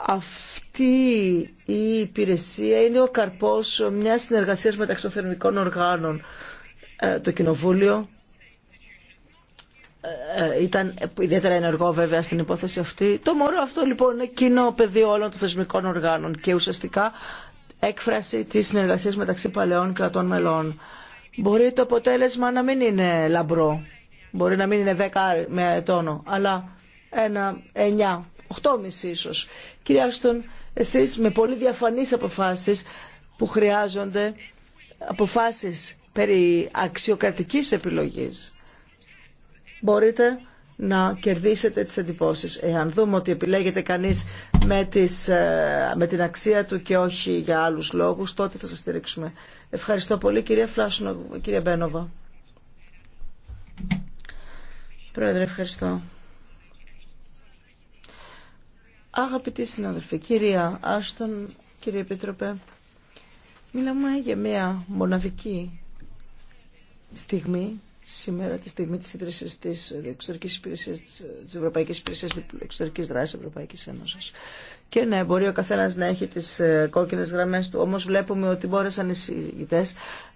αυτή η υπηρεσία είναι ο καρπός μιας συνεργασίας μεταξύ των οργάνων. Ε, το Κοινοβούλιο, ε, ε, ήταν ιδιαίτερα ενεργό βέβαια στην υπόθεση αυτή. Το μωρό αυτό λοιπόν είναι κοινό πεδίο όλων των θεσμικών οργάνων και ουσιαστικά έκφραση της συνεργασίας μεταξύ παλαιών κρατών μελών. Μπορεί το αποτέλεσμα να μην είναι λαμπρό, μπορεί να μην είναι δέκα με τόνο, αλλά ένα 9, μισή ίσως. Κυρία Άστον, εσείς με πολύ διαφανείς αποφάσεις που χρειάζονται αποφάσεις περί αξιοκρατικής επιλογής μπορείτε να κερδίσετε τις εντυπώσεις. Εάν δούμε ότι επιλέγετε κανείς με, τις, ε, με την αξία του και όχι για άλλους λόγους, τότε θα σας στηρίξουμε. Ευχαριστώ πολύ κυρία Φλάσσονο, κυρία Μπένοβα. Πρόεδρε, ευχαριστώ. Αγαπητοί συναδελφοί, κυρία Άστον, κύριε Επίτροπε, μιλάμε για μια μοναδική στιγμή σήμερα τη στιγμή της ίδρυσης της εξωτερικής υπηρεσίας, της Ευρωπαϊκής Υπηρεσίας Εξωτερικής Δράσης Ευρωπαϊκής Ένωσης. Και ναι, μπορεί ο καθένα να έχει τις ε, κόκκινες γραμμές του, όμως βλέπουμε ότι μπόρεσαν οι συγγητέ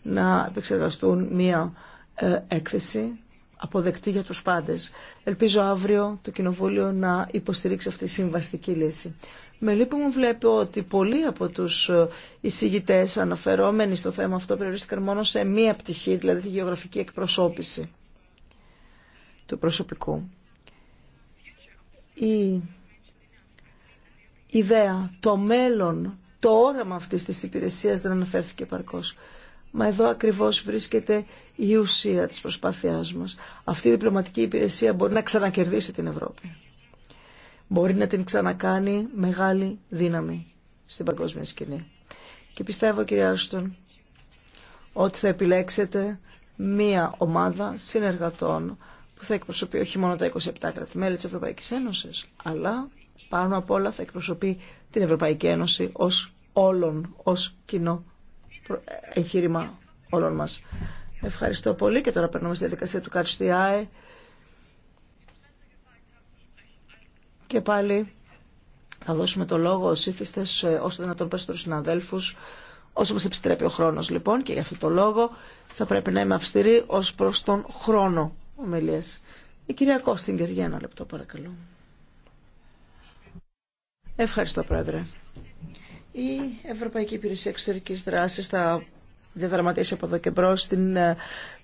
να επεξεργαστούν μία ε, έκθεση αποδεκτή για τους πάντες. Ελπίζω αύριο το Κοινοβούλιο να υποστηρίξει αυτή τη συμβαστική λύση. Με λύπη μου βλέπω ότι πολλοί από τους ε, εισηγητέ αναφερόμενοι στο θέμα αυτό περιορίστηκαν μόνο σε μία πτυχή, δηλαδή τη γεωγραφική εκπροσώπηση του προσωπικού. Η ιδέα, το μέλλον, το όραμα αυτής της υπηρεσίας δεν αναφέρθηκε παρκώς. Μα εδώ ακριβώς βρίσκεται η ουσία της προσπάθειάς μας. Αυτή η διπλωματική υπηρεσία μπορεί να ξανακερδίσει την Ευρώπη μπορεί να την ξανακάνει μεγάλη δύναμη στην παγκόσμια σκηνή. Και πιστεύω κυρία Άρστον, ότι θα επιλέξετε μία ομάδα συνεργατών που θα εκπροσωπεί όχι μόνο τα 27 κράτη-μέλη της Ευρωπαϊκής Ένωσης, αλλά πάνω απ' όλα θα εκπροσωπεί την Ευρωπαϊκή Ένωση ως όλων, ως κοινό εγχείρημα όλων μας. Ευχαριστώ πολύ και τώρα περνάμε στη διαδικασία του ΚΑΤΣΤΙΑΕ. Και πάλι θα δώσουμε το λόγο ως ήθιστες, ε, όσο δυνατόν περισσότερους συναδέλφους, όσο μας επιτρέπει ο χρόνος λοιπόν και για αυτό το λόγο θα πρέπει να είμαι αυστηρή ως προς τον χρόνο ομιλίας. Η κυρία Κώστιγκερ για ένα λεπτό παρακαλώ. Ευχαριστώ Πρόεδρε. Η Ευρωπαϊκή Υπηρεσία Εξωτερικής Δράσης θα διαδραματίσει από εδώ και μπρος την ε,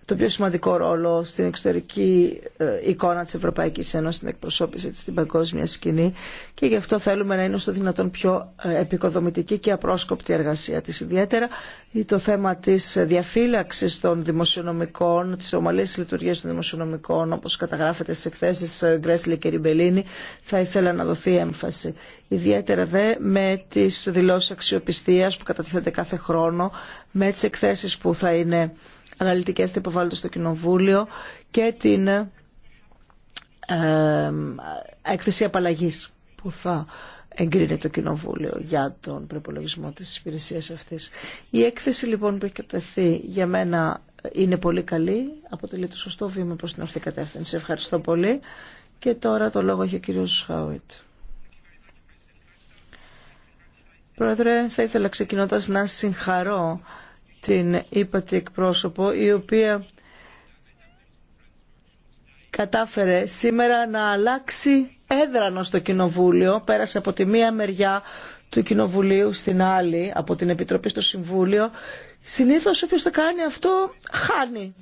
το πιο σημαντικό ρόλο στην εξωτερική ε, εικόνα της Ευρωπαϊκής Ένωσης, στην εκπροσώπηση της στην παγκόσμια σκηνή και γι' αυτό θέλουμε να είναι στο δυνατόν πιο ε, επικοδομητική και απρόσκοπτη εργασία της. Ιδιαίτερα ή το θέμα της διαφύλαξης των δημοσιονομικών, της ομαλής λειτουργίας των δημοσιονομικών, όπως καταγράφεται στις εκθέσεις ε, Γκρέσλι και Ριμπελίνη, θα ήθελα να δοθεί έμφαση. Ιδιαίτερα δε με τις δηλώσεις αξιοπιστίας που κατατίθεται κάθε χρόνο, με τις εκθέσεις που θα είναι αναλυτικές θα υποβάλλονται στο Κοινοβούλιο και την ε, έκθεση απαλλαγής που θα εγκρίνει το Κοινοβούλιο για τον προπολογισμό της υπηρεσίας αυτής. Η έκθεση λοιπόν που έχει κατευθεί για μένα είναι πολύ καλή, αποτελεί το σωστό βήμα προς την ορθή κατεύθυνση. Ευχαριστώ πολύ και τώρα το λόγο έχει ο κύριος Χάουιτ. Πρόεδρε, θα ήθελα ξεκινώντας να συγχαρώ την ύπατη εκπρόσωπο η οποία κατάφερε σήμερα να αλλάξει έδρανο στο Κοινοβούλιο, πέρασε από τη μία μεριά του Κοινοβουλίου στην άλλη, από την Επιτροπή στο Συμβούλιο. Συνήθως όποιος το κάνει αυτό χάνει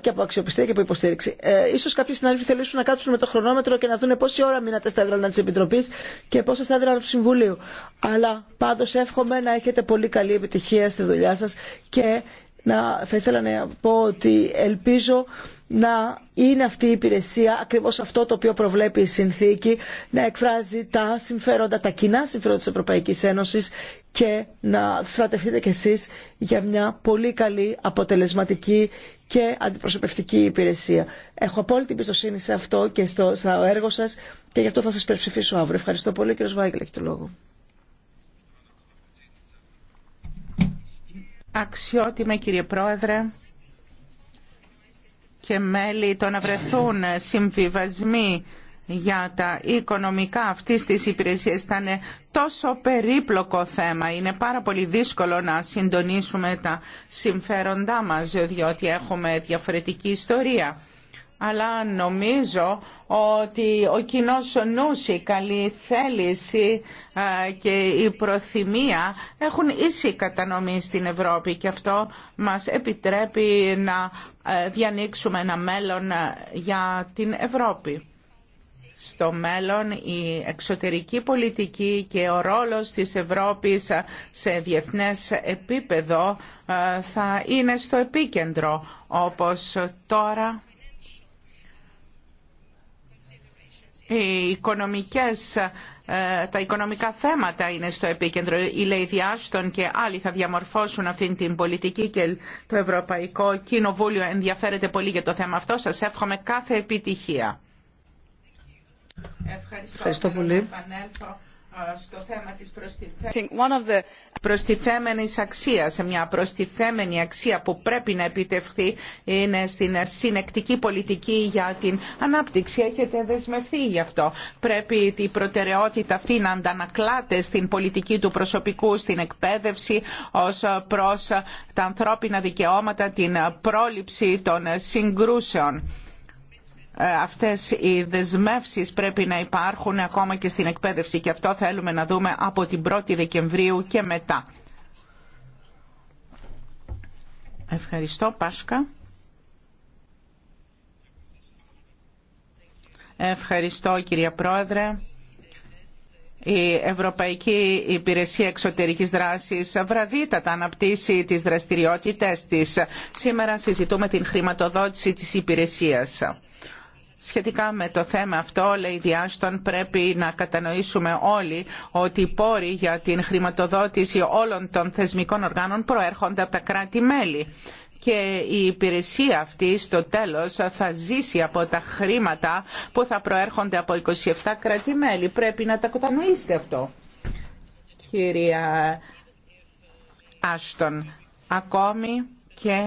και από αξιοπιστία και από υποστήριξη. Ε, ίσως κάποιοι συνάδελφοι θελήσουν να κάτσουν με το χρονόμετρο και να δουν πόση ώρα μείνατε στα έδρανα τη Επιτροπή και πόσα στα έδρανα του Συμβουλίου. Αλλά πάντω εύχομαι να έχετε πολύ καλή επιτυχία στη δουλειά σας και να, θα ήθελα να πω ότι ελπίζω να είναι αυτή η υπηρεσία ακριβώς αυτό το οποίο προβλέπει η συνθήκη να εκφράζει τα συμφέροντα, τα κοινά συμφέροντα της Ευρωπαϊκής Ένωσης και να στρατευτείτε κι εσείς για μια πολύ καλή, αποτελεσματική και αντιπροσωπευτική υπηρεσία. Έχω απόλυτη εμπιστοσύνη σε αυτό και στο, στο έργο σας και γι' αυτό θα σας περιψηφίσω αύριο. Ευχαριστώ πολύ κύριος Βάγκελ, έχει το λόγο. Αξιότιμε κύριε Πρόεδρε, και μέλη το να βρεθούν συμβιβασμοί για τα οικονομικά αυτής της υπηρεσίας ήταν τόσο περίπλοκο θέμα. Είναι πάρα πολύ δύσκολο να συντονίσουμε τα συμφέροντά μας, διότι έχουμε διαφορετική ιστορία αλλά νομίζω ότι ο κοινό νους, η καλή θέληση και η προθυμία έχουν ίση κατανομή στην Ευρώπη και αυτό μας επιτρέπει να ε, διανοίξουμε ένα μέλλον ε, για την Ευρώπη. Στο μέλλον η εξωτερική πολιτική και ο ρόλος της Ευρώπης ε, σε διεθνές επίπεδο θα είναι στο επίκεντρο όπως τώρα Ε, οικονομικές ε, τα οικονομικά θέματα είναι στο επίκεντρο. Η Λέιδη Άστον και άλλοι θα διαμορφώσουν αυτή την πολιτική και το Ευρωπαϊκό Κοινοβούλιο ενδιαφέρεται πολύ για το θέμα αυτό. Σας εύχομαι κάθε επιτυχία. Ευχαριστώ, πολύ. Επανέλθω στο θέμα της αξίας. Μια προστιθέμενη αξία που πρέπει να επιτευχθεί είναι στην συνεκτική πολιτική για την ανάπτυξη. Έχετε δεσμευθεί γι' αυτό. Πρέπει την προτεραιότητα αυτή να αντανακλάται στην πολιτική του προσωπικού, στην εκπαίδευση ως προς τα ανθρώπινα δικαιώματα, την πρόληψη των συγκρούσεων ε, αυτές οι δεσμεύσεις πρέπει να υπάρχουν ακόμα και στην εκπαίδευση και αυτό θέλουμε να δούμε από την 1η Δεκεμβρίου και μετά. Ευχαριστώ Πάσκα. Ευχαριστώ κυρία Πρόεδρε. Η Ευρωπαϊκή Υπηρεσία Εξωτερικής Δράσης βραδύτατα αναπτύσσει τις δραστηριότητες της. Σήμερα συζητούμε την χρηματοδότηση της υπηρεσίας. Σχετικά με το θέμα αυτό, λέει Διάστον, πρέπει να κατανοήσουμε όλοι ότι οι πόροι για την χρηματοδότηση όλων των θεσμικών οργάνων προέρχονται από τα κράτη-μέλη και η υπηρεσία αυτή στο τέλος θα ζήσει από τα χρήματα που θα προέρχονται από 27 κράτη-μέλη. Πρέπει να τα κατανοήσετε αυτό, κυρία Άστον. Ακόμη και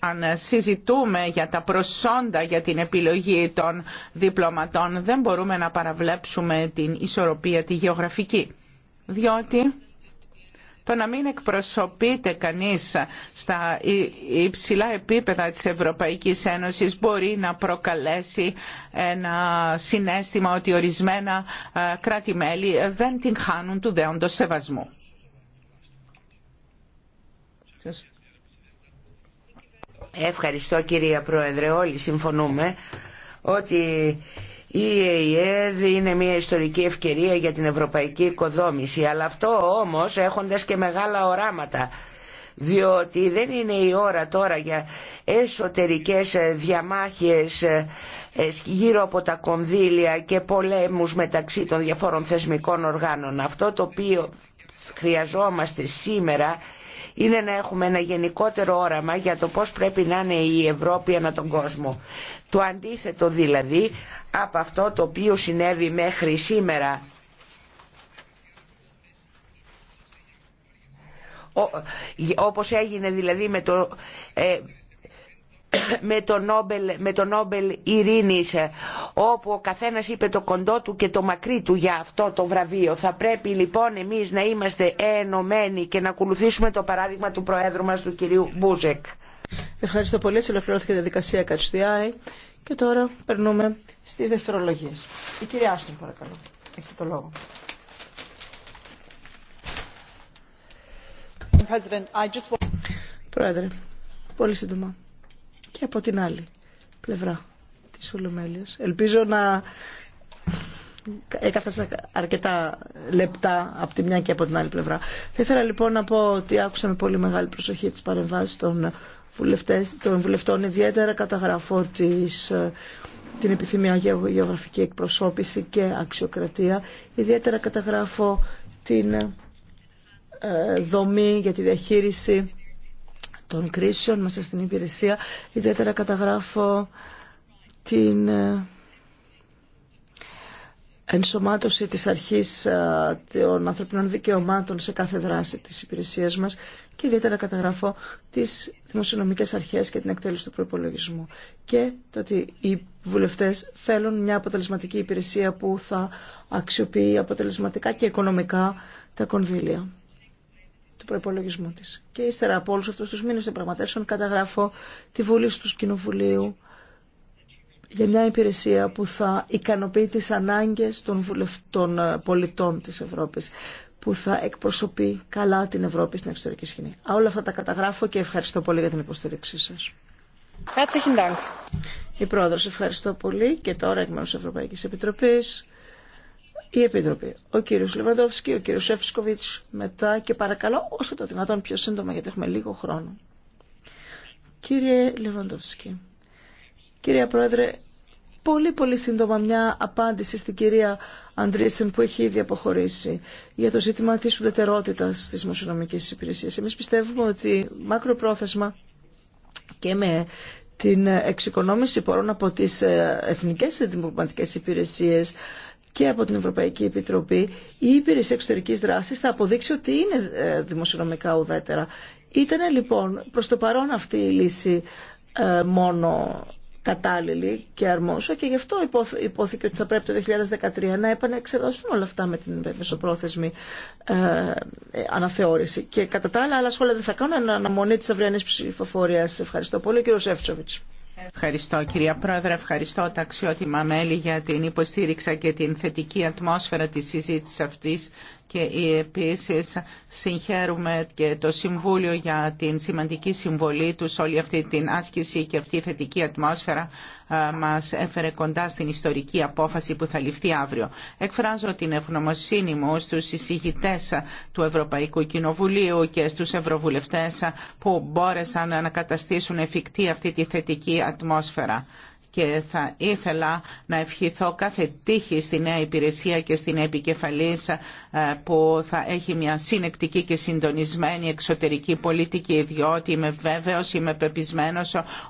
αν συζητούμε για τα προσόντα για την επιλογή των διπλωματών, δεν μπορούμε να παραβλέψουμε την ισορροπία τη γεωγραφική. Διότι το να μην εκπροσωπείται κανείς στα υψηλά επίπεδα της Ευρωπαϊκής Ένωσης μπορεί να προκαλέσει ένα συνέστημα ότι ορισμένα ε, κράτη-μέλη δεν την χάνουν του δέοντος σεβασμού. Ευχαριστώ κυρία Πρόεδρε. Όλοι συμφωνούμε ότι η ΕΕΔ είναι μια ιστορική ευκαιρία για την ευρωπαϊκή οικοδόμηση. Αλλά αυτό όμως έχοντας και μεγάλα οράματα διότι δεν είναι η ώρα τώρα για εσωτερικές διαμάχες ε, γύρω από τα κονδύλια και πολέμους μεταξύ των διαφόρων θεσμικών οργάνων. Αυτό το οποίο χρειαζόμαστε σήμερα είναι να έχουμε ένα γενικότερο όραμα για το πώς πρέπει να είναι η Ευρώπη ανά τον κόσμο. Το αντίθετο δηλαδή από αυτό το οποίο συνέβη μέχρι σήμερα. Όπως έγινε δηλαδή με το ε, με τον Νόμπελ, με Ειρήνης όπου ο καθένας είπε το κοντό του και το μακρύ του για αυτό το βραβείο. Θα πρέπει λοιπόν εμείς να είμαστε ενωμένοι και να ακολουθήσουμε το παράδειγμα του Προέδρου μας του κυρίου Μπούζεκ. Ευχαριστώ πολύ. Συλλοφληρώθηκε η διαδικασία Κατστιάη και τώρα περνούμε στις δευτερολογίες. Η κυρία Άστον παρακαλώ. Έχει το λόγο. Πρόεδρε, πολύ σύντομα και από την άλλη πλευρά της Ολομέλειας. Ελπίζω να έκαθασα αρκετά λεπτά από τη μια και από την άλλη πλευρά. Θα ήθελα λοιπόν να πω ότι άκουσα με πολύ μεγάλη προσοχή τις παρεμβάσεις των, βουλευτές, των βουλευτών. Ιδιαίτερα καταγραφώ τις, ε, την επιθυμία γεωγραφική εκπροσώπηση και αξιοκρατία. Ιδιαίτερα καταγράφω την ε, δομή για τη διαχείριση των κρίσεων μέσα στην υπηρεσία. Ιδιαίτερα καταγράφω την ε, ενσωμάτωση της αρχής ε, των ανθρωπινών δικαιωμάτων σε κάθε δράση της υπηρεσίας μας και ιδιαίτερα καταγράφω τις δημοσιονομικές αρχές και την εκτέλεση του προπολογισμού. Και το ότι οι βουλευτές θέλουν μια αποτελεσματική υπηρεσία που θα αξιοποιεί αποτελεσματικά και οικονομικά τα κονδύλια του προπολογισμού τη. Και ύστερα από όλου αυτού του μήνε των πραγματεύσεων καταγράφω τη βούληση του Κοινοβουλίου για μια υπηρεσία που θα ικανοποιεί τις ανάγκες των ε, πολιτών της Ευρώπης που θα εκπροσωπεί καλά την Ευρώπη στην εξωτερική σκηνή. Όλα αυτά τα καταγράφω και ευχαριστώ πολύ για την υποστήριξή σας. Η Πρόεδρος, ευχαριστώ πολύ και τώρα εκ μέρους της Ευρωπαϊκής Επιτροπής η Επίτροπη, ο κύριο Λεβαντόφσκι, ο κύριο Σεφσκοβιτ, μετά και παρακαλώ όσο το δυνατόν πιο σύντομα γιατί έχουμε λίγο χρόνο. Κύριε Λεβαντόφσκι, κύριε Πρόεδρε, πολύ πολύ σύντομα μια απάντηση στην κυρία Αντρίσεν που έχει ήδη αποχωρήσει για το ζήτημα της ουδετερότητας τη μοσονομικής υπηρεσία. Εμείς πιστεύουμε ότι μακροπρόθεσμα και με την εξοικονόμηση πόρων από τις ε, εθνικές δημοκρατικές υπηρεσίες και από την Ευρωπαϊκή Επιτροπή, η υπηρεσία εξωτερική δράση θα αποδείξει ότι είναι ε, δημοσιονομικά ουδέτερα. Ήταν λοιπόν προ το παρόν αυτή η λύση ε, μόνο κατάλληλη και αρμόσια και γι' αυτό υπόθηκε ότι θα πρέπει το 2013 να επανεξεργαστούν όλα αυτά με την μεσοπρόθεσμη ε, αναθεώρηση. Και κατά τα άλλα, άλλα σχόλια δεν θα κάνω. Αναμονή τη αυριανή ψηφοφορία. Ευχαριστώ πολύ, κύριο Σεύτσοβιτ. Ευχαριστώ κυρία Πρόεδρε, ευχαριστώ τα αξιότιμα μέλη για την υποστήριξα και την θετική ατμόσφαιρα της συζήτησης αυτής και επίσης συγχαίρουμε και το Συμβούλιο για την σημαντική συμβολή τους όλη αυτή την άσκηση και αυτή η θετική ατμόσφαιρα ε, μας έφερε κοντά στην ιστορική απόφαση που θα ληφθεί αύριο. Εκφράζω την ευγνωμοσύνη μου στους εισηγητές του Ευρωπαϊκού Κοινοβουλίου και στους ευρωβουλευτές που μπόρεσαν να καταστήσουν εφικτή αυτή τη θετική ατμόσφαιρα και θα ήθελα να ευχηθώ κάθε τύχη στη νέα υπηρεσία και στην επικεφαλής ε, που θα έχει μια συνεκτική και συντονισμένη εξωτερική πολιτική διότι είμαι βέβαιος, είμαι πεπισμένο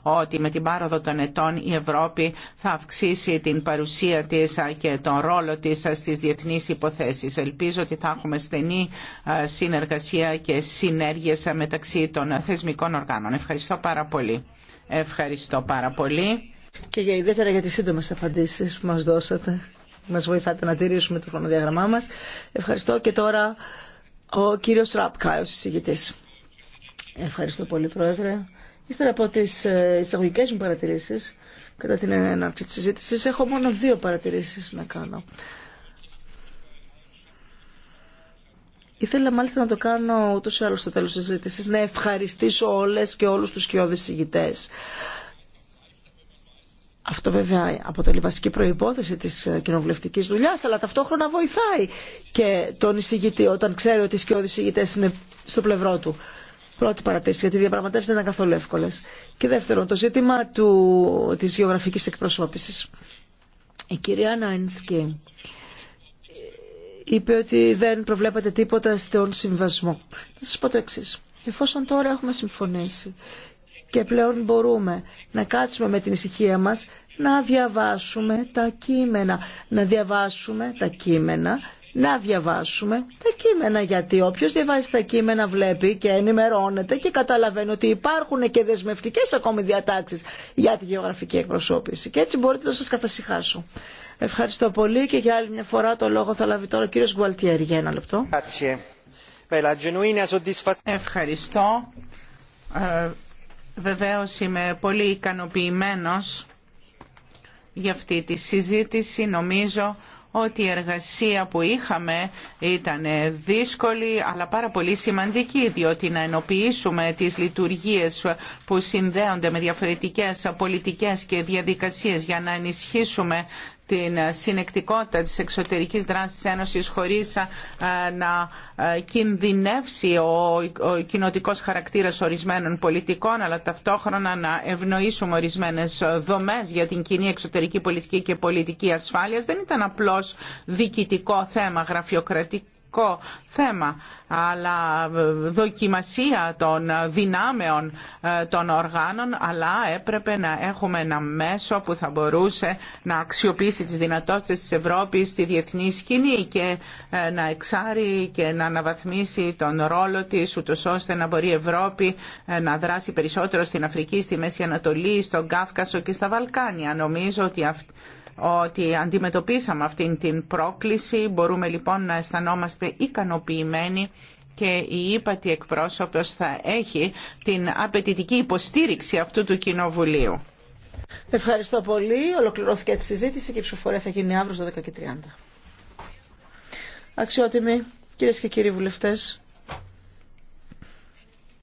ότι με την πάροδο των ετών η Ευρώπη θα αυξήσει την παρουσία της ε, και τον ρόλο τη ε, στι διεθνείς υποθέσεις. Ελπίζω ότι θα έχουμε στενή συνεργασία και συνέργειε μεταξύ των θεσμικών οργάνων. Ευχαριστώ πάρα πολύ. Ευχαριστώ πάρα πολύ και για ιδιαίτερα για τις σύντομες απαντήσεις που μας δώσατε. Μας βοηθάτε να τηρήσουμε το χρονοδιαγραμμά μας. Ευχαριστώ και τώρα ο κύριος Ράπκα, ο συζητητής. Ευχαριστώ πολύ, Πρόεδρε. Ύστερα από τις ε, εισαγωγικέ μου παρατηρήσεις, κατά την έναρξη της συζήτησης, έχω μόνο δύο παρατηρήσεις να κάνω. Ήθελα μάλιστα να το κάνω ούτως ή άλλως στο τέλος της συζήτησης, να ευχαριστήσω όλες και όλους τους κοιόδης συγητές. Αυτό βέβαια αποτελεί βασική προϋπόθεση της ε, κοινοβουλευτικής δουλειάς, αλλά ταυτόχρονα βοηθάει και τον εισηγητή όταν ξέρει ότι οι σκιώδεις εισηγητές είναι στο πλευρό του. Πρώτη παρατήρηση, γιατί οι διαπραγματεύσει δεν ήταν καθόλου εύκολε. Και δεύτερον, το ζήτημα του, της γεωγραφικής εκπροσώπησης. Η κυρία Νάινσκι είπε ότι δεν προβλέπεται τίποτα στον συμβασμό. Θα σας πω το εξής. Εφόσον τώρα έχουμε συμφωνήσει και πλέον μπορούμε να κάτσουμε με την ησυχία μας να διαβάσουμε τα κείμενα. Να διαβάσουμε τα κείμενα, να διαβάσουμε τα κείμενα γιατί όποιος διαβάζει τα κείμενα βλέπει και ενημερώνεται και καταλαβαίνει ότι υπάρχουν και δεσμευτικές ακόμη διατάξεις για τη γεωγραφική εκπροσώπηση και έτσι μπορείτε να σας καθασυχάσω. Ευχαριστώ πολύ και για άλλη μια φορά το λόγο θα λάβει τώρα ο κύριος Γουαλτιέρη για ένα λεπτό. Ευχαριστώ. Ε, Βεβαίως είμαι πολύ ικανοποιημένος για αυτή τη συζήτηση. Νομίζω ότι η εργασία που είχαμε ήταν δύσκολη αλλά πάρα πολύ σημαντική διότι να ενοποιήσουμε τις λειτουργίες που συνδέονται με διαφορετικές πολιτικές και διαδικασίες για να ενισχύσουμε την συνεκτικότητα της εξωτερικής δράσης Ένωσης χωρίς να κινδυνεύσει ο κοινοτικός χαρακτήρας ορισμένων πολιτικών αλλά ταυτόχρονα να ευνοήσουμε ορισμένες δομές για την κοινή εξωτερική πολιτική και πολιτική ασφάλειας δεν ήταν απλώς διοικητικό θέμα γραφειοκρατικό θέμα, αλλά δοκιμασία των δυνάμεων ε, των οργάνων, αλλά έπρεπε να έχουμε ένα μέσο που θα μπορούσε να αξιοποιήσει τις δυνατότητες της Ευρώπης στη διεθνή σκηνή και ε, να εξάρει και να αναβαθμίσει τον ρόλο της, ούτως ώστε να μπορεί η Ευρώπη ε, να δράσει περισσότερο στην Αφρική, στη Μέση Ανατολή, στον Κάφκασο και στα Βαλκάνια. Νομίζω ότι ότι αντιμετωπίσαμε αυτήν την πρόκληση. Μπορούμε λοιπόν να αισθανόμαστε ικανοποιημένοι και η ύπατη εκπρόσωπος θα έχει την απαιτητική υποστήριξη αυτού του Κοινοβουλίου. Ευχαριστώ πολύ. Ολοκληρώθηκε τη συζήτηση και η ψηφοφορία θα γίνει αύριο στις 12.30. Αξιότιμοι κυρίες και κύριοι βουλευτές,